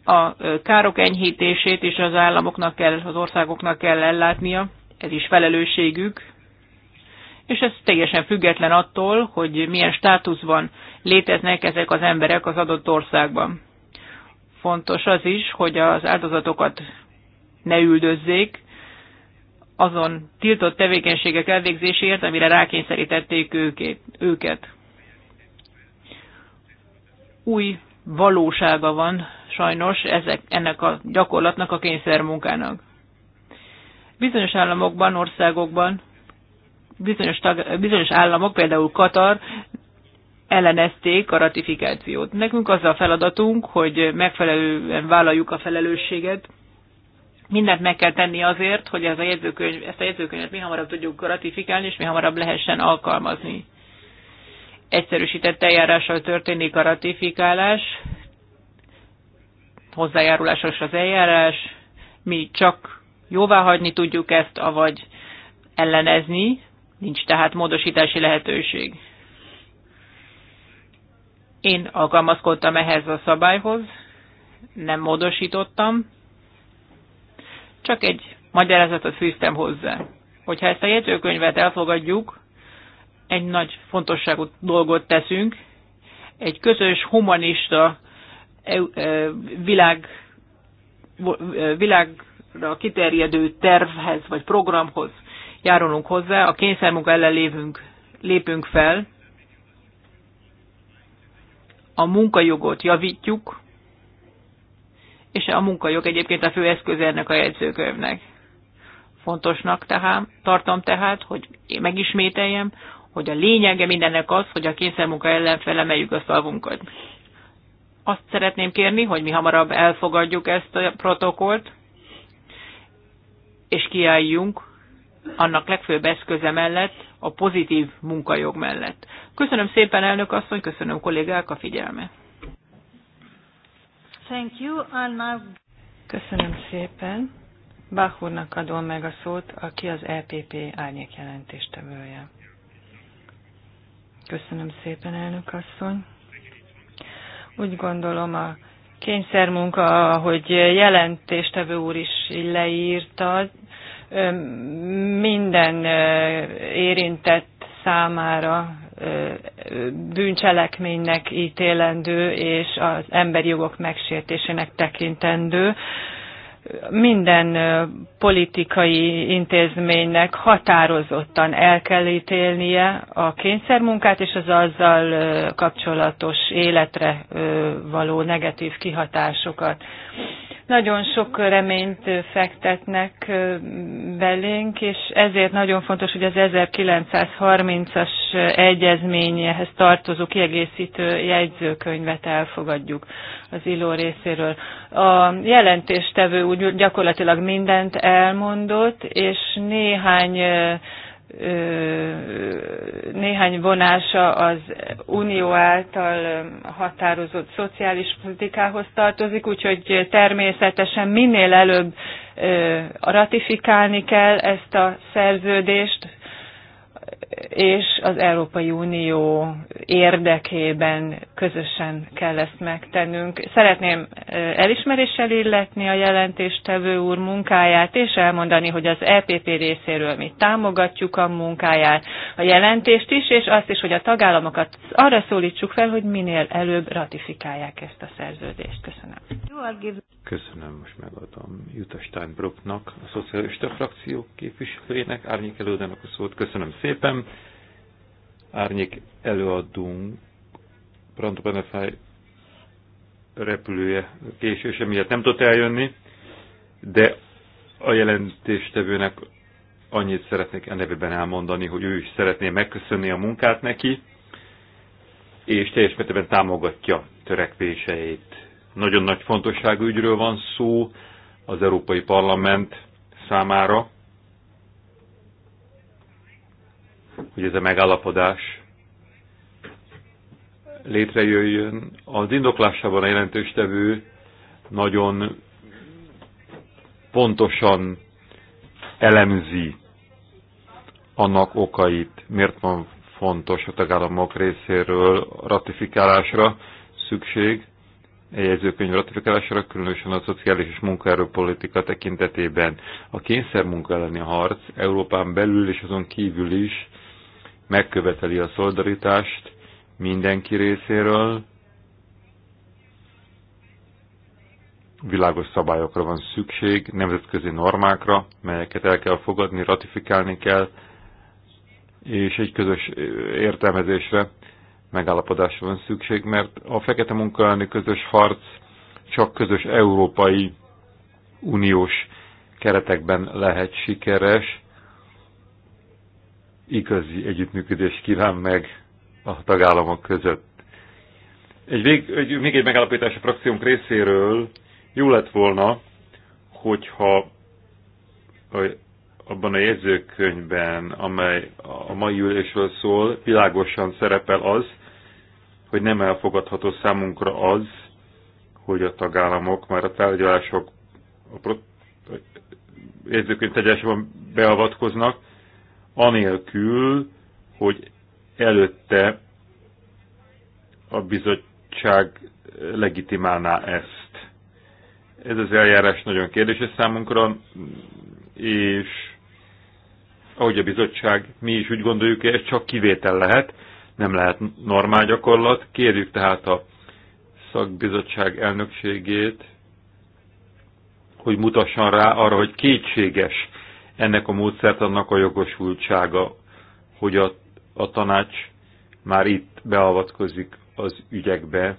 a károk enyhítését is az államoknak kell, az országoknak kell ellátnia, ez is felelősségük, és ez teljesen független attól, hogy milyen státuszban léteznek ezek az emberek az adott országban. Fontos az is, hogy az áldozatokat ne üldözzék, azon tiltott tevékenységek elvégzéséért, amire rákényszerítették őket. Új valósága van sajnos ezek, ennek a gyakorlatnak, a kényszermunkának. Bizonyos államokban, országokban, bizonyos, tag, bizonyos államok, például Katar, ellenezték a ratifikációt. Nekünk az a feladatunk, hogy megfelelően vállaljuk a felelősséget, mindent meg kell tenni azért, hogy ez a jegyzőkönyv, ezt a jegyzőkönyvet mi hamarabb tudjuk ratifikálni, és mi hamarabb lehessen alkalmazni. Egyszerűsített eljárással történik a ratifikálás, hozzájárulásos az eljárás, mi csak jóváhagyni tudjuk ezt, avagy ellenezni, nincs tehát módosítási lehetőség. Én alkalmazkodtam ehhez a szabályhoz, nem módosítottam, csak egy magyarázatot fűztem hozzá. Hogyha ezt a jegyzőkönyvet elfogadjuk, egy nagy fontosságú dolgot teszünk, egy közös humanista világ, világra kiterjedő tervhez vagy programhoz járulunk hozzá, a kényszermunka ellen lépünk, lépünk fel, a munkajogot javítjuk, és a munkajog egyébként a fő eszköz ennek a jegyzőkövnek. Fontosnak tehát, tartom tehát, hogy én megismételjem, hogy a lényege mindennek az, hogy a kényszermunka ellen felemeljük a szavunkat azt szeretném kérni, hogy mi hamarabb elfogadjuk ezt a protokolt, és kiálljunk annak legfőbb eszköze mellett, a pozitív munkajog mellett. Köszönöm szépen, elnök asszony, köszönöm kollégák a figyelme. Thank you, Anna. Köszönöm szépen. Bach úrnak adom meg a szót, aki az EPP árnyék jelentéstevője. Köszönöm szépen, elnök asszony. Úgy gondolom a kényszermunka, ahogy jelentéstevő úr is leírta, minden érintett számára bűncselekménynek ítélendő és az emberi jogok megsértésének tekintendő minden politikai intézménynek határozottan el kell ítélnie a kényszermunkát és az azzal kapcsolatos életre való negatív kihatásokat. Nagyon sok reményt fektetnek belénk, és ezért nagyon fontos, hogy az 1930-as egyezményhez tartozó kiegészítő jegyzőkönyvet elfogadjuk az ILO részéről. A jelentéstevő úgy gyakorlatilag mindent elmondott, és néhány néhány vonása az unió által határozott szociális politikához tartozik, úgyhogy természetesen minél előbb ratifikálni kell ezt a szerződést, és az Európai Unió érdekében közösen kell ezt megtennünk. Szeretném elismeréssel illetni a jelentéstevő úr munkáját, és elmondani, hogy az EPP részéről mi támogatjuk a munkáját, a jelentést is, és azt is, hogy a tagállamokat arra szólítsuk fel, hogy minél előbb ratifikálják ezt a szerződést. Köszönöm. Köszönöm, most megadom Jutta Steinbrucknak a szocialista frakció képviselőjének, árnyékelődőnek a szót. Köszönöm szépen szépen. Árnyék előadunk Pronto Benefáj repülője késése miatt nem tudott eljönni, de a jelentéstevőnek annyit szeretnék e nevében elmondani, hogy ő is szeretné megköszönni a munkát neki, és teljes mértékben támogatja törekvéseit. Nagyon nagy fontosságú ügyről van szó az Európai Parlament számára, hogy ez a megállapodás létrejöjjön. Az indoklásában a jelentőstevő nagyon pontosan elemzi annak okait, miért van fontos a tagállamok részéről ratifikálásra szükség, jegyzőkönyv ratifikálásra, különösen a szociális és munkaerőpolitika tekintetében. A munka elleni harc Európán belül és azon kívül is megköveteli a szolidaritást mindenki részéről, világos szabályokra van szükség, nemzetközi normákra, melyeket el kell fogadni, ratifikálni kell, és egy közös értelmezésre, megállapodásra van szükség, mert a fekete munka közös harc csak közös európai uniós keretekben lehet sikeres, igazi együttműködést kíván meg a tagállamok között. Egy vég, egy, még egy megállapítás a frakciónk részéről. Jó lett volna, hogyha a, abban a jegyzőkönyvben, amely a mai ülésről szól, világosan szerepel az, hogy nem elfogadható számunkra az, hogy a tagállamok már a tárgyalások a, pro, a jegyzőkönyv beavatkoznak, anélkül, hogy előtte a bizottság legitimálná ezt. Ez az eljárás nagyon kérdéses számunkra, és ahogy a bizottság, mi is úgy gondoljuk, hogy ez csak kivétel lehet, nem lehet normál gyakorlat. Kérjük tehát a szakbizottság elnökségét, hogy mutasson rá arra, hogy kétséges ennek a módszert annak a jogosultsága, hogy a, a tanács már itt beavatkozik az ügyekbe.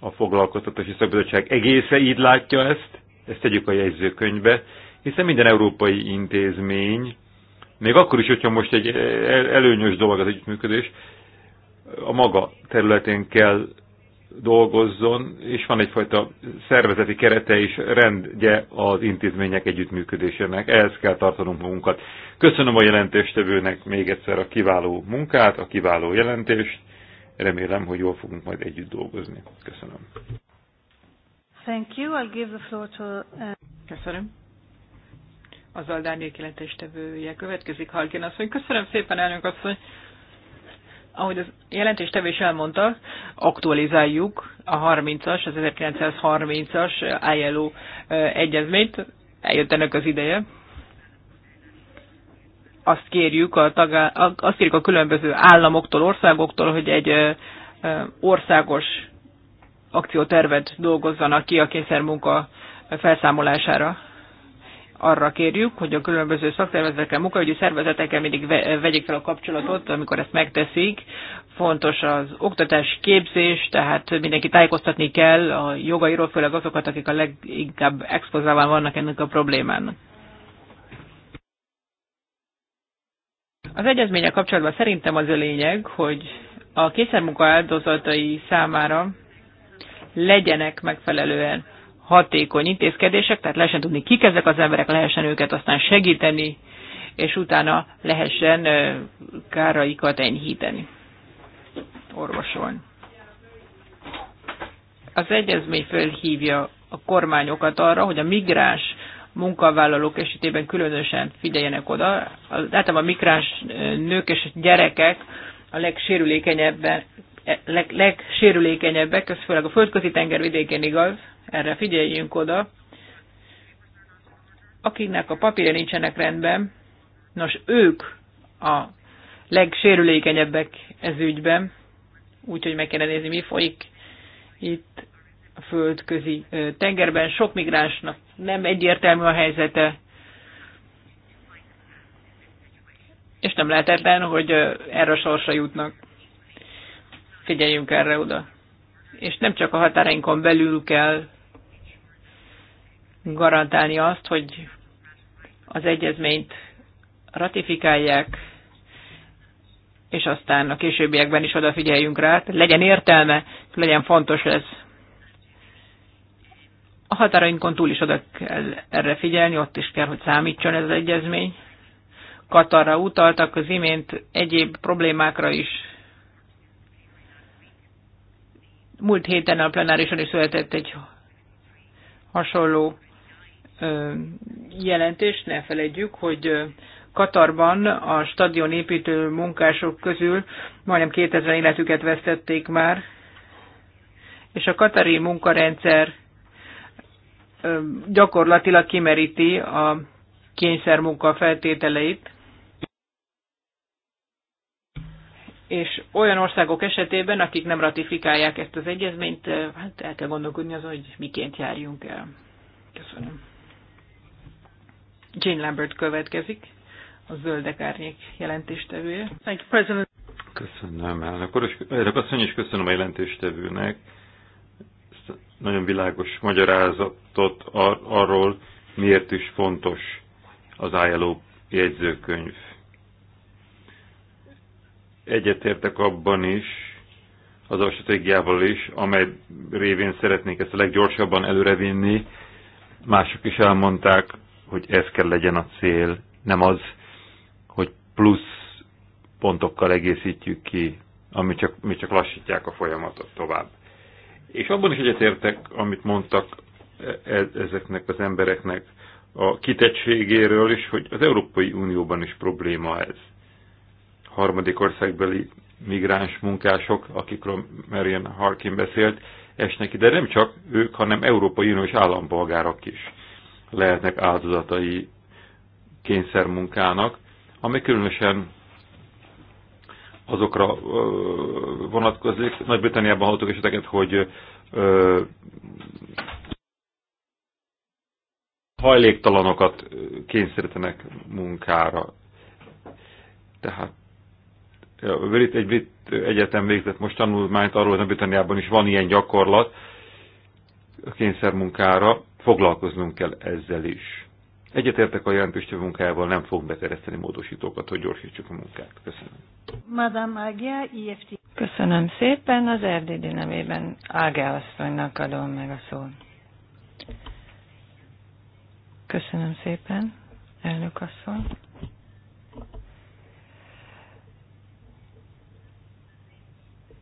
A foglalkoztatási szakbizottság egésze így látja ezt, ezt tegyük a jegyzőkönyvbe, hiszen minden európai intézmény, még akkor is, hogyha most egy előnyös dolog az együttműködés, a maga területén kell dolgozzon, és van egyfajta szervezeti kerete és rendje az intézmények együttműködésének. Ehhez kell tartanunk magunkat. Köszönöm a jelentéstevőnek még egyszer a kiváló munkát, a kiváló jelentést. Remélem, hogy jól fogunk majd együtt dolgozni. Köszönöm. Thank you. I'll give the floor to... Uh, Köszönöm. Az Aldárnyék jelentéstevője következik, Halkin asszony. Köszönöm szépen, elnök asszony. Hogy ahogy az jelentés tevés elmondta, aktualizáljuk a 30-as, az 1930-as ILO egyezményt, eljött ennek az ideje. Azt kérjük a, tagá, azt kérjük a különböző államoktól, országoktól, hogy egy országos akciótervet dolgozzanak ki a kényszermunka felszámolására arra kérjük, hogy a különböző szakszervezetekkel, munkahogyi szervezetekkel mindig vegyék fel a kapcsolatot, amikor ezt megteszik. Fontos az oktatás képzés, tehát mindenki tájékoztatni kell a jogairól, főleg azokat, akik a leginkább expozálván vannak ennek a problémának. Az egyezménye kapcsolatban szerintem az a lényeg, hogy a kényszermunka áldozatai számára legyenek megfelelően hatékony intézkedések, tehát lehessen tudni, kik ezek az emberek, lehessen őket aztán segíteni, és utána lehessen káraikat enyhíteni, orvosolni. Az egyezmény fölhívja a kormányokat arra, hogy a migráns munkavállalók esetében különösen figyeljenek oda. Látom a migráns nők és gyerekek a legsérülékenyebben, e, leg, legsérülékenyebbek, ez főleg a földközi tenger vidékén igaz, erre figyeljünk oda. Akiknek a papírja nincsenek rendben, nos ők a legsérülékenyebbek ez ügyben, úgyhogy meg kellene nézni, mi folyik itt a földközi tengerben. Sok migránsnak nem egyértelmű a helyzete, és nem lehetetlen, hogy erre sorsa jutnak. Figyeljünk erre oda. És nem csak a határainkon belül kell garantálni azt, hogy az egyezményt ratifikálják, és aztán a későbbiekben is odafigyeljünk rá, legyen értelme, legyen fontos ez. A határainkon túl is oda kell erre figyelni, ott is kell, hogy számítson ez az egyezmény. Katarra utaltak az imént egyéb problémákra is. Múlt héten a plenárison is született egy hasonló jelentést, Ne felejtjük, hogy Katarban a stadion építő munkások közül majdnem 2000 életüket vesztették már, és a katari munkarendszer gyakorlatilag kimeríti a kényszermunka feltételeit, és olyan országok esetében, akik nem ratifikálják ezt az egyezményt, hát el kell gondolkodni azon, hogy miként járjunk el. Köszönöm. Jane Lambert következik, a Zöldek Árnyék jelentéstevője. Thank you, President. Köszönöm, elnök úr, elnök és köszönöm a jelentéstevőnek. Ezt nagyon világos magyarázatot ar arról, miért is fontos az ILO jegyzőkönyv. Egyetértek abban is, az a stratégiával is, amely révén szeretnék ezt a leggyorsabban előrevinni. Mások is elmondták, hogy ez kell legyen a cél, nem az, hogy plusz pontokkal egészítjük ki, ami csak, mi csak lassítják a folyamatot tovább. És abban is egyetértek, amit mondtak e, e, ezeknek az embereknek a kitettségéről is, hogy az Európai Unióban is probléma ez. Harmadik országbeli migráns munkások, akikről Marian Harkin beszélt, esnek ide nem csak ők, hanem Európai Uniós állampolgárok is lehetnek áldozatai kényszermunkának, ami különösen azokra vonatkozik. Nagy-Britanniában hallottuk eseteket, hogy hajléktalanokat kényszerítenek munkára. Tehát brit, egy brit egyetem végzett most tanulmányt arról, hogy Nagy-Britanniában is van ilyen gyakorlat a kényszermunkára foglalkoznunk kell ezzel is. Egyetértek a jelentőstő munkával, nem fogunk betereszteni módosítókat, hogy gyorsítsuk a munkát. Köszönöm. Madame Ágia, IFT. Köszönöm szépen, az RDD nevében Ágia asszonynak adom meg a szót. Köszönöm szépen, elnök asszony.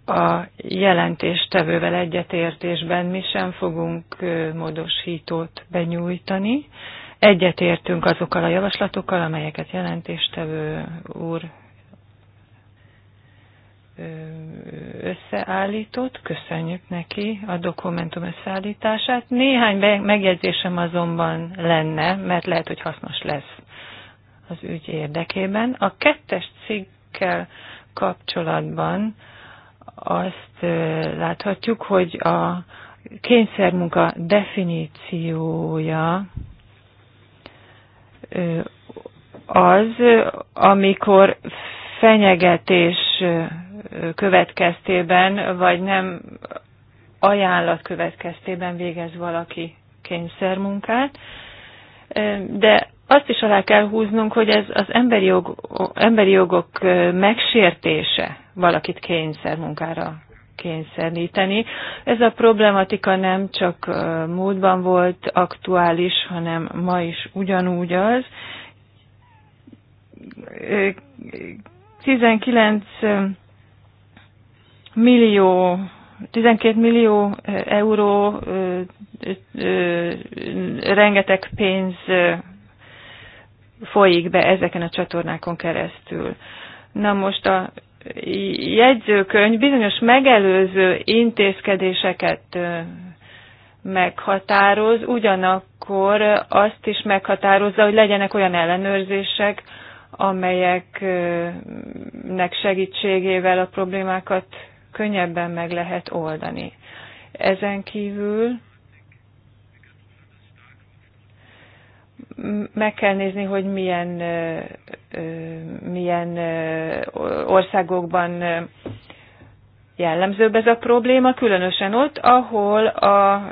a jelentéstevővel egyetértésben mi sem fogunk módosítót benyújtani. Egyetértünk azokkal a javaslatokkal, amelyeket jelentéstevő úr összeállított, köszönjük neki a dokumentum összeállítását. Néhány megjegyzésem azonban lenne, mert lehet, hogy hasznos lesz az ügy érdekében. A kettes cikkkel kapcsolatban azt láthatjuk, hogy a kényszermunka definíciója az, amikor fenyegetés következtében, vagy nem ajánlat következtében végez valaki kényszermunkát, de azt is alá kell húznunk, hogy ez az emberi, jog, emberi jogok megsértése valakit kényszer munkára kényszeríteni. Ez a problematika nem csak múltban volt aktuális, hanem ma is ugyanúgy az. 19 millió 12 millió euró rengeteg pénz folyik be ezeken a csatornákon keresztül. Na most a jegyzőkönyv bizonyos megelőző intézkedéseket meghatároz, ugyanakkor azt is meghatározza, hogy legyenek olyan ellenőrzések, amelyeknek segítségével a problémákat könnyebben meg lehet oldani. Ezen kívül meg kell nézni, hogy milyen, milyen országokban jellemzőbb ez a probléma, különösen ott, ahol a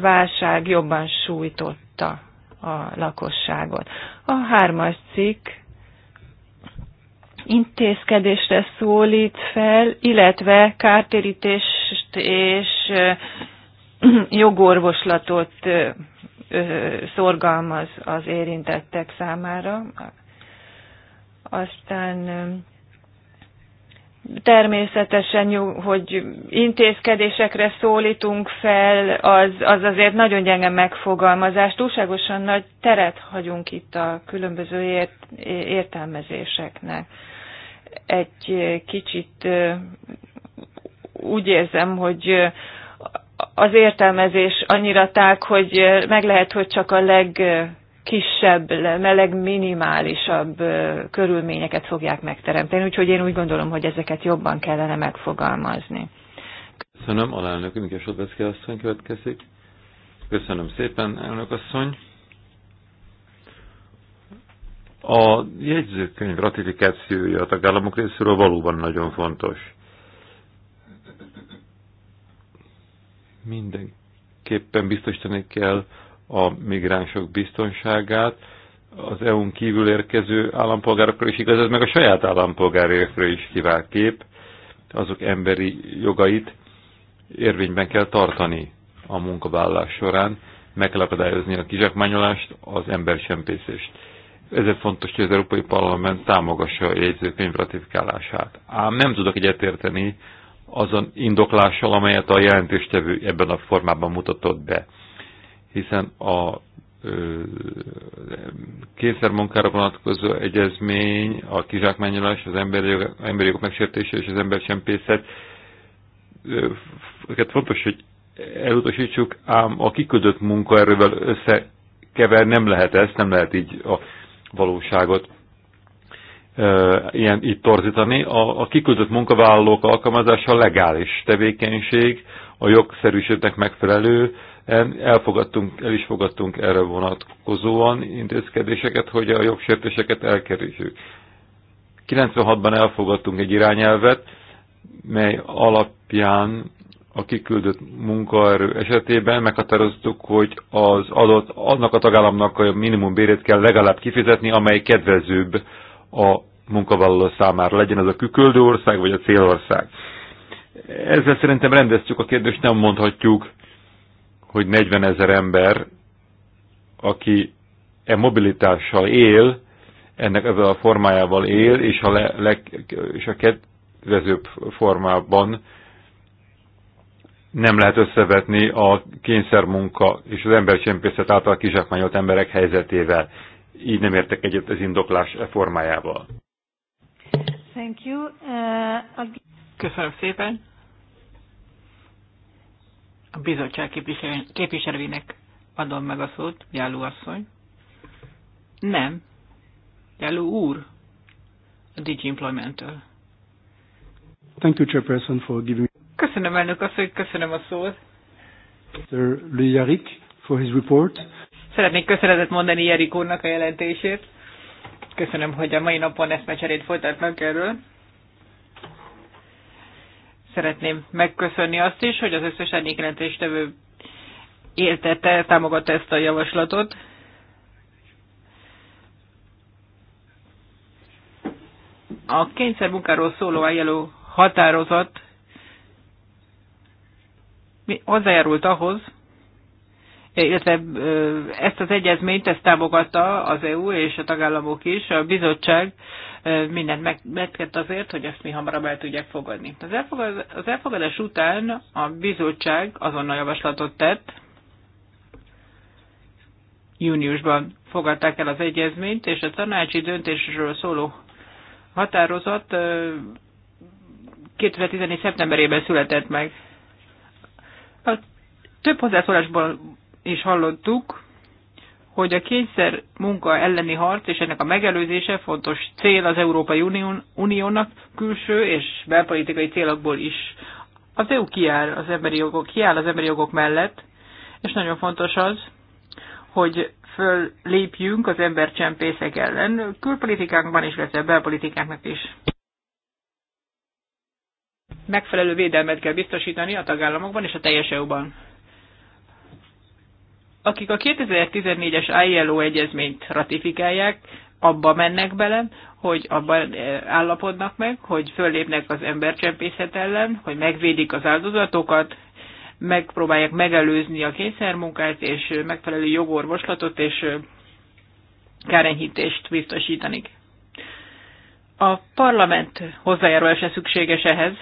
válság jobban sújtotta a lakosságot. A hármas cikk intézkedésre szólít fel, illetve kártérítést és [clears throat] jogorvoslatot szorgalmaz az érintettek számára. Aztán természetesen, hogy intézkedésekre szólítunk fel, az, az azért nagyon gyenge megfogalmazás. Túlságosan nagy teret hagyunk itt a különböző ért, értelmezéseknek. Egy kicsit úgy érzem, hogy az értelmezés annyira tág, hogy meg lehet, hogy csak a legkisebb, minimálisabb körülményeket fogják megteremteni. Úgyhogy én úgy gondolom, hogy ezeket jobban kellene megfogalmazni. Köszönöm, alelnök Mikes Sodbeszki asszony következik. Köszönöm szépen, elnök asszony. A jegyzőkönyv ratifikációja a tagállamok részéről valóban nagyon fontos. Mindenképpen biztosítani kell a migránsok biztonságát, az EU-n kívül érkező állampolgárokra is igaz, ez meg a saját állampolgárokra is kivál kép, azok emberi jogait érvényben kell tartani a munkavállás során, meg kell akadályozni a kizsákmányolást, az embersempészést. Ezért fontos, hogy az Európai Parlament támogassa a jegyzőkönyv ratifikálását. Ám nem tudok egyetérteni azon indoklással, amelyet a jelentéstevő ebben a formában mutatott be. Hiszen a kényszermunkára vonatkozó egyezmény, a kizsákmányolás, az emberi, jog, emberi jogok megsértése és az embercsempészet, őket fontos, hogy elutasítsuk, ám a kiküldött munkaerővel összekever nem lehet ezt, nem lehet így a valóságot ilyen így torzítani. A, a kiküldött munkavállalók alkalmazása legális tevékenység, a jogszerűségnek megfelelő, elfogadtunk, el is fogadtunk erre vonatkozóan intézkedéseket, hogy a jogsértéseket elkerüljük. 96-ban elfogadtunk egy irányelvet, mely alapján a kiküldött munkaerő esetében meghatároztuk, hogy az adott, annak a tagállamnak a minimumbérét kell legalább kifizetni, amely kedvezőbb a munkavállaló számára, legyen ez a küldő ország vagy a célország. Ezzel szerintem rendeztük a kérdést, nem mondhatjuk, hogy 40 ezer ember, aki e mobilitással él, ennek ezzel a formájával él, és a, le, le, és a kedvezőbb formában nem lehet összevetni a kényszermunka és az embercsempészet által kizsákmányolt emberek helyzetével így nem értek egyet az indoklás e formájával. Thank you. Uh, Köszönöm szépen. A bizottság képviselő, képviselőinek adom meg a szót, Jáló asszony. Nem. Jáló úr. A Digi Employment-től. Thank you, Chairperson, for giving Köszönöm elnök asszony, köszönöm a szót. Mr. Le for his report. Szeretnék köszönetet mondani Jerik úrnak a jelentését. Köszönöm, hogy a mai napon ezt mecserét folytatnak erről. Szeretném megköszönni azt is, hogy az összes árnyékjelentéstevő éltette, támogatta ezt a javaslatot. A kényszermunkáról szóló ILO határozat hozzájárult ahhoz, illetve ezt az egyezményt ezt támogatta az EU és a tagállamok is, a bizottság mindent megtett azért, hogy ezt mi hamarabb el tudják fogadni. Az, az elfogadás után a bizottság azonnal javaslatot tett, júniusban fogadták el az egyezményt, és a tanácsi döntésről szóló határozat 2014. szeptemberében született meg. A több hozzászólásból és hallottuk, hogy a kényszer munka elleni harc és ennek a megelőzése fontos cél az Európai Unión, Uniónak külső és belpolitikai célokból is. Az EU kiáll az emberi jogok, kiáll az emberi jogok mellett, és nagyon fontos az, hogy föllépjünk az embercsempészek ellen, külpolitikánkban is, illetve belpolitikánknak is. Megfelelő védelmet kell biztosítani a tagállamokban és a teljes EU-ban akik a 2014-es ILO egyezményt ratifikálják, abba mennek bele, hogy abban eh, állapodnak meg, hogy föllépnek az embercsempészet ellen, hogy megvédik az áldozatokat, megpróbálják megelőzni a kényszermunkát, és eh, megfelelő jogorvoslatot és eh, kárenyhítést biztosítani. A parlament hozzájárulása szükséges ehhez.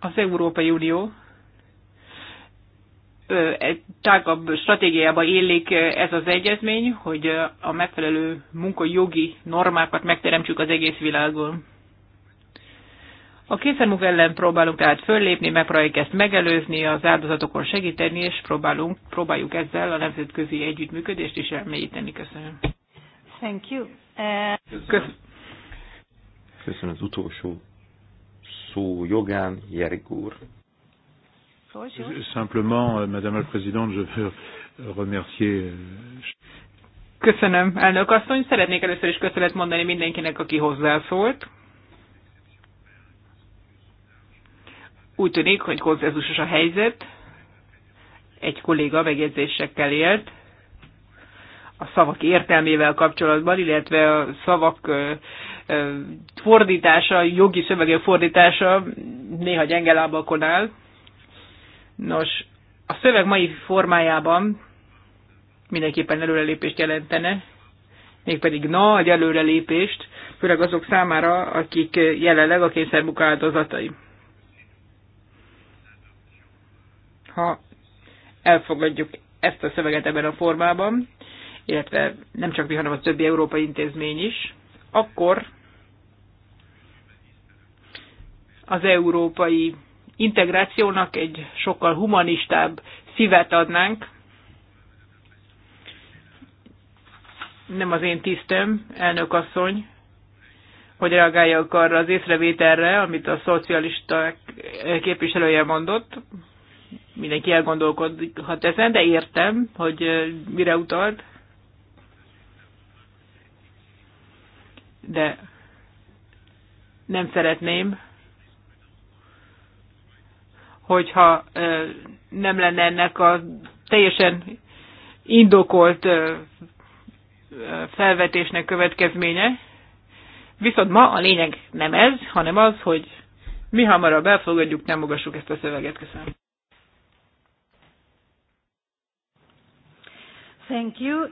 Az Európai Unió egy tágabb stratégiába élik ez az egyezmény, hogy a megfelelő munkajogi normákat megteremtsük az egész világon. A kényszermunka ellen próbálunk tehát föllépni, megpróbáljuk ezt megelőzni, az áldozatokon segíteni, és próbálunk, próbáljuk ezzel a nemzetközi együttműködést is elmélyíteni. Köszönöm. Thank you. Uh... Köszönöm. Köszönöm az utolsó szó jogán, Jerik úr. Simplement, euh, Madame la Présidente, je veux remercier. Euh, Köszönöm, elnök asszony. Szeretnék először is köszönet mondani mindenkinek, aki hozzászólt. Úgy tűnik, hogy konzenzusos a helyzet. Egy kolléga megjegyzésekkel élt a szavak értelmével kapcsolatban, illetve a szavak fordítása, jogi szövegek fordítása néha gyenge lábakon áll. Nos, a szöveg mai formájában mindenképpen előrelépést jelentene, mégpedig nagy előrelépést, főleg azok számára, akik jelenleg a kényszermunka áldozatai. Ha elfogadjuk ezt a szöveget ebben a formában, illetve nem csak mi, hanem a többi európai intézmény is, akkor az európai integrációnak egy sokkal humanistább szívet adnánk. Nem az én tisztem, elnök asszony, hogy reagáljak arra az észrevételre, amit a szocialista képviselője mondott. Mindenki elgondolkodhat ezen, de értem, hogy mire utalt. De nem szeretném, hogyha nem lenne ennek a teljesen indokolt felvetésnek következménye. Viszont ma a lényeg nem ez, hanem az, hogy mi hamarabb elfogadjuk, nem magassuk ezt a szöveget. Köszönöm. Thank you.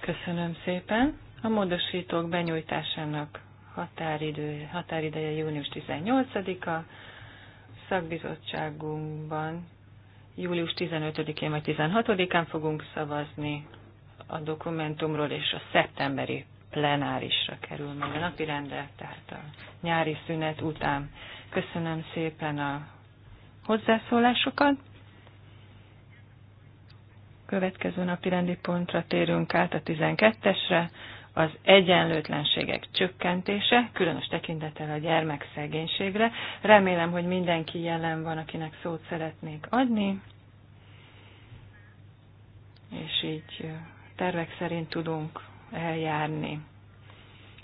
Köszönöm szépen. A módosítók benyújtásának határidő, határideje június 18-a szakbizottságunkban július 15-én vagy 16-án fogunk szavazni a dokumentumról, és a szeptemberi plenárisra kerül majd a napirendre, tehát a nyári szünet után. Köszönöm szépen a hozzászólásokat. Következő napi rendi pontra térünk át a 12-esre az egyenlőtlenségek csökkentése, különös tekintettel a gyermekszegénységre. Remélem, hogy mindenki jelen van, akinek szót szeretnék adni, és így tervek szerint tudunk eljárni.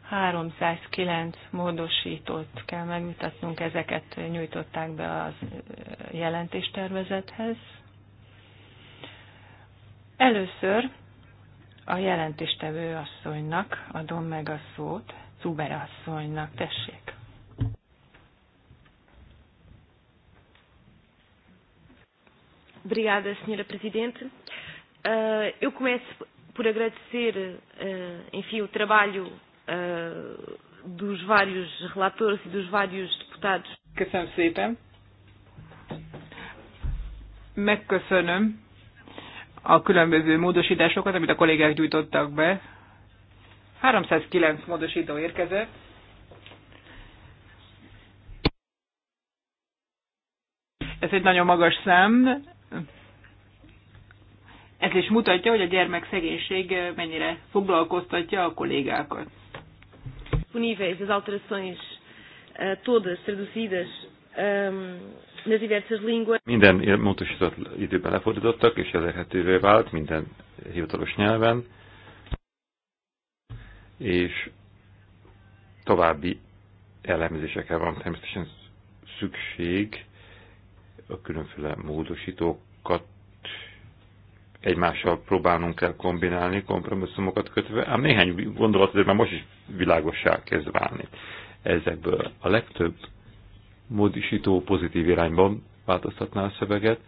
309 módosítót kell megmutatnunk, ezeket nyújtották be a jelentéstervezethez. Először a jelentéstevő asszonynak adom meg a szót, Zuber asszonynak, tessék. Obrigada, Sra. Presidente. Uh, eu começo por agradecer, uh, enfim, o trabalho uh, dos vários relatores e dos vários deputados. Köszönöm szépen. Megköszönöm a különböző módosításokat, amit a kollégák gyújtottak be. 309 módosító érkezett. Ez egy nagyon magas szám. Ez is mutatja, hogy a szegénység mennyire foglalkoztatja a kollégákat. Disponíveis, az alterações eh, todas traduzidas ehm, minden módosított időben lefordítottak, és elérhetővé vált minden hivatalos nyelven, és további elemzésekkel van természetesen szükség a különféle módosítókat egymással próbálnunk kell kombinálni, kompromisszumokat kötve, ám néhány gondolat azért már most is világossá kezd válni ezekből. A legtöbb módisító pozitív irányban változtatná a szöveget,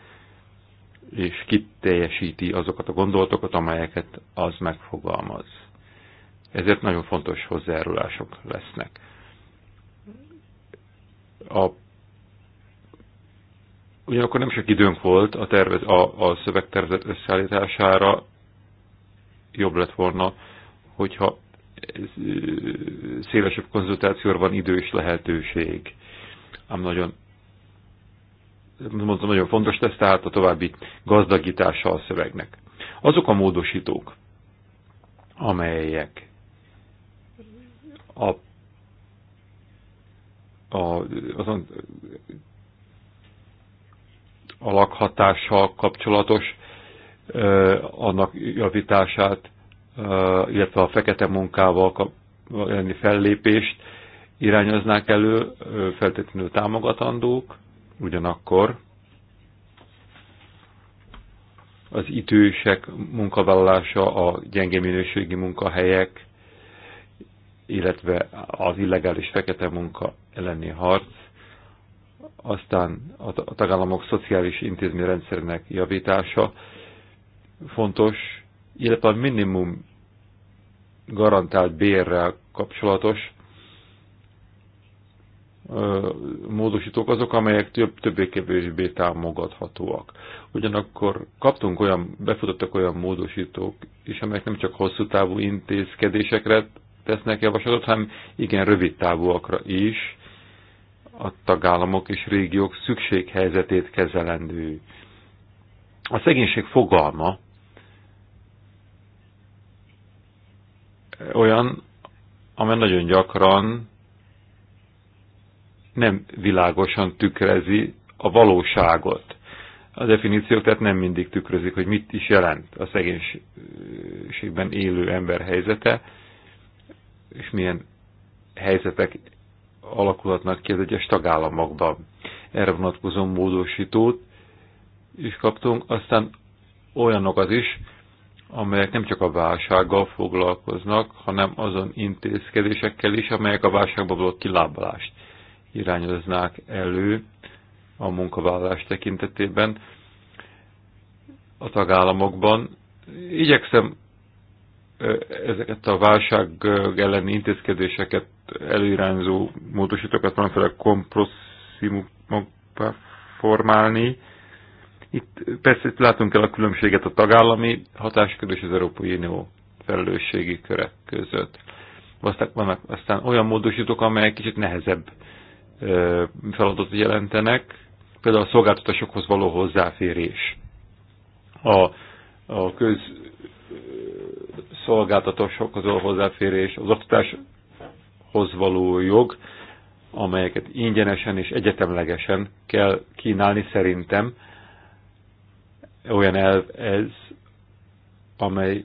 és kiteljesíti azokat a gondolatokat, amelyeket az megfogalmaz. Ezért nagyon fontos hozzájárulások lesznek. A Ugyanakkor nem sok időnk volt a, tervez, a, a szövegtervezet összeállítására, jobb lett volna, hogyha szélesebb konzultációra van idő és lehetőség ám nagyon mondtam, nagyon fontos lesz tehát a további gazdagítása a szövegnek. Azok a módosítók, amelyek a, a, azon, a lakhatással kapcsolatos ö, annak javítását, ö, illetve a fekete munkával kap, elleni fellépést irányoznák elő, feltétlenül támogatandók, ugyanakkor az idősek munkavállalása, a gyenge minőségi munkahelyek, illetve az illegális fekete munka elleni harc, aztán a tagállamok szociális intézményrendszernek javítása fontos, illetve a minimum garantált bérrel kapcsolatos módosítók azok, amelyek több, többé-kevésbé támogathatóak. Ugyanakkor kaptunk olyan, befutottak olyan módosítók is, amelyek nem csak hosszú távú intézkedésekre tesznek javaslatot, hanem igen rövid távúakra is a tagállamok és régiók szükséghelyzetét kezelendő. A szegénység fogalma olyan, amely nagyon gyakran nem világosan tükrezi a valóságot. A definíciók tehát nem mindig tükrözik, hogy mit is jelent a szegénységben élő ember helyzete, és milyen helyzetek alakulhatnak ki az egyes tagállamokban. Erre vonatkozó módosítót is kaptunk, aztán olyanok az is, amelyek nem csak a válsággal foglalkoznak, hanem azon intézkedésekkel is, amelyek a válságban való kilábalást irányoznák elő a munkavállalás tekintetében a tagállamokban. Igyekszem ezeket a válság elleni intézkedéseket előirányzó módosítókat valamiféle kompromisszumokba formálni. Itt persze itt látunk el a különbséget a tagállami hatáskör és az Európai Unió felelősségi körek között. Aztán vannak aztán olyan módosítók, amelyek kicsit nehezebb feladatot jelentenek, például a szolgáltatásokhoz való hozzáférés. A, a közszolgáltatásokhoz való hozzáférés, az oktatáshoz való jog, amelyeket ingyenesen és egyetemlegesen kell kínálni szerintem. Olyan elv ez, amely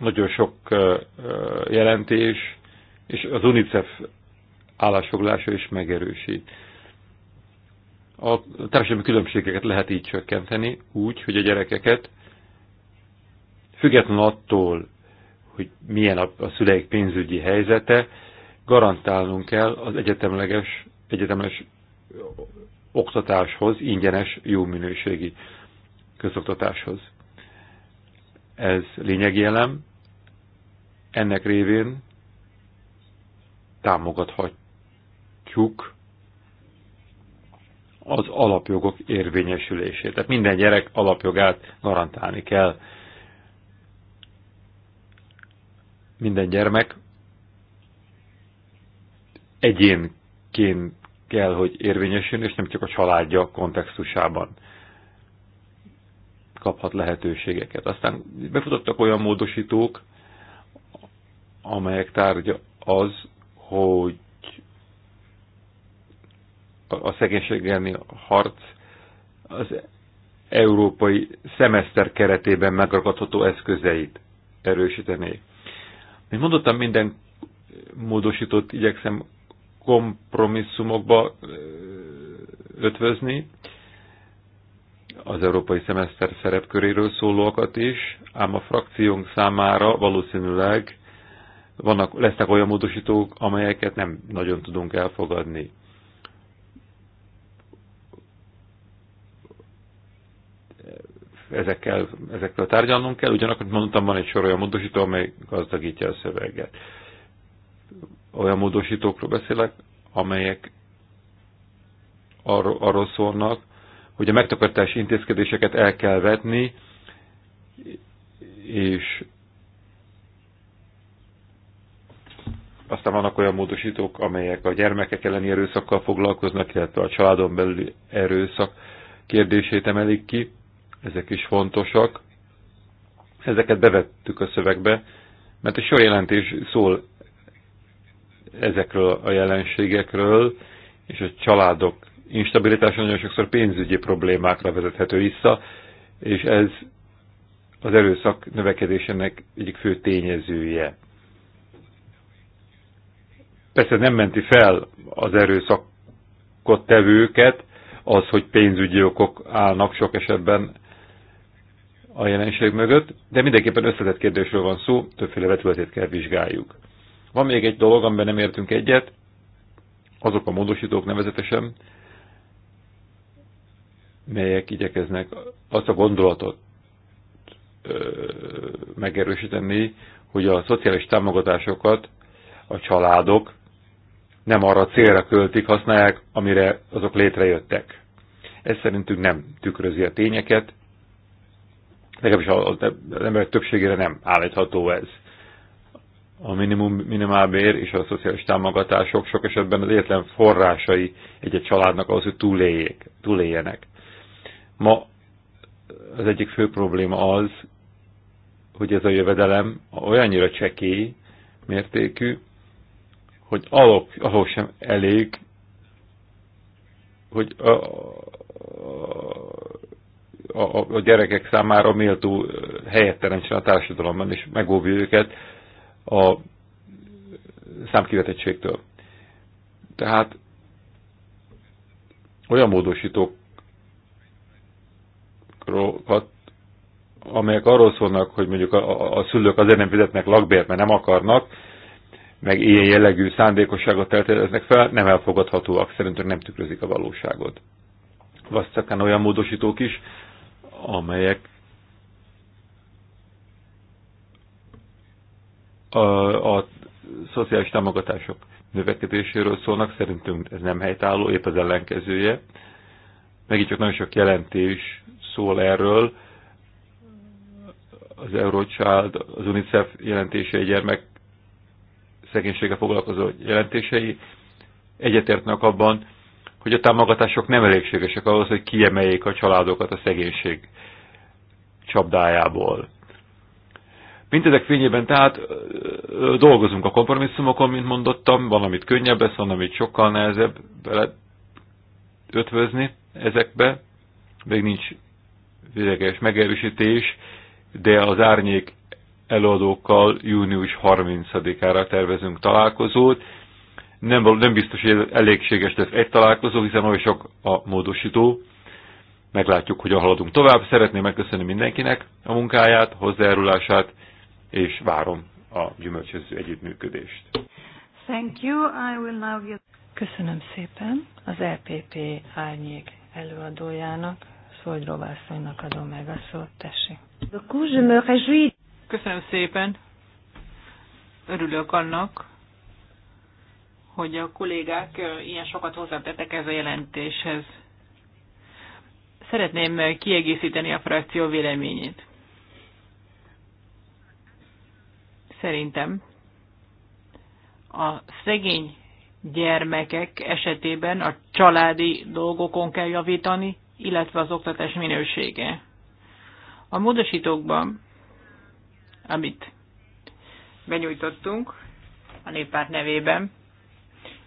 nagyon sok jelentés, és az UNICEF állásfoglása is megerősít. A társadalmi különbségeket lehet így csökkenteni, úgy, hogy a gyerekeket független attól, hogy milyen a szüleik pénzügyi helyzete, garantálnunk kell az egyetemleges, egyetemes oktatáshoz, ingyenes, jó minőségi közoktatáshoz. Ez lényegi elem. Ennek révén támogathatjuk az alapjogok érvényesülését. Tehát minden gyerek alapjogát garantálni kell. Minden gyermek egyénként kell, hogy érvényesüljön, és nem csak a családja kontextusában kaphat lehetőségeket. Aztán befutottak olyan módosítók, amelyek tárgya az, hogy a szegénység elleni harc az európai szemeszter keretében megragadható eszközeit erősítené. Mint mondottam, minden módosított igyekszem kompromisszumokba ötvözni, az európai szemeszter szerepköréről szólóakat is, ám a frakciónk számára valószínűleg vannak, lesznek olyan módosítók, amelyeket nem nagyon tudunk elfogadni. Ezekkel, ezekkel tárgyalnunk kell, ugyanakkor mondtam, van egy sor olyan módosító, amely gazdagítja a szöveget. Olyan módosítókról beszélek, amelyek arról, arról szólnak, hogy a megtakartási intézkedéseket el kell vetni, és Aztán vannak olyan módosítók, amelyek a gyermekek elleni erőszakkal foglalkoznak, illetve a családon belüli erőszak kérdését emelik ki. Ezek is fontosak. Ezeket bevettük a szövegbe, mert a sor jelentés szól ezekről a jelenségekről, és a családok instabilitása nagyon sokszor pénzügyi problémákra vezethető vissza, és ez az erőszak növekedésének egyik fő tényezője. Persze nem menti fel az erőszakot tevőket, az, hogy pénzügyi okok állnak sok esetben a jelenség mögött, de mindenképpen összetett kérdésről van szó, többféle vetületét kell vizsgáljuk. Van még egy dolog, amiben nem értünk egyet, azok a módosítók nevezetesen, melyek igyekeznek azt a gondolatot ö, megerősíteni, hogy a szociális támogatásokat a családok nem arra a célra költik, használják, amire azok létrejöttek. Ez szerintünk nem tükrözi a tényeket, legalábbis az emberek többségére nem állítható ez. A minimum, minimálbér és a szociális támogatások sok esetben az életlen forrásai egy-egy családnak ahhoz, hogy túléljék, túléljenek. Ma az egyik fő probléma az, hogy ez a jövedelem olyannyira csekély mértékű, hogy alok, ahhoz sem elég, hogy a, a, a gyerekek számára méltó helyet teremtsen a társadalomban, és megóvja őket a számkivetettségtől. Tehát olyan módosítókat, amelyek arról szólnak, hogy mondjuk a, a, a szülők azért nem fizetnek lakbért, mert nem akarnak, meg ilyen jellegű szándékosságot elterjedeznek fel, nem elfogadhatóak, szerintünk nem tükrözik a valóságot. Vasszakán olyan módosítók is, amelyek a, a szociális támogatások növekedéséről szólnak, szerintünk ez nem helytálló, épp az ellenkezője. Megint csak nagyon sok jelentés szól erről, az Eurochild, az UNICEF jelentése egy gyermek szegénysége foglalkozó jelentései egyetértnek abban, hogy a támogatások nem elégségesek ahhoz, hogy kiemeljék a családokat a szegénység csapdájából. Mindezek fényében tehát dolgozunk a kompromisszumokon, mint mondottam, van, amit könnyebb lesz, van, amit sokkal nehezebb bele ötvözni ezekbe, még nincs véleges megerősítés, de az árnyék előadókkal június 30-ára tervezünk találkozót. Nem, nem biztos, hogy elégséges lesz egy találkozó, hiszen oly sok a módosító. Meglátjuk, hogy haladunk tovább. Szeretném megköszönni mindenkinek a munkáját, hozzájárulását, és várom a gyümölcsöző együttműködést. Thank you. I will now give... Köszönöm szépen. Az EPP árnyék előadójának, Szoldrovászonynak adom meg a szót, tessék. Köszönöm szépen. Örülök annak, hogy a kollégák ilyen sokat hozzátettek ez a jelentéshez. Szeretném kiegészíteni a frakció véleményét. Szerintem a szegény gyermekek esetében a családi dolgokon kell javítani, illetve az oktatás minősége. A módosítókban amit benyújtottunk a néppárt nevében,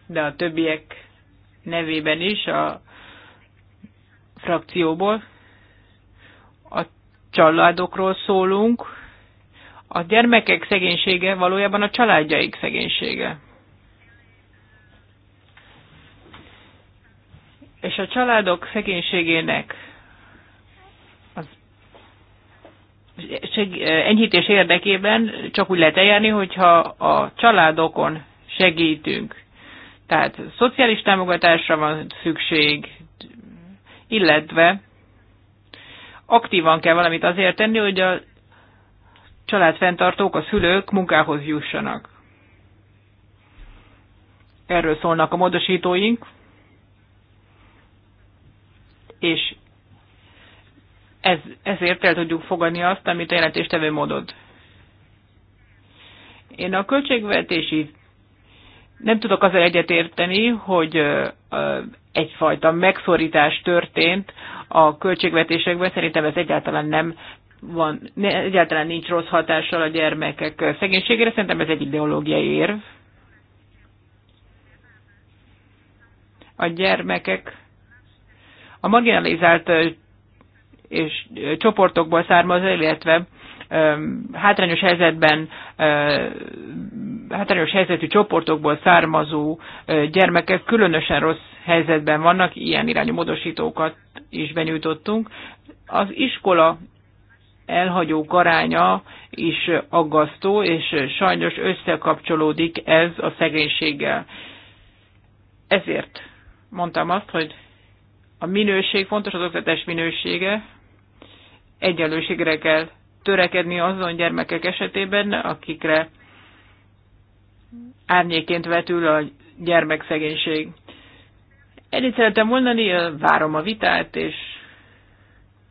de a többiek nevében is a frakcióból. A családokról szólunk. A gyermekek szegénysége valójában a családjaik szegénysége. És a családok szegénységének enyhítés érdekében csak úgy lehet eljárni, hogyha a családokon segítünk. Tehát szociális támogatásra van szükség, illetve aktívan kell valamit azért tenni, hogy a családfenntartók, a szülők munkához jussanak. Erről szólnak a módosítóink, és ez, ezért el tudjuk fogadni azt, amit a jelentéstevő mondott. Én a költségvetési nem tudok azzal egyetérteni, hogy egyfajta megszorítás történt a költségvetésekben, szerintem ez egyáltalán nem van, egyáltalán nincs rossz hatással a gyermekek szegénységére, szerintem ez egy ideológiai érv. A gyermekek, a marginalizált és csoportokból származó, illetve hátrányos helyzetben, hátrányos helyzetű csoportokból származó gyermekek különösen rossz helyzetben vannak, ilyen irányú módosítókat is benyújtottunk. Az iskola elhagyó aránya is aggasztó, és sajnos összekapcsolódik ez a szegénységgel. Ezért mondtam azt, hogy a minőség fontos, az oktatás minősége, egyenlőségre kell törekedni azon gyermekek esetében, akikre árnyéként vetül a gyermekszegénység. Ennyit szeretem mondani, várom a vitát, és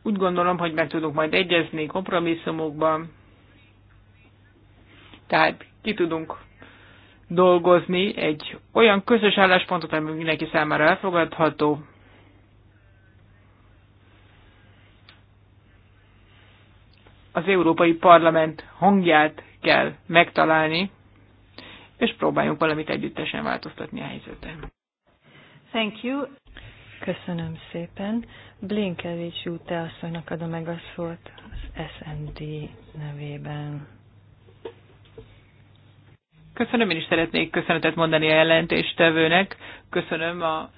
úgy gondolom, hogy meg tudunk majd egyezni kompromisszumokban. Tehát ki tudunk dolgozni egy olyan közös álláspontot, ami mindenki számára elfogadható, az Európai Parlament hangját kell megtalálni, és próbáljunk valamit együttesen változtatni a helyzeten. Thank you. Köszönöm szépen. Blinkevics Júte asszonynak adom meg a szót az SND nevében. Köszönöm, én is szeretnék köszönetet mondani a jelentéstevőnek. Köszönöm a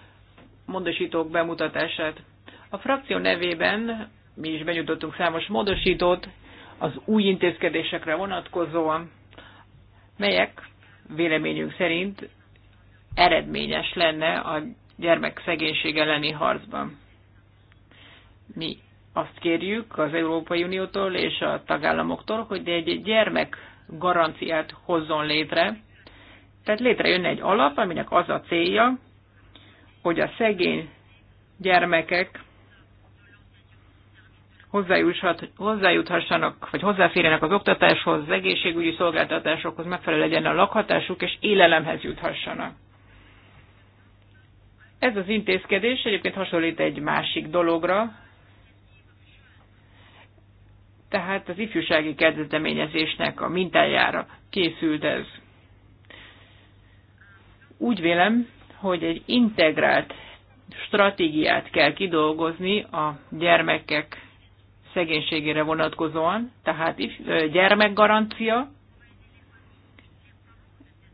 módosítók bemutatását. A frakció nevében mi is benyújtottunk számos módosítót, az új intézkedésekre vonatkozóan, melyek véleményünk szerint eredményes lenne a gyermekszegénység elleni harcban. Mi azt kérjük az Európai Uniótól és a tagállamoktól, hogy egy gyermek garanciát hozzon létre. Tehát létrejön egy alap, aminek az a célja, hogy a szegény gyermekek hozzájuthassanak, vagy hozzáférjenek az oktatáshoz, az egészségügyi szolgáltatásokhoz, megfelelő legyen a lakhatásuk, és élelemhez juthassanak. Ez az intézkedés egyébként hasonlít egy másik dologra, tehát az ifjúsági kezdeményezésnek a mintájára készült ez. Úgy vélem, hogy egy integrált stratégiát kell kidolgozni a gyermekek szegénységére vonatkozóan, tehát gyermekgarancia,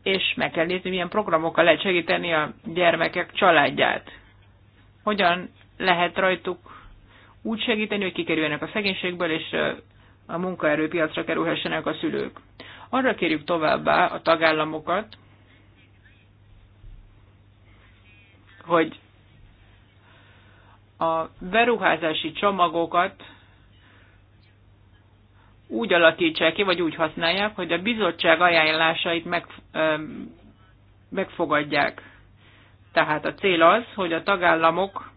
és meg kell nézni, milyen programokkal lehet segíteni a gyermekek családját. Hogyan lehet rajtuk úgy segíteni, hogy kikerüljenek a szegénységből, és a munkaerőpiacra kerülhessenek a szülők. Arra kérjük továbbá a tagállamokat, hogy a beruházási csomagokat úgy alakítsák ki, vagy úgy használják, hogy a bizottság ajánlásait meg, megfogadják. Tehát a cél az, hogy a tagállamok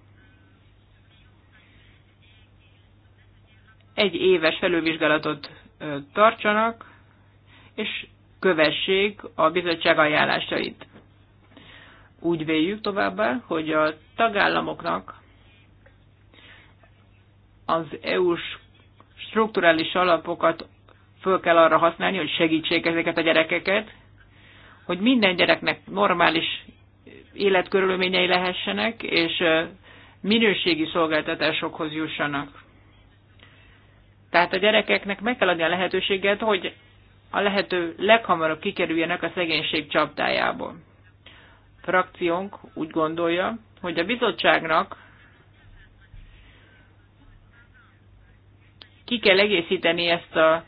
egy éves felülvizsgálatot tartsanak, és kövessék a bizottság ajánlásait. Úgy véljük továbbá, hogy a tagállamoknak az EU-s strukturális alapokat föl kell arra használni, hogy segítsék ezeket a gyerekeket, hogy minden gyereknek normális életkörülményei lehessenek, és minőségi szolgáltatásokhoz jussanak. Tehát a gyerekeknek meg kell adni a lehetőséget, hogy a lehető leghamarabb kikerüljenek a szegénység csapdájából. Frakciónk úgy gondolja, hogy a bizottságnak ki kell egészíteni ezt a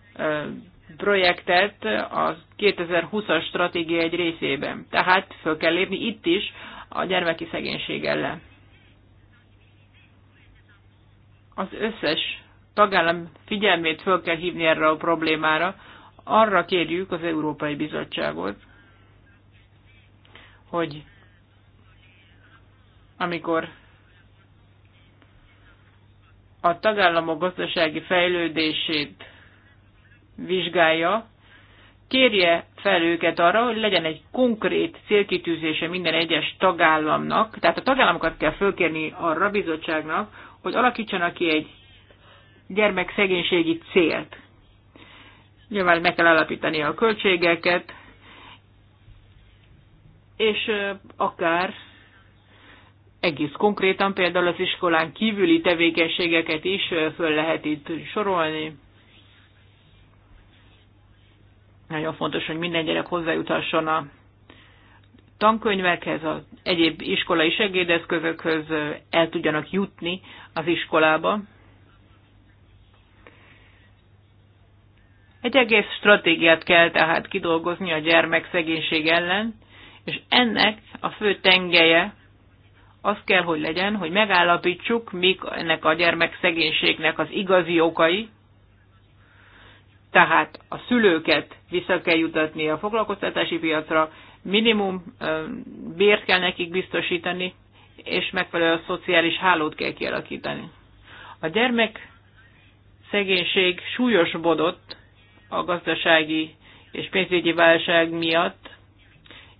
projektet a 2020-as stratégia egy részében. Tehát föl kell lépni itt is a gyermeki szegénység ellen. Az összes tagállam figyelmét föl kell hívni erre a problémára. Arra kérjük az Európai Bizottságot, hogy amikor a tagállamok gazdasági fejlődését vizsgálja, kérje fel őket arra, hogy legyen egy konkrét célkitűzése minden egyes tagállamnak, tehát a tagállamokat kell fölkérni arra a bizottságnak, hogy alakítsanak ki egy gyermekszegénységi célt. Nyilván meg kell alapítani a költségeket, és akár egész konkrétan például az iskolán kívüli tevékenységeket is föl lehet itt sorolni. Nagyon fontos, hogy minden gyerek hozzájuthasson a tankönyvekhez, az egyéb iskolai segédeszközökhöz el tudjanak jutni az iskolába. Egy egész stratégiát kell tehát kidolgozni a szegénység ellen, és ennek a fő tengelye az kell, hogy legyen, hogy megállapítsuk, mik ennek a szegénységnek az igazi okai, tehát a szülőket vissza kell jutatni a foglalkoztatási piacra, minimum bért kell nekik biztosítani, és megfelelő szociális hálót kell kialakítani. A gyermek szegénység bodott a gazdasági és pénzügyi válság miatt,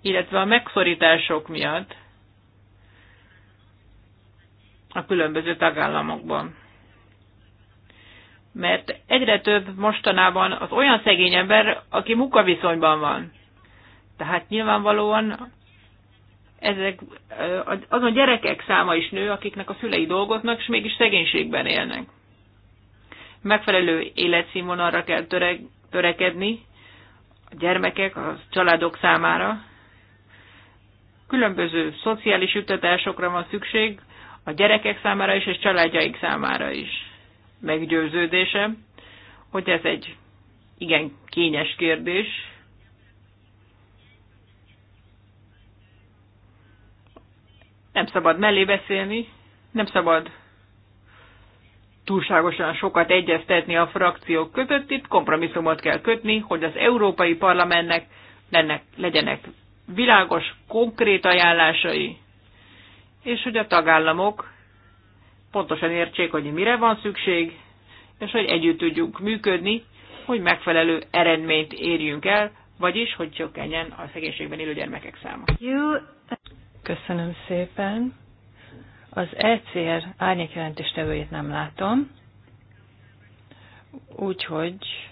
illetve a megszorítások miatt, a különböző tagállamokban. Mert egyre több mostanában az olyan szegény ember, aki munkaviszonyban van. Tehát nyilvánvalóan ezek, azon gyerekek száma is nő, akiknek a szülei dolgoznak, és mégis szegénységben élnek. Megfelelő életszínvonalra kell töre, törekedni a gyermekek, a családok számára. Különböző szociális juttatásokra van szükség, a gyerekek számára is, és családjaik számára is. Meggyőződése, hogy ez egy igen kényes kérdés. Nem szabad mellé beszélni, nem szabad túlságosan sokat egyeztetni a frakciók között, itt kompromisszumot kell kötni, hogy az Európai Parlamentnek lennek, legyenek világos, konkrét ajánlásai, és hogy a tagállamok pontosan értsék, hogy mire van szükség, és hogy együtt tudjunk működni, hogy megfelelő eredményt érjünk el, vagyis, hogy csökkenjen a szegénységben élő gyermekek száma. Köszönöm szépen. Az ECR tevőjét nem látom, úgyhogy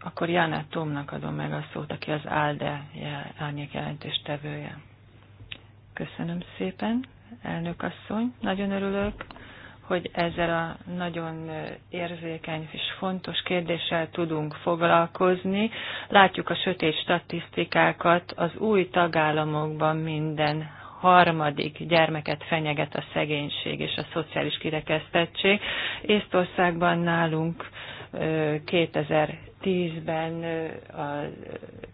akkor Jánát Tomnak adom meg a szót, aki az ALDE tevője Köszönöm szépen elnök asszony. Nagyon örülök, hogy ezzel a nagyon érzékeny és fontos kérdéssel tudunk foglalkozni. Látjuk a sötét statisztikákat, az új tagállamokban minden harmadik gyermeket fenyeget a szegénység és a szociális kirekesztettség. Észtországban nálunk 2000 2010-ben,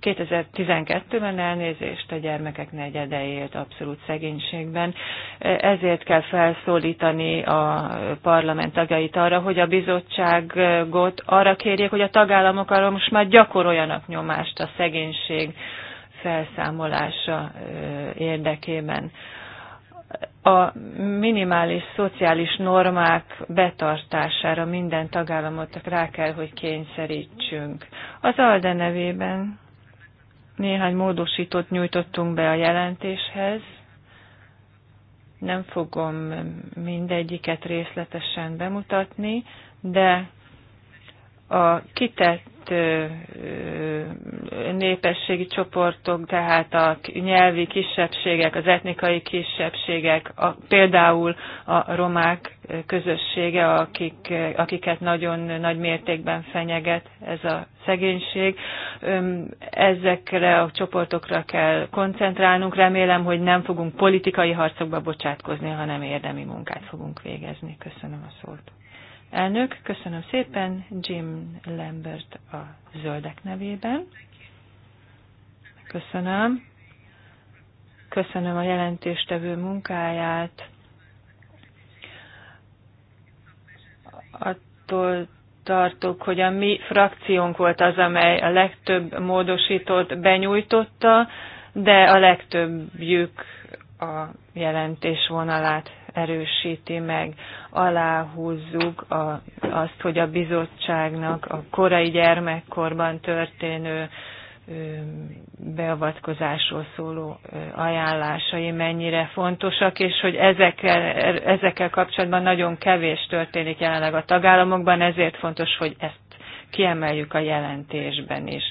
2012-ben elnézést a gyermekek negyede élt abszolút szegénységben. Ezért kell felszólítani a parlament tagjait arra, hogy a bizottságot arra kérjék, hogy a tagállamok arra most már gyakoroljanak nyomást a szegénység felszámolása érdekében a minimális szociális normák betartására minden tagállamot rá kell, hogy kényszerítsünk. Az ALDE nevében néhány módosítót nyújtottunk be a jelentéshez. Nem fogom mindegyiket részletesen bemutatni, de a kitett népességi csoportok, tehát a nyelvi kisebbségek, az etnikai kisebbségek, a, például a romák közössége, akik, akiket nagyon nagy mértékben fenyeget ez a szegénység. Ezekre a csoportokra kell koncentrálnunk. Remélem, hogy nem fogunk politikai harcokba bocsátkozni, hanem érdemi munkát fogunk végezni. Köszönöm a szót. Elnök, köszönöm szépen Jim Lambert a zöldek nevében. Köszönöm. Köszönöm a jelentéstevő munkáját. Attól tartok, hogy a mi frakciónk volt az, amely a legtöbb módosítót benyújtotta, de a legtöbbjük a jelentés vonalát erősíti meg, aláhúzzuk a, azt, hogy a bizottságnak a korai gyermekkorban történő beavatkozásról szóló ajánlásai mennyire fontosak, és hogy ezekkel, ezekkel kapcsolatban nagyon kevés történik jelenleg a tagállamokban, ezért fontos, hogy ezt kiemeljük a jelentésben is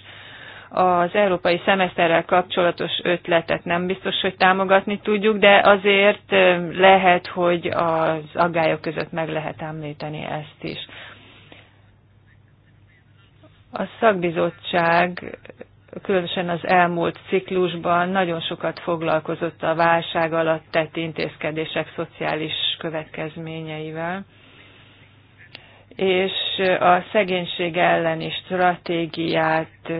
az európai szemeszterrel kapcsolatos ötletet nem biztos, hogy támogatni tudjuk, de azért lehet, hogy az aggályok között meg lehet említeni ezt is. A szakbizottság különösen az elmúlt ciklusban nagyon sokat foglalkozott a válság alatt tett intézkedések szociális következményeivel, és a szegénység elleni stratégiát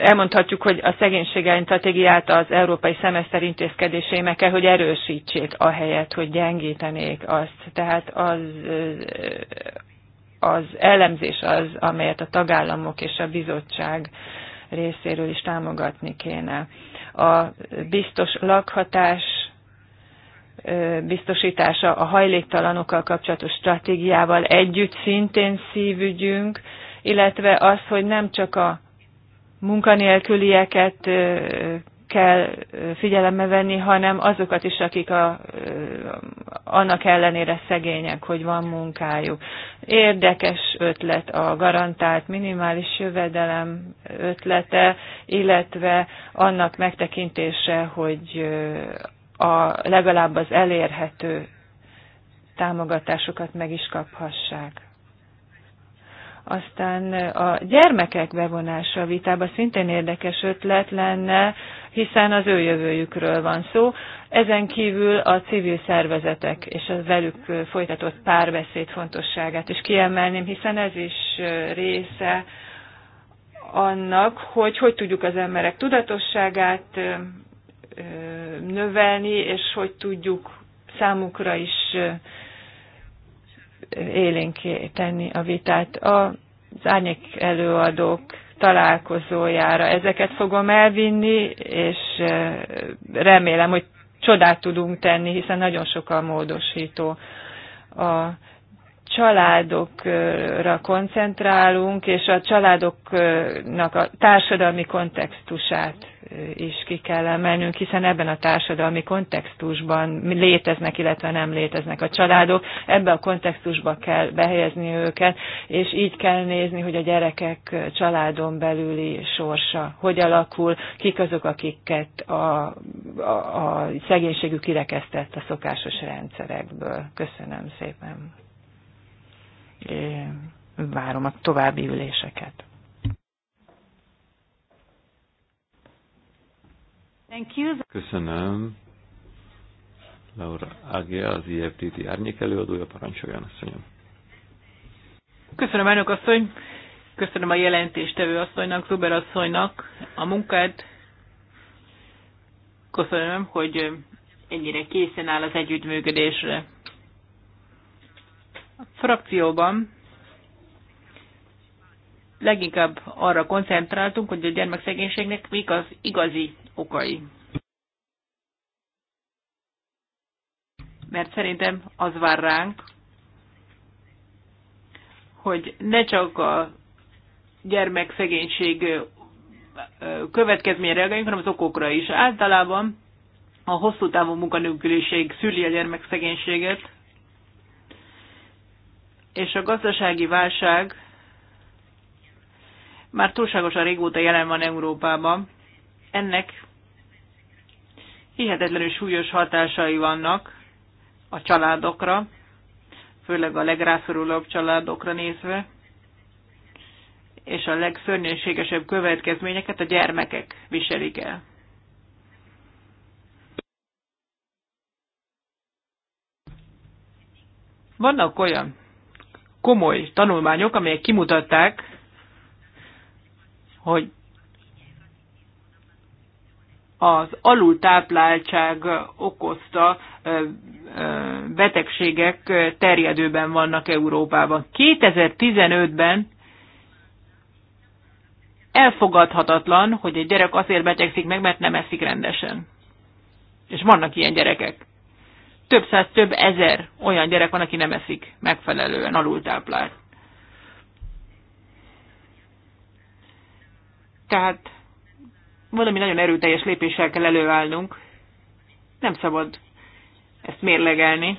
elmondhatjuk, hogy a szegénység ellen stratégiát az európai szemeszter intézkedései meg kell, hogy erősítsék a helyet, hogy gyengítenék azt. Tehát az, az elemzés az, amelyet a tagállamok és a bizottság részéről is támogatni kéne. A biztos lakhatás biztosítása a hajléktalanokkal kapcsolatos stratégiával együtt szintén szívügyünk, illetve az, hogy nem csak a munkanélkülieket kell figyelembe venni, hanem azokat is, akik a, annak ellenére szegények, hogy van munkájuk. Érdekes ötlet a garantált minimális jövedelem ötlete, illetve annak megtekintése, hogy a, legalább az elérhető támogatásokat meg is kaphassák. Aztán a gyermekek bevonása a vitába szintén érdekes ötlet lenne, hiszen az ő jövőjükről van szó. Ezen kívül a civil szervezetek és a velük folytatott párbeszéd fontosságát is kiemelném, hiszen ez is része annak, hogy hogy tudjuk az emberek tudatosságát növelni, és hogy tudjuk számukra is élénk tenni a vitát. Az árnyék előadók találkozójára ezeket fogom elvinni, és remélem, hogy csodát tudunk tenni, hiszen nagyon sok a módosító. A családokra koncentrálunk, és a családoknak a társadalmi kontextusát is ki kell emelnünk, hiszen ebben a társadalmi kontextusban léteznek, illetve nem léteznek a családok, Ebben a kontextusban kell behelyezni őket, és így kell nézni, hogy a gyerekek családon belüli sorsa hogy alakul, kik azok, akiket a, a, a szegénységük kirekesztett a szokásos rendszerekből. Köszönöm szépen. É várom a további üléseket. Thank you. Köszönöm. Laura Ágia, az IFTT árnyék előadója, parancsoljon asszonyom. Köszönöm, elnök asszony. Köszönöm a jelentéstevő asszonynak, Zuber asszonynak a munkát. Köszönöm, hogy ennyire készen áll az együttműködésre. A frakcióban leginkább arra koncentráltunk, hogy a gyermekszegénységnek mik az igazi okai. Mert szerintem az vár ránk, hogy ne csak a gyermekszegénység következménye reagáljunk, hanem az okokra is. Általában a hosszú távú munkanélküliség szüli a gyermekszegénységet, és a gazdasági válság már túlságosan régóta jelen van Európában. Ennek hihetetlenül súlyos hatásai vannak a családokra, főleg a legrászorulóbb családokra nézve, és a legszörnyűségesebb következményeket a gyermekek viselik el. Vannak olyan komoly tanulmányok, amelyek kimutatták, hogy az alultápláltság okozta betegségek terjedőben vannak Európában. 2015-ben elfogadhatatlan, hogy egy gyerek azért betegszik meg, mert nem eszik rendesen. És vannak ilyen gyerekek. Több száz, több ezer olyan gyerek van, aki nem eszik megfelelően, alultáplált. Tehát valami nagyon erőteljes lépéssel kell előállnunk. Nem szabad ezt mérlegelni.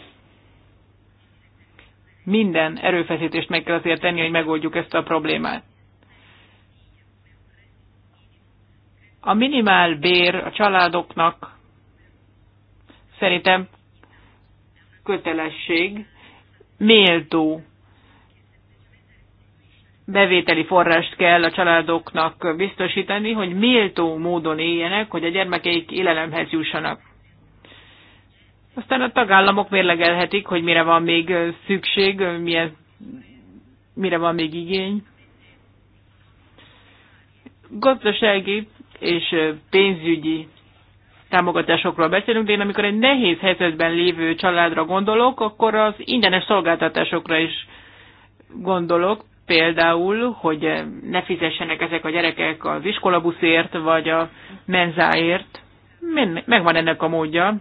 Minden erőfeszítést meg kell azért tenni, hogy megoldjuk ezt a problémát. A minimál bér a családoknak szerintem kötelesség, méltó bevételi forrást kell a családoknak biztosítani, hogy méltó módon éljenek, hogy a gyermekeik élelemhez jussanak. Aztán a tagállamok mérlegelhetik, hogy mire van még szükség, milyen, mire van még igény. Gazdasági és pénzügyi támogatásokról beszélünk, de én amikor egy nehéz helyzetben lévő családra gondolok, akkor az ingyenes szolgáltatásokra is gondolok például, hogy ne fizessenek ezek a gyerekek az iskolabuszért, vagy a menzáért. Megvan ennek a módja.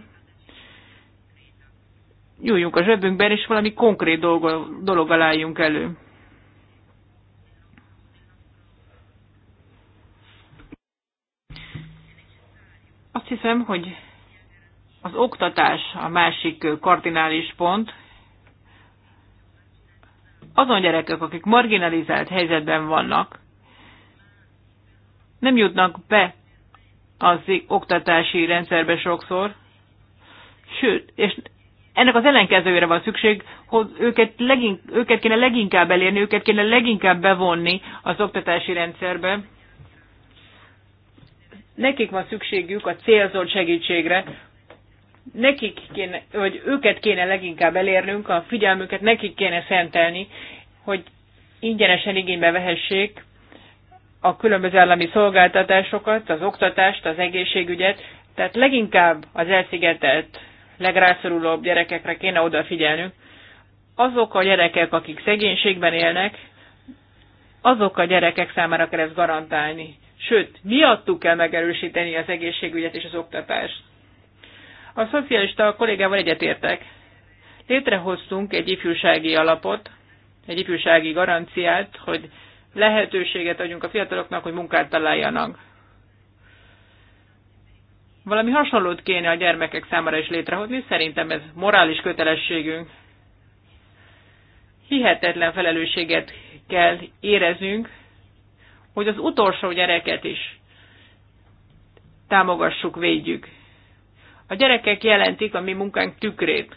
Nyúljunk a zsebünkben, és valami konkrét dolog, dologgal álljunk elő. Azt hiszem, hogy az oktatás a másik kardinális pont, azon gyerekek, akik marginalizált helyzetben vannak, nem jutnak be az oktatási rendszerbe sokszor, sőt, és ennek az ellenkezőjére van szükség, hogy őket, legink, őket kéne leginkább elérni, őket kéne leginkább bevonni az oktatási rendszerbe. Nekik van szükségük a célzott segítségre, nekik kéne, vagy őket kéne leginkább elérnünk, a figyelmüket nekik kéne szentelni, hogy ingyenesen igénybe vehessék a különböző állami szolgáltatásokat, az oktatást, az egészségügyet, tehát leginkább az elszigetelt, legrászorulóbb gyerekekre kéne odafigyelnünk. Azok a gyerekek, akik szegénységben élnek, azok a gyerekek számára kell ezt garantálni. Sőt, miattuk kell megerősíteni az egészségügyet és az oktatást. A szocialista kollégával egyetértek. Létrehoztunk egy ifjúsági alapot, egy ifjúsági garanciát, hogy lehetőséget adjunk a fiataloknak, hogy munkát találjanak. Valami hasonlót kéne a gyermekek számára is létrehozni, szerintem ez morális kötelességünk. Hihetetlen felelősséget kell éreznünk, hogy az utolsó gyereket is támogassuk, védjük. A gyerekek jelentik a mi munkánk tükrét.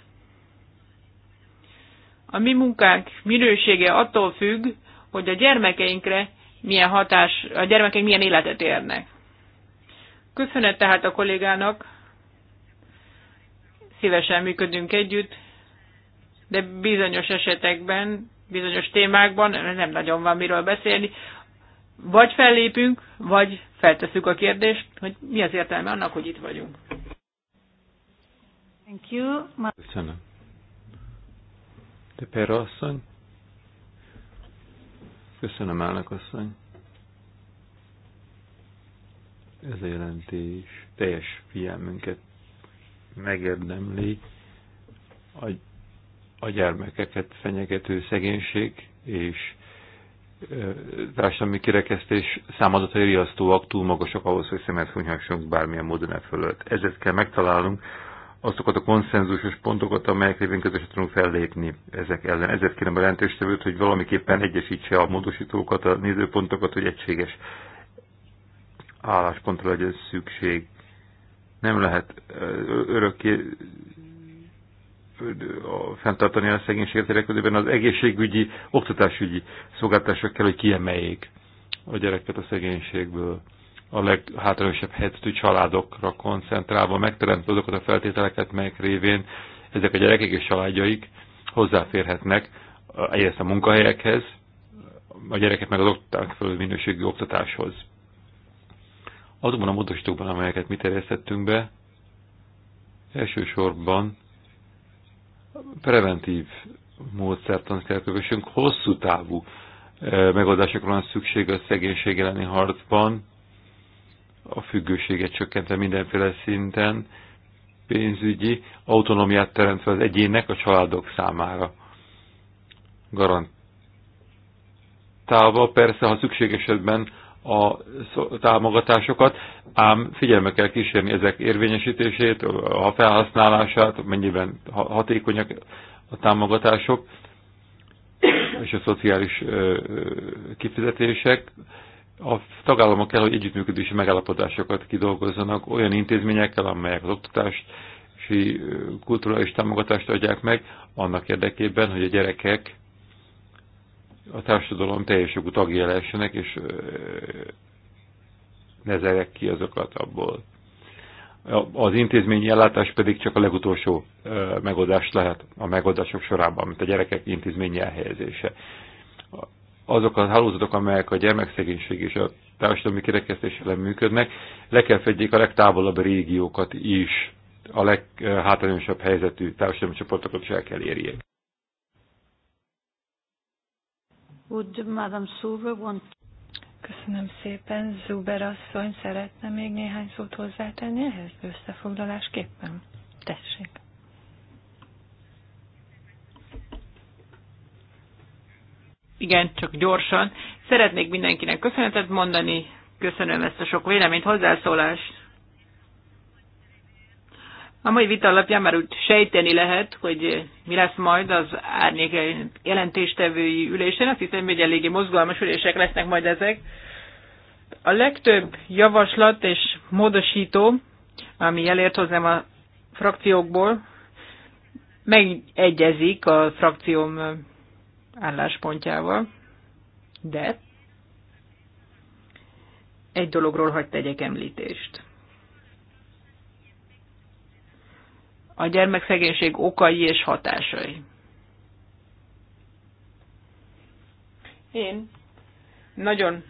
A mi munkánk minősége attól függ, hogy a gyermekeinkre milyen hatás, a gyermekek milyen életet érnek. Köszönet tehát a kollégának, szívesen működünk együtt, de bizonyos esetekben, bizonyos témákban nem nagyon van miről beszélni. Vagy fellépünk, vagy feltesszük a kérdést, hogy mi az értelme annak, hogy itt vagyunk. Thank you. Köszönöm. De Pera asszony. Köszönöm, elnök asszony. Ez a jelentés teljes figyelmünket megérdemli a, a gyermekeket fenyegető szegénység és társadalmi kirekesztés számadatai riasztóak, túl magasak ahhoz, hogy szemet hunyhassunk bármilyen módon e fölött. Ezért kell megtalálnunk azokat a konszenzusos pontokat, amelyek révén közösen tudunk fellépni ezek ellen. Ezért kérem a jelentéstevőt, hogy valamiképpen egyesítse a módosítókat, a nézőpontokat, hogy egységes álláspontra legyen szükség. Nem lehet örökké fenntartani a szegénységet érekedőben, az egészségügyi, oktatásügyi szolgáltások kell, hogy kiemeljék a gyereket a szegénységből a leghátrányosabb helyzetű családokra koncentrálva megteremtve azokat a feltételeket, melyek révén ezek a gyerekek és családjaik hozzáférhetnek egyrészt a munkahelyekhez, a gyerekek meg az oktatók felül minőségű oktatáshoz. Azokban a módosítókban, amelyeket mi terjesztettünk be, elsősorban preventív módszertan kell kövessünk, hosszú távú eh, megoldásokra van szükség a szegénység elleni harcban, a függőséget csökkentve mindenféle szinten, pénzügyi autonómiát teremtve az egyének, a családok számára. Garantálva persze, ha szükség esetben a támogatásokat, ám figyelme kell kísérni ezek érvényesítését, a felhasználását, mennyiben hatékonyak a támogatások és a szociális kifizetések a tagállamok kell, hogy együttműködési megállapodásokat kidolgozzanak olyan intézményekkel, amelyek az oktatást és kulturális támogatást adják meg, annak érdekében, hogy a gyerekek a társadalom teljes jogú tagja lehessenek, és ne zerek ki azokat abból. Az intézményi ellátás pedig csak a legutolsó megoldást lehet a megoldások sorában, mint a gyerekek intézményi elhelyezése azok a hálózatok, amelyek a gyermekszegénység és a társadalmi kirekesztés ellen működnek, le kell fedjék a legtávolabb régiókat is, a leghátrányosabb helyzetű társadalmi csoportokat is el kell érjék. Would Suver want... Köszönöm szépen. Zuber asszony szeretne még néhány szót hozzátenni ehhez összefoglalásképpen? Tessék. igen, csak gyorsan. Szeretnék mindenkinek köszönetet mondani, köszönöm ezt a sok véleményt, hozzászólást. A mai vita alapján már úgy sejteni lehet, hogy mi lesz majd az árnyék jelentéstevői ülésen. Azt hiszem, hogy eléggé mozgalmas ülések lesznek majd ezek. A legtöbb javaslat és módosító, ami elért hozzám a frakciókból, megegyezik a frakcióm álláspontjával, de egy dologról hagyd tegyek említést. A gyermekszegénység okai és hatásai. Én nagyon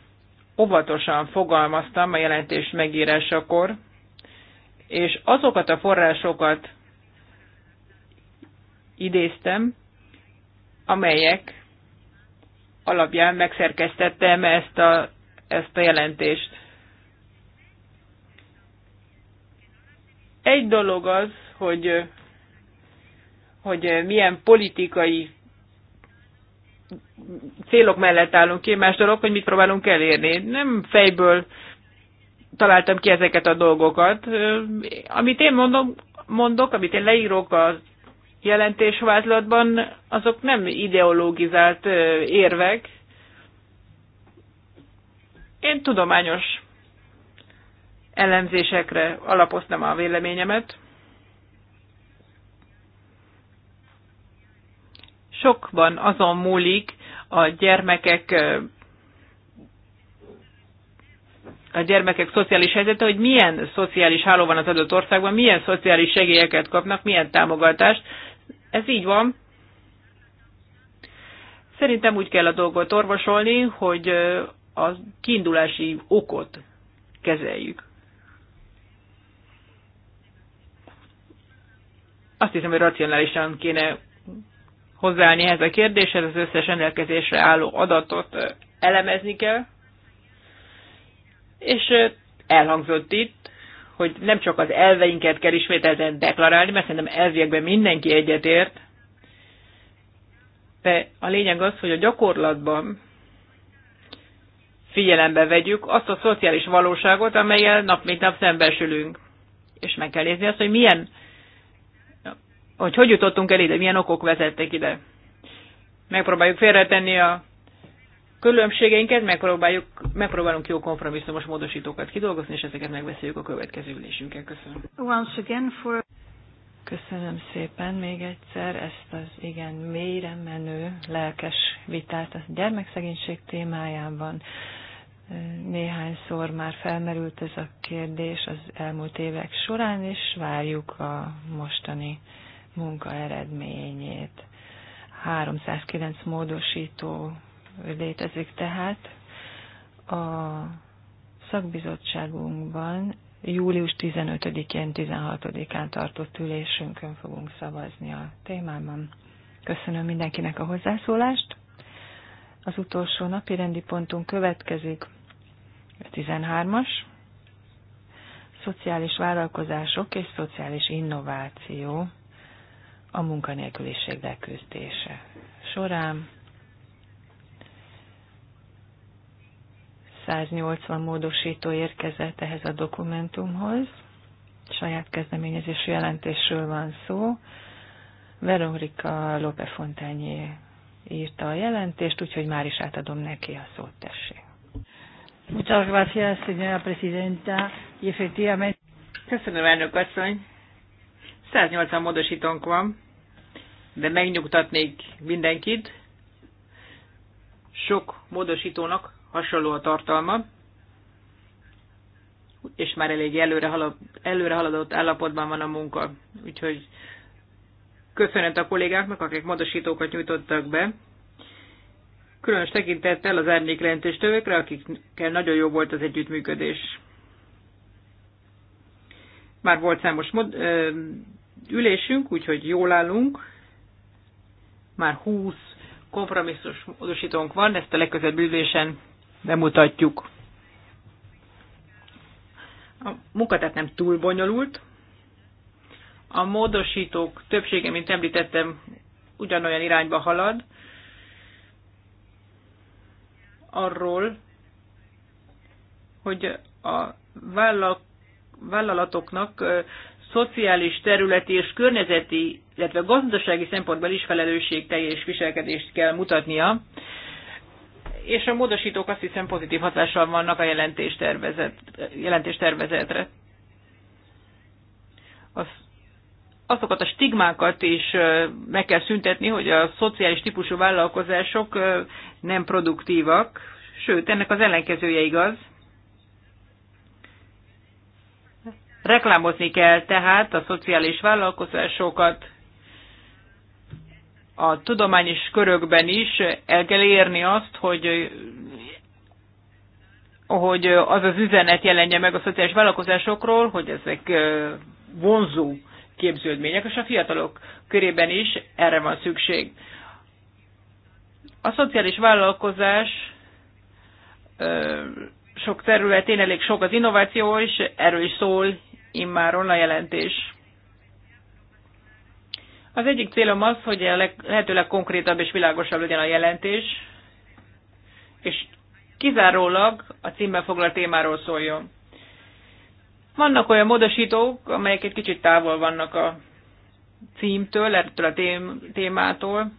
óvatosan fogalmaztam a jelentés megírásakor, és azokat a forrásokat idéztem, amelyek alapján megszerkesztettem ezt a, ezt a jelentést. Egy dolog az, hogy, hogy milyen politikai célok mellett állunk ki, más dolog, hogy mit próbálunk elérni. Nem fejből találtam ki ezeket a dolgokat. Amit én mondom, mondok, amit én leírok az jelentésvázlatban azok nem ideológizált érvek. Én tudományos ellenzésekre alapoztam a véleményemet. Sokban azon múlik a gyermekek a gyermekek szociális helyzete, hogy milyen szociális háló van az adott országban, milyen szociális segélyeket kapnak, milyen támogatást. Ez így van. Szerintem úgy kell a dolgot orvosolni, hogy a kiindulási okot kezeljük. Azt hiszem, hogy racionálisan kéne hozzáállni ehhez a kérdéshez, az összes rendelkezésre álló adatot elemezni kell. És elhangzott itt, hogy nem csak az elveinket kell ismételten deklarálni, mert szerintem elviekben mindenki egyetért, de a lényeg az, hogy a gyakorlatban figyelembe vegyük azt a szociális valóságot, amelyel nap mint nap szembesülünk. És meg kell nézni azt, hogy milyen, hogy hogy jutottunk el ide, milyen okok vezettek ide. Megpróbáljuk félretenni a különbségeinket, megpróbáljuk, megpróbálunk jó kompromisszumos módosítókat kidolgozni, és ezeket megbeszéljük a következő ülésünkkel. Köszönöm. Once again for... Köszönöm szépen még egyszer ezt az igen mélyre menő, lelkes vitát a gyermekszegénység témájában. Néhányszor már felmerült ez a kérdés az elmúlt évek során, és várjuk a mostani munka eredményét. 309 módosító létezik tehát. A szakbizottságunkban július 15-én, 16-án tartott ülésünkön fogunk szavazni a témában. Köszönöm mindenkinek a hozzászólást. Az utolsó napi rendi pontunk következik, a 13-as, szociális vállalkozások és szociális innováció a munkanélküliség leküzdése során. 180 módosító érkezett ehhez a dokumentumhoz. Saját kezdeményezésű jelentésről van szó. Veronika Lopefontányi írta a jelentést, úgyhogy már is átadom neki a szót, tessék. Muchas gracias, señora presidenta, y efectivamente... Köszönöm, elnök asszony. 180 módosítónk van, de megnyugtatnék mindenkit. Sok módosítónak hasonló a tartalma, és már elég előre, halad, előre haladott állapotban van a munka. Úgyhogy köszönet a kollégáknak, akik módosítókat nyújtottak be. Különös tekintettel az árnyékrendős tövekre, akikkel nagyon jó volt az együttműködés. Már volt számos mod, ö, ülésünk, úgyhogy jól állunk. Már 20 kompromisszus módosítónk van, ezt a legközelebbi ülésen bemutatjuk. A munkatát nem túl bonyolult. A módosítók többsége, mint említettem, ugyanolyan irányba halad. Arról, hogy a vállalatoknak szociális, területi és környezeti, illetve gazdasági szempontból is felelősségteljes viselkedést kell mutatnia és a módosítók azt hiszem pozitív hatással vannak a jelentéstervezet, jelentéstervezetre. Az, azokat a stigmákat is meg kell szüntetni, hogy a szociális típusú vállalkozások nem produktívak, sőt, ennek az ellenkezője igaz. Reklámozni kell tehát a szociális vállalkozásokat, a tudományos körökben is el kell érni azt, hogy hogy az az üzenet jelenje meg a szociális vállalkozásokról, hogy ezek vonzó képződmények, és a fiatalok körében is erre van szükség. A szociális vállalkozás sok területén elég sok az innováció, és erről is szól immáron a jelentés. Az egyik célom az, hogy a leg, lehetőleg konkrétabb és világosabb legyen a jelentés, és kizárólag a címmel foglalt témáról szóljon. Vannak olyan módosítók, amelyek egy kicsit távol vannak a címtől, ettől a tém- témától.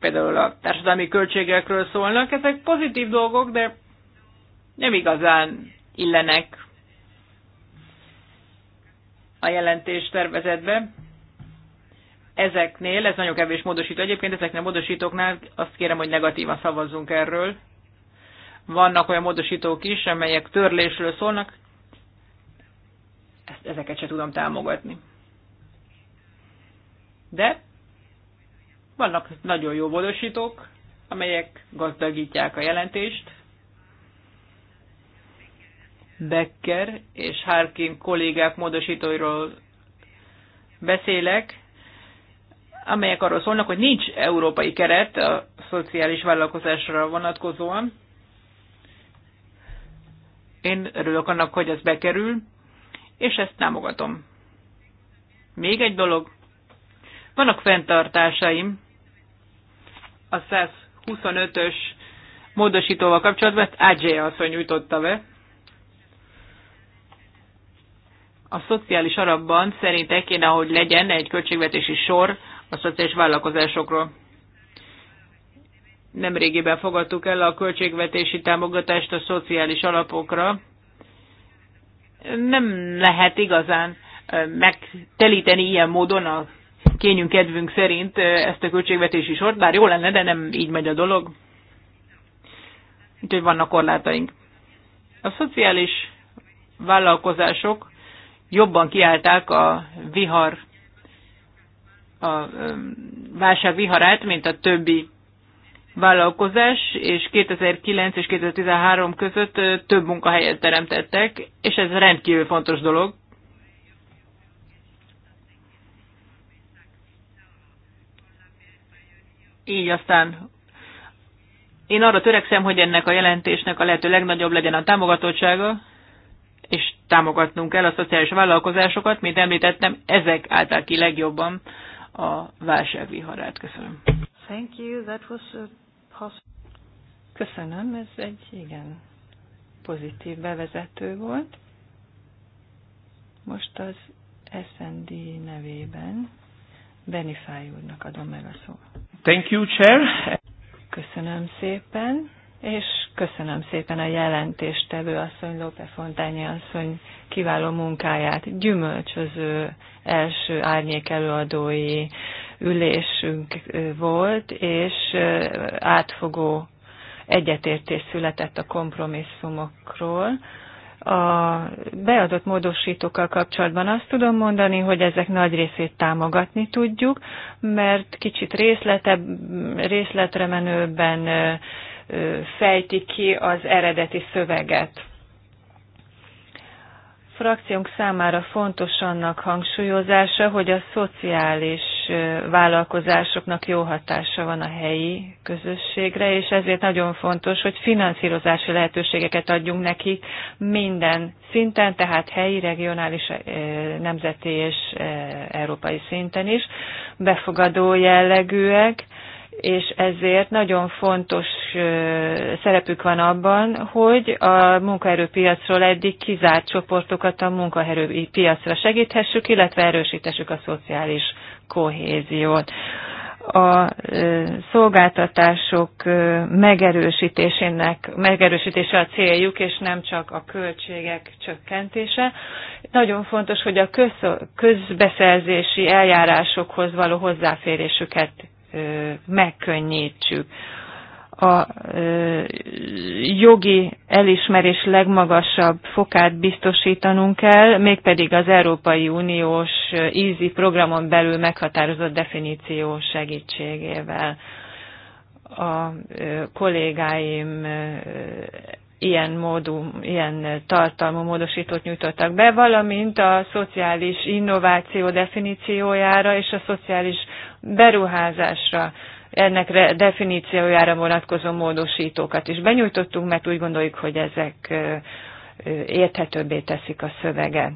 Például a társadalmi költségekről szólnak. Ezek pozitív dolgok, de nem igazán illenek a jelentés tervezetbe ezeknél, ez nagyon kevés módosító. Egyébként ezeknél a módosítóknál azt kérem, hogy negatívan szavazzunk erről. Vannak olyan módosítók is, amelyek törlésről szólnak, ezt, ezeket se tudom támogatni. De vannak nagyon jó módosítók, amelyek gazdagítják a jelentést. Becker és Harkin kollégák módosítóiról beszélek, amelyek arról szólnak, hogy nincs európai keret a szociális vállalkozásra vonatkozóan. Én örülök annak, hogy ez bekerül, és ezt támogatom. Még egy dolog. Vannak fenntartásaim a 125-ös módosítóval kapcsolatban, ezt Ágyzséja asszony nyújtotta be. A szociális alapban szerinte kéne, hogy legyen egy költségvetési sor a szociális vállalkozásokról. Nemrégiben fogadtuk el a költségvetési támogatást a szociális alapokra. Nem lehet igazán megtelíteni ilyen módon a kényünk kedvünk szerint ezt a költségvetési sort, bár jó lenne, de nem így megy a dolog. Úgyhogy vannak korlátaink. A szociális vállalkozások jobban kiállták a vihar a válság viharát, mint a többi vállalkozás, és 2009 és 2013 között több munkahelyet teremtettek, és ez rendkívül fontos dolog. Így aztán én arra törekszem, hogy ennek a jelentésnek a lehető legnagyobb legyen a támogatottsága, és támogatnunk kell a szociális vállalkozásokat, mint említettem, ezek által ki legjobban a válságviharát. Köszönöm. Thank you. That was a Köszönöm, ez egy igen pozitív bevezető volt. Most az SND nevében Benifáj úrnak adom meg a szót. Thank you, Chair. Köszönöm szépen, és köszönöm szépen a jelentéstevő asszony, Lópe Fontányi asszony kiváló munkáját. Gyümölcsöző első árnyék előadói ülésünk volt, és átfogó egyetértés született a kompromisszumokról. A beadott módosítókkal kapcsolatban azt tudom mondani, hogy ezek nagy részét támogatni tudjuk, mert kicsit részlete, részletre menőben fejti ki az eredeti szöveget. Frakciónk számára fontos annak hangsúlyozása, hogy a szociális vállalkozásoknak jó hatása van a helyi közösségre, és ezért nagyon fontos, hogy finanszírozási lehetőségeket adjunk nekik minden szinten, tehát helyi, regionális, nemzeti és európai szinten is, befogadó jellegűek, és ezért nagyon fontos szerepük van abban, hogy a munkaerőpiacról eddig kizárt csoportokat a munkaerőpiacra segíthessük, illetve erősítessük a szociális kohéziót. A szolgáltatások megerősítésének, megerősítése a céljuk, és nem csak a költségek csökkentése. Nagyon fontos, hogy a közbeszerzési eljárásokhoz való hozzáférésüket megkönnyítsük. A jogi elismerés legmagasabb fokát biztosítanunk kell, mégpedig az Európai Uniós ízi programon belül meghatározott definíció segítségével. A kollégáim ilyen módú, ilyen tartalmú módosítót nyújtottak be, valamint a szociális innováció definíciójára és a szociális beruházásra ennek definíciójára vonatkozó módosítókat is benyújtottunk, mert úgy gondoljuk, hogy ezek érthetőbbé teszik a szöveget.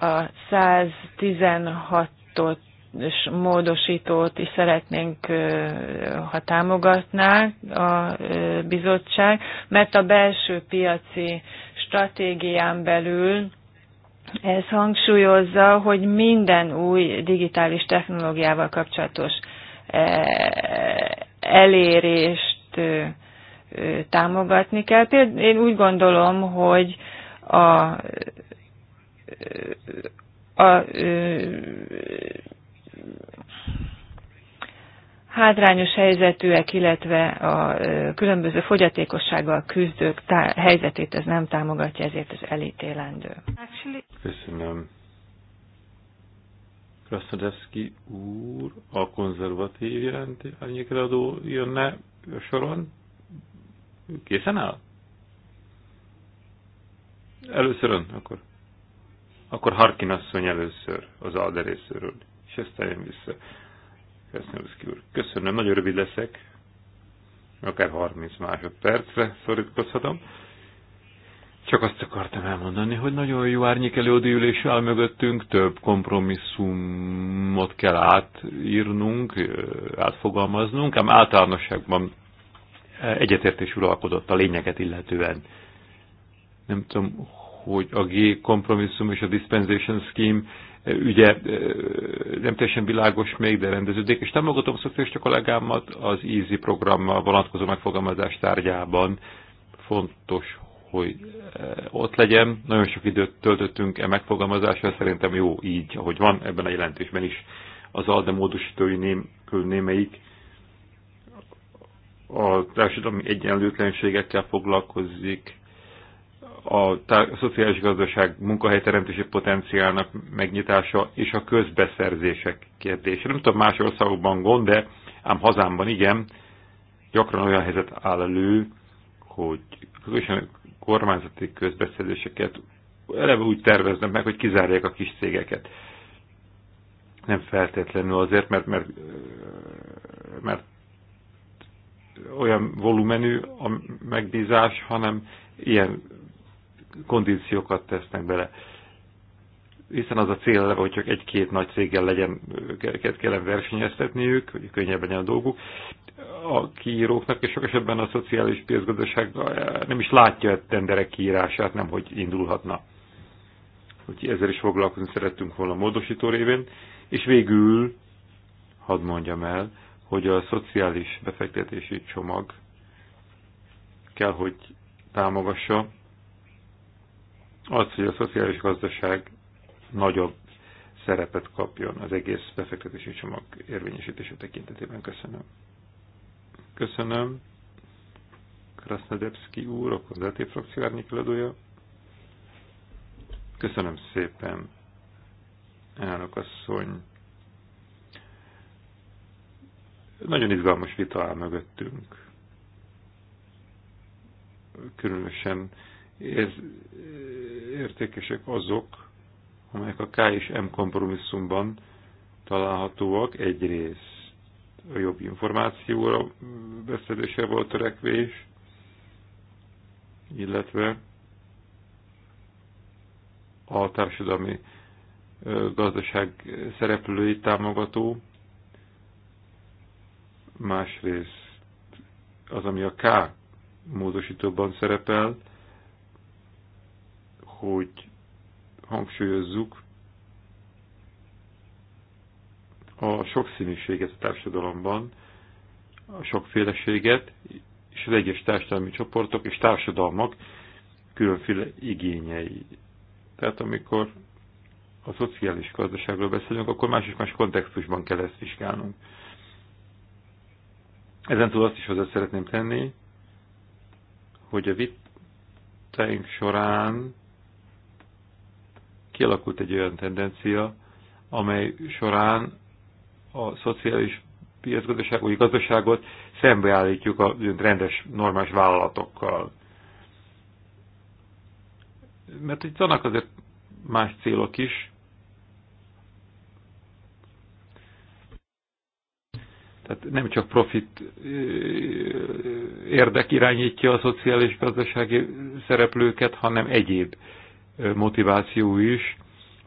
A 116 ot és módosítót is szeretnénk, ha támogatnák a bizottság, mert a belső piaci stratégián belül ez hangsúlyozza, hogy minden új digitális technológiával kapcsolatos elérést támogatni kell. Például én úgy gondolom, hogy a, a, a hátrányos helyzetűek, illetve a különböző fogyatékossággal küzdők helyzetét ez nem támogatja, ezért ez elítélendő. Köszönöm. Krasnodeszki úr a konzervatív jelenti, adó jönne a soron. Készen áll? Először ön, akkor. Akkor Harkin asszony először az alderészőről. részéről és ezt jön vissza. Köszönöm, nagyon rövid leszek. Akár 30 másodpercre szorítkozhatom. Csak azt akartam elmondani, hogy nagyon jó árnyék előadőülés áll mögöttünk, több kompromisszumot kell átírnunk, átfogalmaznunk, ám általánosságban egyetértés uralkodott a lényeget illetően. Nem tudom, hogy a G kompromisszum és a dispensation scheme ügye nem teljesen világos még, de rendeződik, és támogatom a kollégámat az EASY programmal vonatkozó megfogalmazás tárgyában. Fontos, hogy ott legyen. Nagyon sok időt töltöttünk e megfogalmazással, szerintem jó így, ahogy van ebben a jelentésben is. Az ALDE módosítói ném, némelyik a társadalmi egyenlőtlenségekkel foglalkozik, a szociális gazdaság munkahelyteremtési potenciálnak megnyitása és a közbeszerzések kérdése. Nem tudom, más országokban gond, de ám hazámban igen, gyakran olyan helyzet áll elő, hogy közösen kormányzati közbeszerzéseket eleve úgy terveznek meg, hogy kizárják a kis cégeket. Nem feltétlenül azért, mert, mert, mert olyan volumenű a megbízás, hanem ilyen kondíciókat tesznek bele. Hiszen az a cél, hogy csak egy-két nagy céggel legyen, őket kellene versenyeztetniük, hogy könnyebb legyen a dolguk. A kiíróknak és sok esetben a szociális piacgazdaság nem is látja a tenderek kiírását, nem hogy indulhatna. Hogy ezzel is foglalkozni szerettünk volna a módosító révén. És végül, hadd mondjam el, hogy a szociális befektetési csomag kell, hogy támogassa az, hogy a szociális gazdaság nagyobb szerepet kapjon az egész befektetési csomag érvényesítése tekintetében. Köszönöm. Köszönöm. Krasznodebszki úr, a konzervatív frakció árnyékeladója. Köszönöm szépen, elnök asszony. Nagyon izgalmas vita áll mögöttünk. Különösen értékesek azok, amelyek a K és M kompromisszumban találhatóak egyrészt a jobb információra beszedése volt törekvés, illetve a társadalmi gazdaság szereplői támogató, másrészt az, ami a K módosítóban szerepel, hogy hangsúlyozzuk a sokszínűséget a társadalomban, a sokféleséget, és az egyes társadalmi csoportok és társadalmak különféle igényei. Tehát amikor a szociális gazdaságról beszélünk, akkor más és más kontextusban kell ezt vizsgálnunk. Ezen túl azt is hozzá szeretném tenni, hogy a vitáink során kialakult egy olyan tendencia, amely során a szociális piacgazdaságot, vagy gazdaságot szembeállítjuk a rendes, normális vállalatokkal. Mert itt vannak azért más célok is. Tehát nem csak profit érdek irányítja a szociális gazdasági szereplőket, hanem egyéb motiváció is.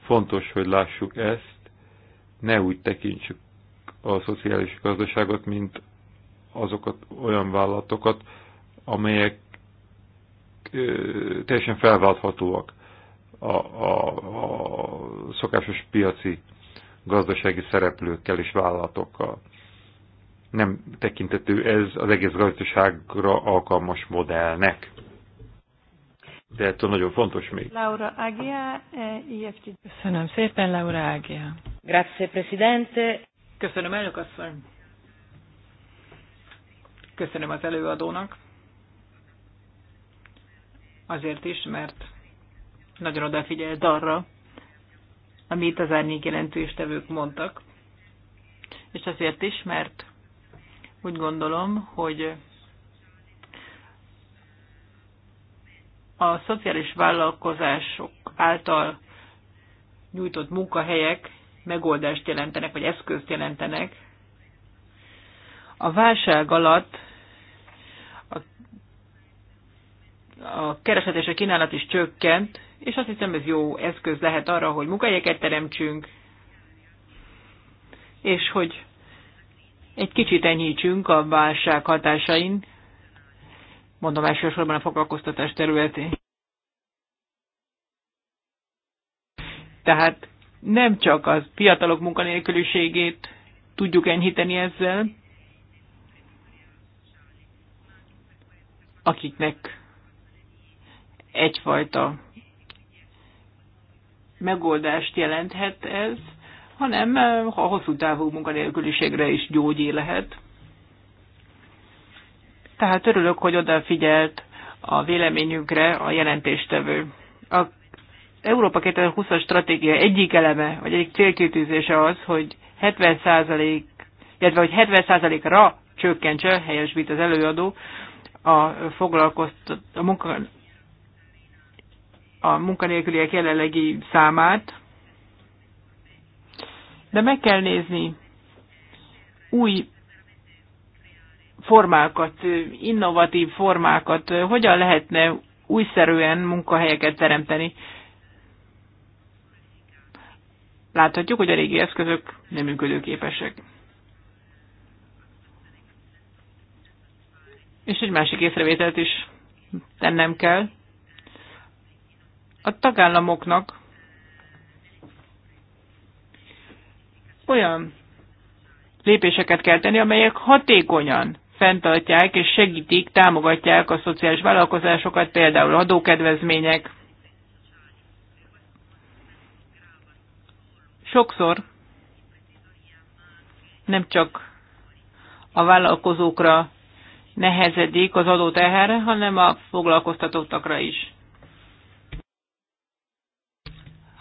Fontos, hogy lássuk ezt, ne úgy tekintsük a szociális gazdaságot, mint azokat olyan vállalatokat, amelyek teljesen felválthatóak a, a, a szokásos piaci gazdasági szereplőkkel és vállalatokkal. Nem tekintető ez az egész gazdaságra alkalmas modellnek de ettől nagyon fontos még. Laura Agia, EFT. Eh, Köszönöm szépen, Laura Agia. Grazie, Presidente. Köszönöm, elnök asszony. Köszönöm az előadónak. Azért is, mert nagyon odafigyelt arra, amit az árnyék jelentőstevők mondtak. És azért is, mert úgy gondolom, hogy a szociális vállalkozások által nyújtott munkahelyek megoldást jelentenek, vagy eszközt jelentenek. A válság alatt a, a kereslet és a kínálat is csökkent, és azt hiszem ez jó eszköz lehet arra, hogy munkahelyeket teremtsünk, és hogy egy kicsit enyhítsünk a válság hatásain, mondom elsősorban a foglalkoztatás területén. Tehát nem csak az fiatalok munkanélküliségét tudjuk enyhíteni ezzel, akiknek egyfajta megoldást jelenthet ez, hanem eh, a hosszú távú munkanélküliségre is gyógyé lehet. Tehát örülök, hogy odafigyelt a véleményünkre a jelentéstevő. A Európa 2020-as stratégia egyik eleme, vagy egyik célkitűzése az, hogy 70% illetve hogy 70%-ra csökkentse, helyesbít az előadó, a foglalkoztat, a, munka, a munkanélküliek jelenlegi számát. De meg kell nézni új formákat, innovatív formákat, hogyan lehetne újszerűen munkahelyeket teremteni. Láthatjuk, hogy a régi eszközök nem működőképesek. És egy másik észrevételt is tennem kell. A tagállamoknak olyan lépéseket kell tenni, amelyek hatékonyan fenntartják és segítik, támogatják a szociális vállalkozásokat, például adókedvezmények. Sokszor nem csak a vállalkozókra nehezedik az adó teher, hanem a foglalkoztatottakra is.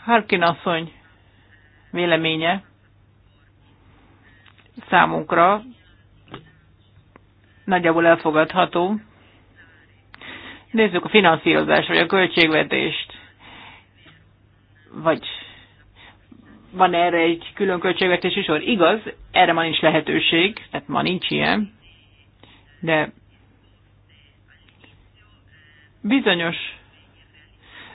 Harkin asszony véleménye számunkra nagyjából elfogadható. Nézzük a finanszírozást, vagy a költségvetést. Vagy van erre egy külön költségvetési sor? Igaz, erre ma nincs lehetőség, tehát ma nincs ilyen, de bizonyos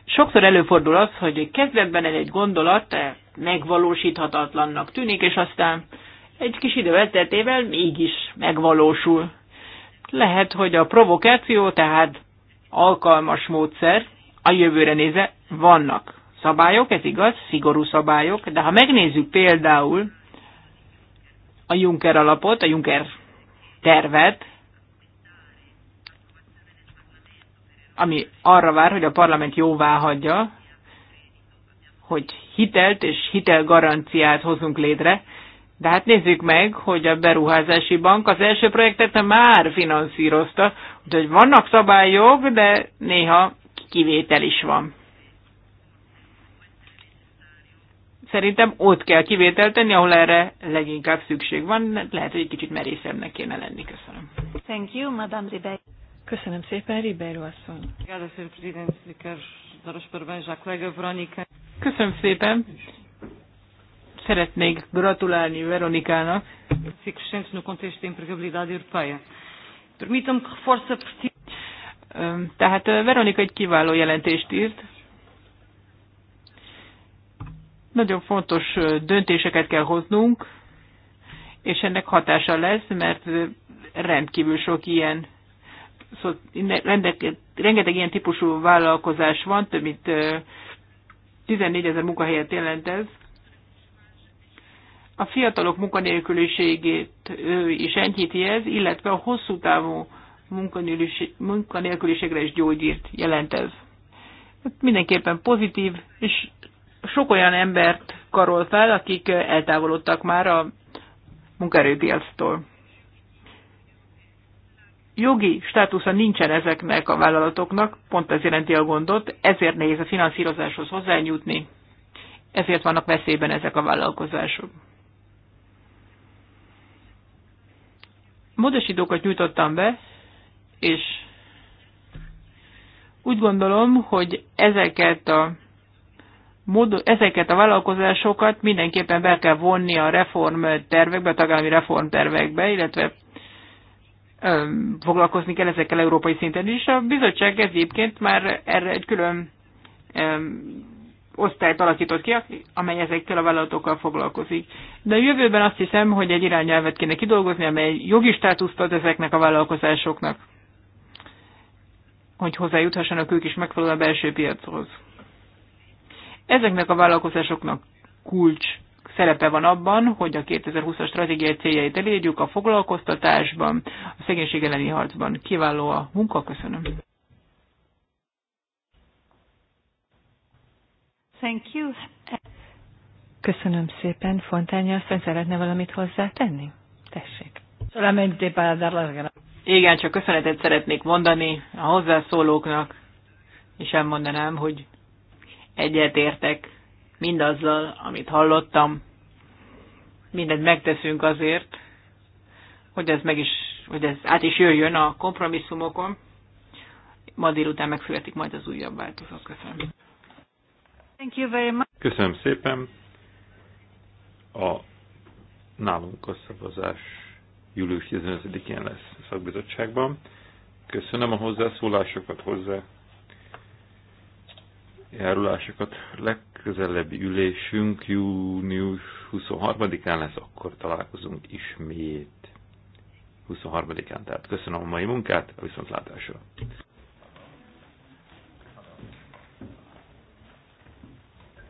sokszor előfordul az, hogy kezdetben egy gondolat megvalósíthatatlannak tűnik, és aztán egy kis idő elteltével mégis megvalósul. Lehet, hogy a provokáció tehát alkalmas módszer, a jövőre nézve vannak szabályok, ez igaz, szigorú szabályok, de ha megnézzük például a Juncker alapot, a Juncker tervet, ami arra vár, hogy a parlament jóvá hagyja, hogy hitelt és hitelgaranciát hozunk létre. De hát nézzük meg, hogy a beruházási bank az első projektet már finanszírozta, úgyhogy vannak szabályok, de néha kivétel is van. Szerintem ott kell kivételt tenni, ahol erre leginkább szükség van. Lehet, hogy egy kicsit merészebbnek kéne lenni. Köszönöm. Thank you, Madame Ribeiro. Köszönöm szépen, Ribeiro asszony. Köszönöm szépen. Szeretnék gratulálni Veronikának. a Tehát Veronika egy kiváló jelentést írt. Nagyon fontos döntéseket kell hoznunk, és ennek hatása lesz, mert rendkívül sok ilyen szóval rengeteg ilyen típusú vállalkozás van, több mint 14 ezer munkahelyet jelent ez. A fiatalok munkanélküliségét is enyhíti ez, illetve a hosszú távú munkanélküliségre is gyógyírt jelent ez. Hát mindenképpen pozitív, és sok olyan embert karol fel, akik eltávolodtak már a munkaerőpiactól. Jogi státusza nincsen ezeknek a vállalatoknak, pont ez jelenti a gondot, ezért nehéz a finanszírozáshoz hozzányújtni, ezért vannak veszélyben ezek a vállalkozások. Módosítókat nyújtottam be, és úgy gondolom, hogy ezeket a ezeket a vállalkozásokat mindenképpen be kell vonni a reform tervekbe, a tagállami reformtervekbe, illetve foglalkozni kell ezekkel európai szinten is. A bizottság egyébként már erre egy külön osztályt alakított ki, amely ezekkel a vállalatokkal foglalkozik. De a jövőben azt hiszem, hogy egy irányelvet kéne kidolgozni, amely jogi státuszt ad ezeknek a vállalkozásoknak, hogy hozzájuthassanak ők is megfelelően a belső piachoz. Ezeknek a vállalkozásoknak kulcs szerepe van abban, hogy a 2020-as stratégiai céljait elérjük a foglalkoztatásban, a szegénység elleni harcban. Kiváló a munka, köszönöm. Thank you. Köszönöm szépen. Fontánya asszony szeretne valamit hozzátenni? Tessék. Igen, csak köszönetet szeretnék mondani a hozzászólóknak, és elmondanám, hogy egyetértek mindazzal, amit hallottam. Mindent megteszünk azért, hogy ez meg is, hogy ez át is jöjjön a kompromisszumokon. Ma délután megszületik majd az újabb változat. Köszönöm. Thank you very much. Köszönöm szépen. A nálunk a szavazás július 15-én lesz a szakbizottságban. Köszönöm a hozzászólásokat, hozzá járulásokat. Legközelebbi ülésünk június 23-án lesz, akkor találkozunk ismét. 23-án, tehát köszönöm a mai munkát, a viszontlátásra.